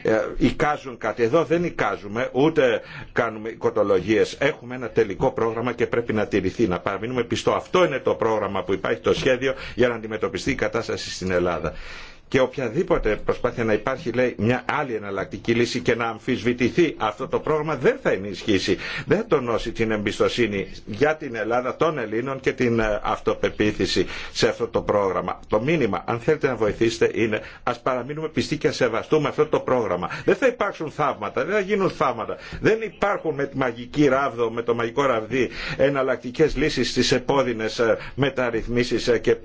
ε, ε, εικάζουν κάτι. Εδώ δεν εικάζουμε ούτε κάνουμε οικοτολογίε. Έχουμε ένα τελικό πρόγραμμα και πρέπει να τηρηθεί, να παραμείνουμε πιστό. Αυτό είναι το πρόγραμμα που υπάρχει το σχέδιο για να αντιμετωπιστεί η κατάσταση στην Ελλάδα και οποιαδήποτε προσπάθεια να υπάρχει λέει μια άλλη εναλλακτική λύση και να αμφισβητηθεί αυτό το πρόγραμμα δεν θα ενισχύσει, δεν θα τονώσει την εμπιστοσύνη για την Ελλάδα των Ελλήνων και την ε, αυτοπεποίθηση σε αυτό το πρόγραμμα. Το μήνυμα, αν θέλετε να βοηθήσετε, είναι α παραμείνουμε πιστοί και σεβαστούμε αυτό το πρόγραμμα. Δεν θα υπάρξουν θαύματα, δεν θα γίνουν θαύματα. Δεν υπάρχουν με τη μαγική ράβδο, με το μαγικό ραβδί εναλλακτικέ λύσει στι επώδυνε μεταρρυθμίσει ε, και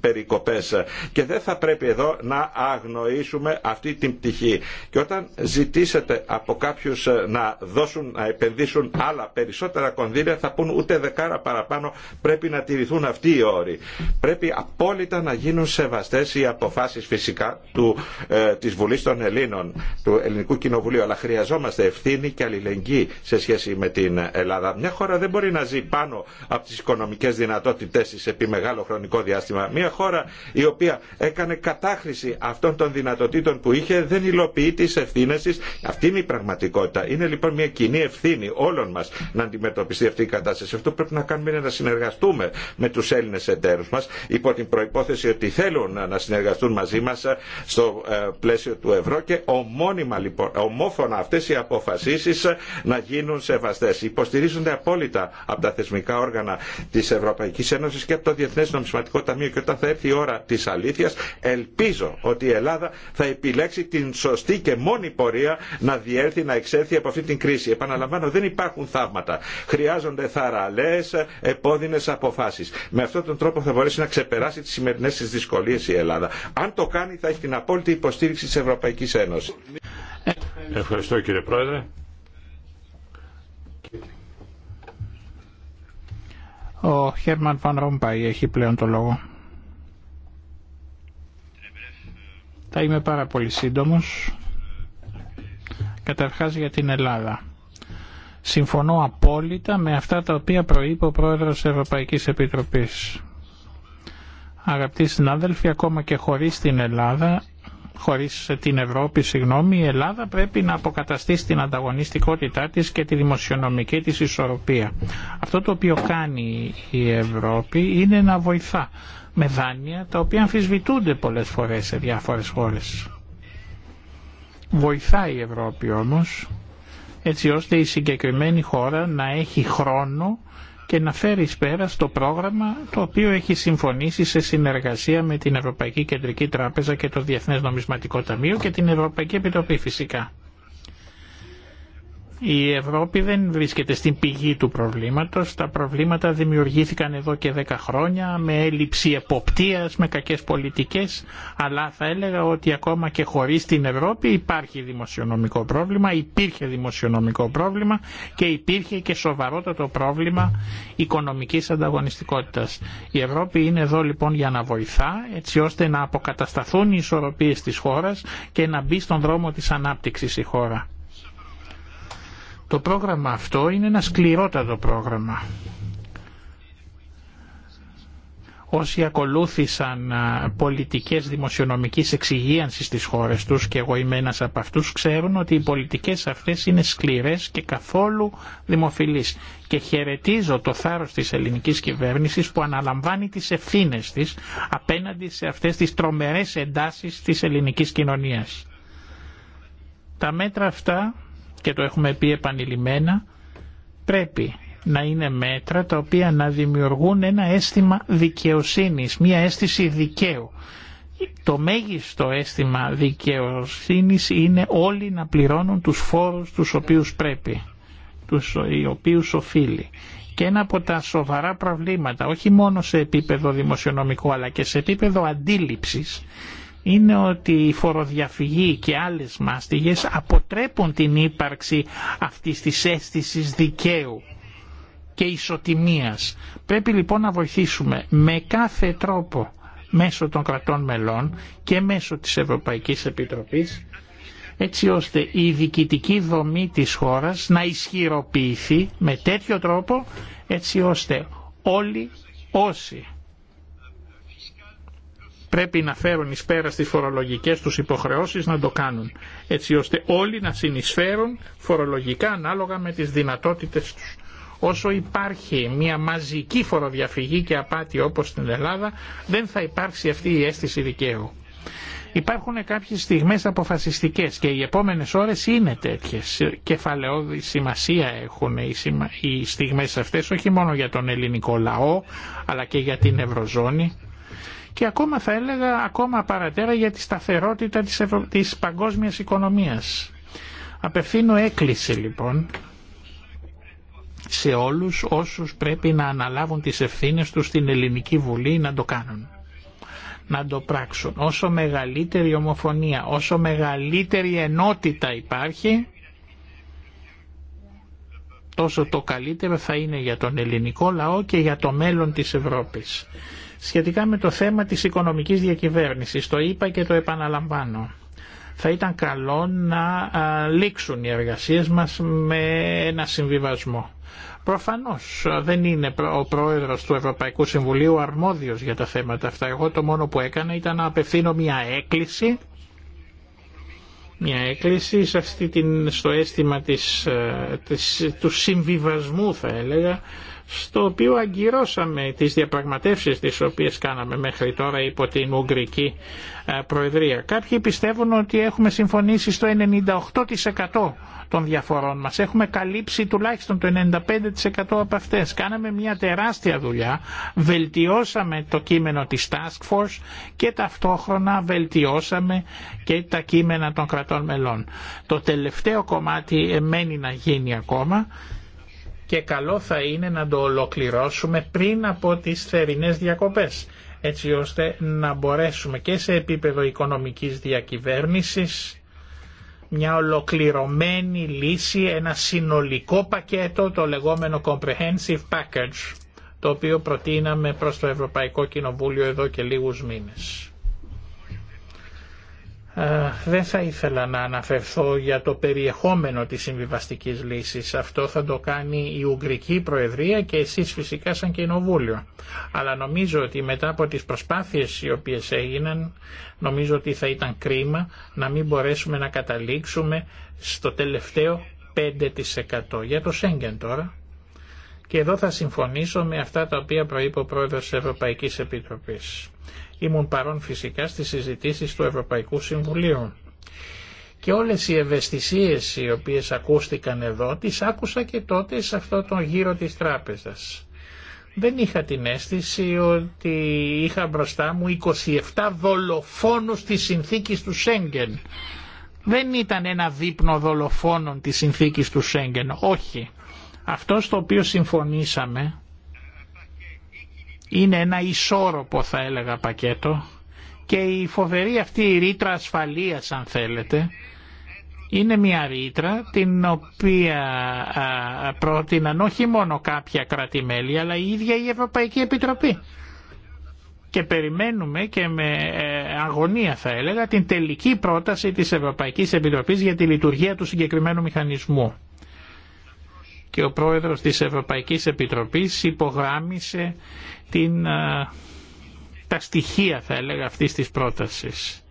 περικοπές και δεν θα πρέπει εδώ να αγνοήσουμε αυτή την πτυχή και όταν ζητήσετε από κάποιους ε, να δώσουν, να επενδύσουν άλλα περισσότερα κονδύλια θα πούν ούτε δεκάρα παραπάνω πρέπει να τηρηθούν αυτοί οι όροι πρέπει απόλυτα να γίνουν σεβαστές οι αποφάσεις φυσικά του, ε, της Βουλής των Ελλήνων του Ελληνικού Κοινοβουλίου αλλά χρειαζόμαστε ευθύνη και αλληλεγγύη σε σχέση με την Ελλάδα μια χώρα δεν μπορεί να ζει πάνω από τις οικονομικές δυνατότητες της επί μεγάλο χρονικό διάστημα διάστημα. Μια χώρα η οποία έκανε κατάχρηση αυτών των δυνατοτήτων που είχε δεν υλοποιεί τι ευθύνε τη. Αυτή είναι η πραγματικότητα. Είναι λοιπόν μια κοινή ευθύνη όλων μα να αντιμετωπιστεί αυτή η κατάσταση. Αυτό που πρέπει να κάνουμε είναι να συνεργαστούμε με του Έλληνε εταίρου μα υπό την προπόθεση ότι θέλουν να συνεργαστούν μαζί μα στο ε, πλαίσιο του ευρώ και ομόνιμα λοιπόν, ομόφωνα αυτέ οι αποφασίσει να γίνουν σεβαστέ. Υποστηρίζονται απόλυτα από τα θεσμικά όργανα τη Ευρωπαϊκή Ένωση και από το Διεθνέ Νομισματικό Ταμείο και όταν θα έρθει η ώρα της αλήθειας ελπίζω ότι η Ελλάδα θα επιλέξει την σωστή και μόνη πορεία να διέλθει, να εξέλθει από αυτή την κρίση. Επαναλαμβάνω δεν υπάρχουν θαύματα. Χρειάζονται θαραλέ, επώδυνε αποφάσεις. Με αυτόν τον τρόπο θα μπορέσει να ξεπεράσει τις σημερινές τη δυσκολίες η Ελλάδα. Αν το κάνει θα έχει την απόλυτη υποστήριξη τη Ευρωπαϊκή Ένωση. Ευχαριστώ κύριε Πρόεδρε. Ο Χέρμαν Φαν Ρομπάι έχει πλέον το λόγο. Θα είμαι πάρα πολύ σύντομος. Καταρχάς για την Ελλάδα. Συμφωνώ απόλυτα με αυτά τα οποία προείπε ο Πρόεδρος της Ευρωπαϊκής Επιτροπής. Αγαπητοί συνάδελφοι, ακόμα και χωρίς την Ελλάδα, χωρίς την Ευρώπη, συγγνώμη, η Ελλάδα πρέπει να αποκαταστήσει την ανταγωνιστικότητά της και τη δημοσιονομική της ισορροπία. Αυτό το οποίο κάνει η Ευρώπη είναι να βοηθά με δάνεια τα οποία αμφισβητούνται πολλές φορές σε διάφορες χώρες. Βοηθάει η Ευρώπη όμως έτσι ώστε η συγκεκριμένη χώρα να έχει χρόνο και να φέρει πέρα στο πρόγραμμα το οποίο έχει συμφωνήσει σε συνεργασία με την Ευρωπαϊκή Κεντρική Τράπεζα και το Διεθνές Νομισματικό Ταμείο και την Ευρωπαϊκή Επιτροπή φυσικά. Η Ευρώπη δεν βρίσκεται στην πηγή του προβλήματος. Τα προβλήματα δημιουργήθηκαν εδώ και δέκα χρόνια με έλλειψη εποπτείας, με κακές πολιτικές, αλλά θα έλεγα ότι ακόμα και χωρίς την Ευρώπη υπάρχει δημοσιονομικό πρόβλημα, υπήρχε δημοσιονομικό πρόβλημα και υπήρχε και σοβαρότατο πρόβλημα οικονομικής ανταγωνιστικότητας. Η Ευρώπη είναι εδώ λοιπόν για να βοηθά έτσι ώστε να αποκατασταθούν οι ισορροπίες της χώρας και να μπει στον δρόμο της ανάπτυξης η χώρα. Το πρόγραμμα αυτό είναι ένα σκληρότατο πρόγραμμα. Όσοι ακολούθησαν πολιτικές δημοσιονομικής εξυγίανσης στις χώρες τους και εγώ είμαι ένας από αυτούς ξέρουν ότι οι πολιτικές αυτές είναι σκληρές και καθόλου δημοφιλείς και χαιρετίζω το θάρρος της ελληνικής κυβέρνησης που αναλαμβάνει τις ευθύνε της απέναντι σε αυτές τις τρομερές εντάσεις της ελληνικής κοινωνίας. Τα μέτρα αυτά και το έχουμε πει επανειλημμένα, πρέπει να είναι μέτρα τα οποία να δημιουργούν ένα αίσθημα δικαιοσύνης, μια αίσθηση δικαίου. Το μέγιστο αίσθημα δικαιοσύνης είναι όλοι να πληρώνουν τους φόρους τους οποίους πρέπει, τους οποίους οφείλει. Και ένα από τα σοβαρά προβλήματα, όχι μόνο σε επίπεδο δημοσιονομικό αλλά και σε επίπεδο αντίληψης, είναι ότι η φοροδιαφυγή και άλλες μάστιγες αποτρέπουν την ύπαρξη αυτής της αίσθησης δικαίου και ισοτιμίας. Πρέπει λοιπόν να βοηθήσουμε με κάθε τρόπο μέσω των κρατών μελών και μέσω της Ευρωπαϊκής Επιτροπής έτσι ώστε η διοικητική δομή της χώρας να ισχυροποιηθεί με τέτοιο τρόπο έτσι ώστε όλοι όσοι πρέπει να φέρουν εις πέρα στις φορολογικές τους υποχρεώσεις να το κάνουν, έτσι ώστε όλοι να συνεισφέρουν φορολογικά ανάλογα με τις δυνατότητες τους. Όσο υπάρχει μια μαζική φοροδιαφυγή και απάτη όπως στην Ελλάδα, δεν θα υπάρξει αυτή η αίσθηση δικαίου. Υπάρχουν κάποιες στιγμές αποφασιστικές και οι επόμενες ώρες είναι τέτοιες. Κεφαλαιόδη σημασία έχουν οι στιγμές αυτές, όχι μόνο για τον ελληνικό λαό, αλλά και για την Ευρωζώνη και ακόμα θα έλεγα ακόμα παρατέρα για τη σταθερότητα της, της παγκόσμιας οικονομίας. Απευθύνω έκκληση λοιπόν σε όλους όσους πρέπει να αναλάβουν τις ευθύνες τους στην Ελληνική Βουλή να το κάνουν. Να το πράξουν. Όσο μεγαλύτερη ομοφωνία, όσο μεγαλύτερη ενότητα υπάρχει, τόσο το καλύτερο θα είναι για τον ελληνικό λαό και για το μέλλον της Ευρώπης. Σχετικά με το θέμα της οικονομικής διακυβέρνησης, το είπα και το επαναλαμβάνω. Θα ήταν καλό να λήξουν οι εργασίες μας με ένα συμβιβασμό. Προφανώς δεν είναι ο πρόεδρος του Ευρωπαϊκού Συμβουλίου αρμόδιος για τα θέματα αυτά. Εγώ το μόνο που έκανα ήταν να απευθύνω μια έκκληση μια έκκληση σε αυτή την, στο αίσθημα της, της, του συμβιβασμού θα έλεγα στο οποίο αγκυρώσαμε τις διαπραγματεύσεις τις οποίες κάναμε μέχρι τώρα υπό την Ουγγρική ε, Προεδρία. Κάποιοι πιστεύουν ότι έχουμε συμφωνήσει στο 98% των διαφορών μας. Έχουμε καλύψει τουλάχιστον το 95% από αυτές. Κάναμε μια τεράστια δουλειά, βελτιώσαμε το κείμενο της Task Force και ταυτόχρονα βελτιώσαμε και τα κείμενα των κρατών μελών. Το τελευταίο κομμάτι ε, μένει να γίνει ακόμα και καλό θα είναι να το ολοκληρώσουμε πριν από τις θερινές διακοπές έτσι ώστε να μπορέσουμε και σε επίπεδο οικονομικής διακυβέρνησης μια ολοκληρωμένη λύση, ένα συνολικό πακέτο, το λεγόμενο Comprehensive Package, το οποίο προτείναμε προς το Ευρωπαϊκό Κοινοβούλιο εδώ και λίγους μήνες. Ε, δεν θα ήθελα να αναφερθώ για το περιεχόμενο της συμβιβαστική λύσης. Αυτό θα το κάνει η Ουγγρική Προεδρία και εσείς φυσικά σαν Κοινοβούλιο. Αλλά νομίζω ότι μετά από τις προσπάθειες οι οποίες έγιναν, νομίζω ότι θα ήταν κρίμα να μην μπορέσουμε να καταλήξουμε στο τελευταίο 5%. Για το Σέγγεν τώρα. Και εδώ θα συμφωνήσω με αυτά τα οποία προείπε ο πρόεδρος της Ευρωπαϊκής Επιτροπής. Ήμουν παρόν φυσικά στις συζητήσεις του Ευρωπαϊκού Συμβουλίου. Και όλες οι ευαισθησίες οι οποίες ακούστηκαν εδώ, τις άκουσα και τότε σε αυτό τον γύρο της τράπεζας. Δεν είχα την αίσθηση ότι είχα μπροστά μου 27 δολοφόνους της συνθήκης του Σέγγεν. Δεν ήταν ένα δείπνο δολοφόνων της συνθήκης του Σέγγεν, όχι. Αυτό στο οποίο συμφωνήσαμε είναι ένα ισόρροπο θα έλεγα πακέτο και η φοβερή αυτή η ρήτρα ασφαλείας αν θέλετε είναι μια ρήτρα την οποία πρότειναν όχι μόνο κάποια αλλά η ίδια η Ευρωπαϊκή Επιτροπή. Και περιμένουμε και με ε, αγωνία θα έλεγα την τελική πρόταση της Ευρωπαϊκής Επιτροπής για τη λειτουργία του συγκεκριμένου μηχανισμού και ο πρόεδρος της Ευρωπαϊκής Επιτροπής υπογράμμισε την, ε, τα στοιχεία θα έλεγα αυτής της πρότασης.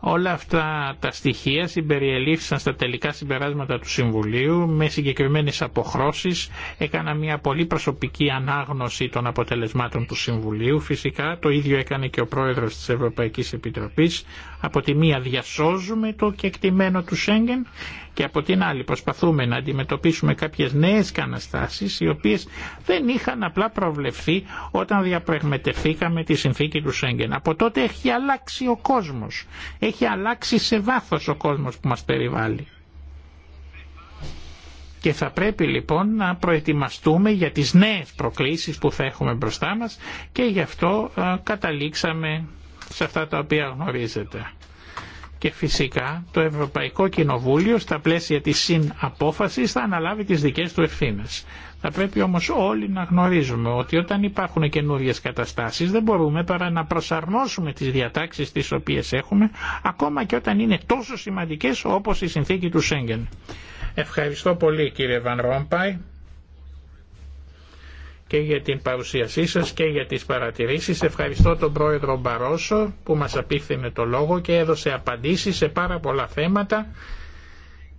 Όλα αυτά τα στοιχεία συμπεριελήφθησαν στα τελικά συμπεράσματα του Συμβουλίου με συγκεκριμένες αποχρώσεις. Έκανα μια πολύ προσωπική ανάγνωση των αποτελεσμάτων του Συμβουλίου. Φυσικά το ίδιο έκανε και ο πρόεδρος της Ευρωπαϊκής Επιτροπής. Από τη μία διασώζουμε το κεκτημένο του Σέγγεν και από την άλλη προσπαθούμε να αντιμετωπίσουμε κάποιες νέες καναστάσεις οι οποίες δεν είχαν απλά προβλεφθεί όταν διαπραγματευθήκαμε τη συνθήκη του Σέγγεν. Από τότε έχει αλλάξει ο κόσμος. Έχει αλλάξει σε βάθος ο κόσμος που μας περιβάλλει. Και θα πρέπει λοιπόν να προετοιμαστούμε για τις νέες προκλήσεις που θα έχουμε μπροστά μας και γι' αυτό ε, καταλήξαμε σε αυτά τα οποία γνωρίζετε. Και φυσικά το Ευρωπαϊκό Κοινοβούλιο στα πλαίσια της συναπόφασης θα αναλάβει τις δικές του ευθύνες. Θα πρέπει όμως όλοι να γνωρίζουμε ότι όταν υπάρχουν καινούριε καταστάσεις δεν μπορούμε παρά να προσαρμόσουμε τις διατάξεις τις οποίες έχουμε ακόμα και όταν είναι τόσο σημαντικές όπως η συνθήκη του Σέγγεν. Ευχαριστώ πολύ κύριε Βαν Ρόμπαϊ και για την παρουσίασή σας και για τις παρατηρήσεις. Ευχαριστώ τον πρόεδρο Μπαρόσο που μας απίθυνε το λόγο και έδωσε απαντήσεις σε πάρα πολλά θέματα.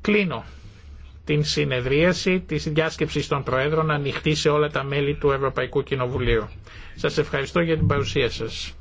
Κλείνω την συνεδρίαση της διάσκεψης των Προέδρων ανοιχτή σε όλα τα μέλη του Ευρωπαϊκού Κοινοβουλίου. Σας ευχαριστώ για την παρουσία σας.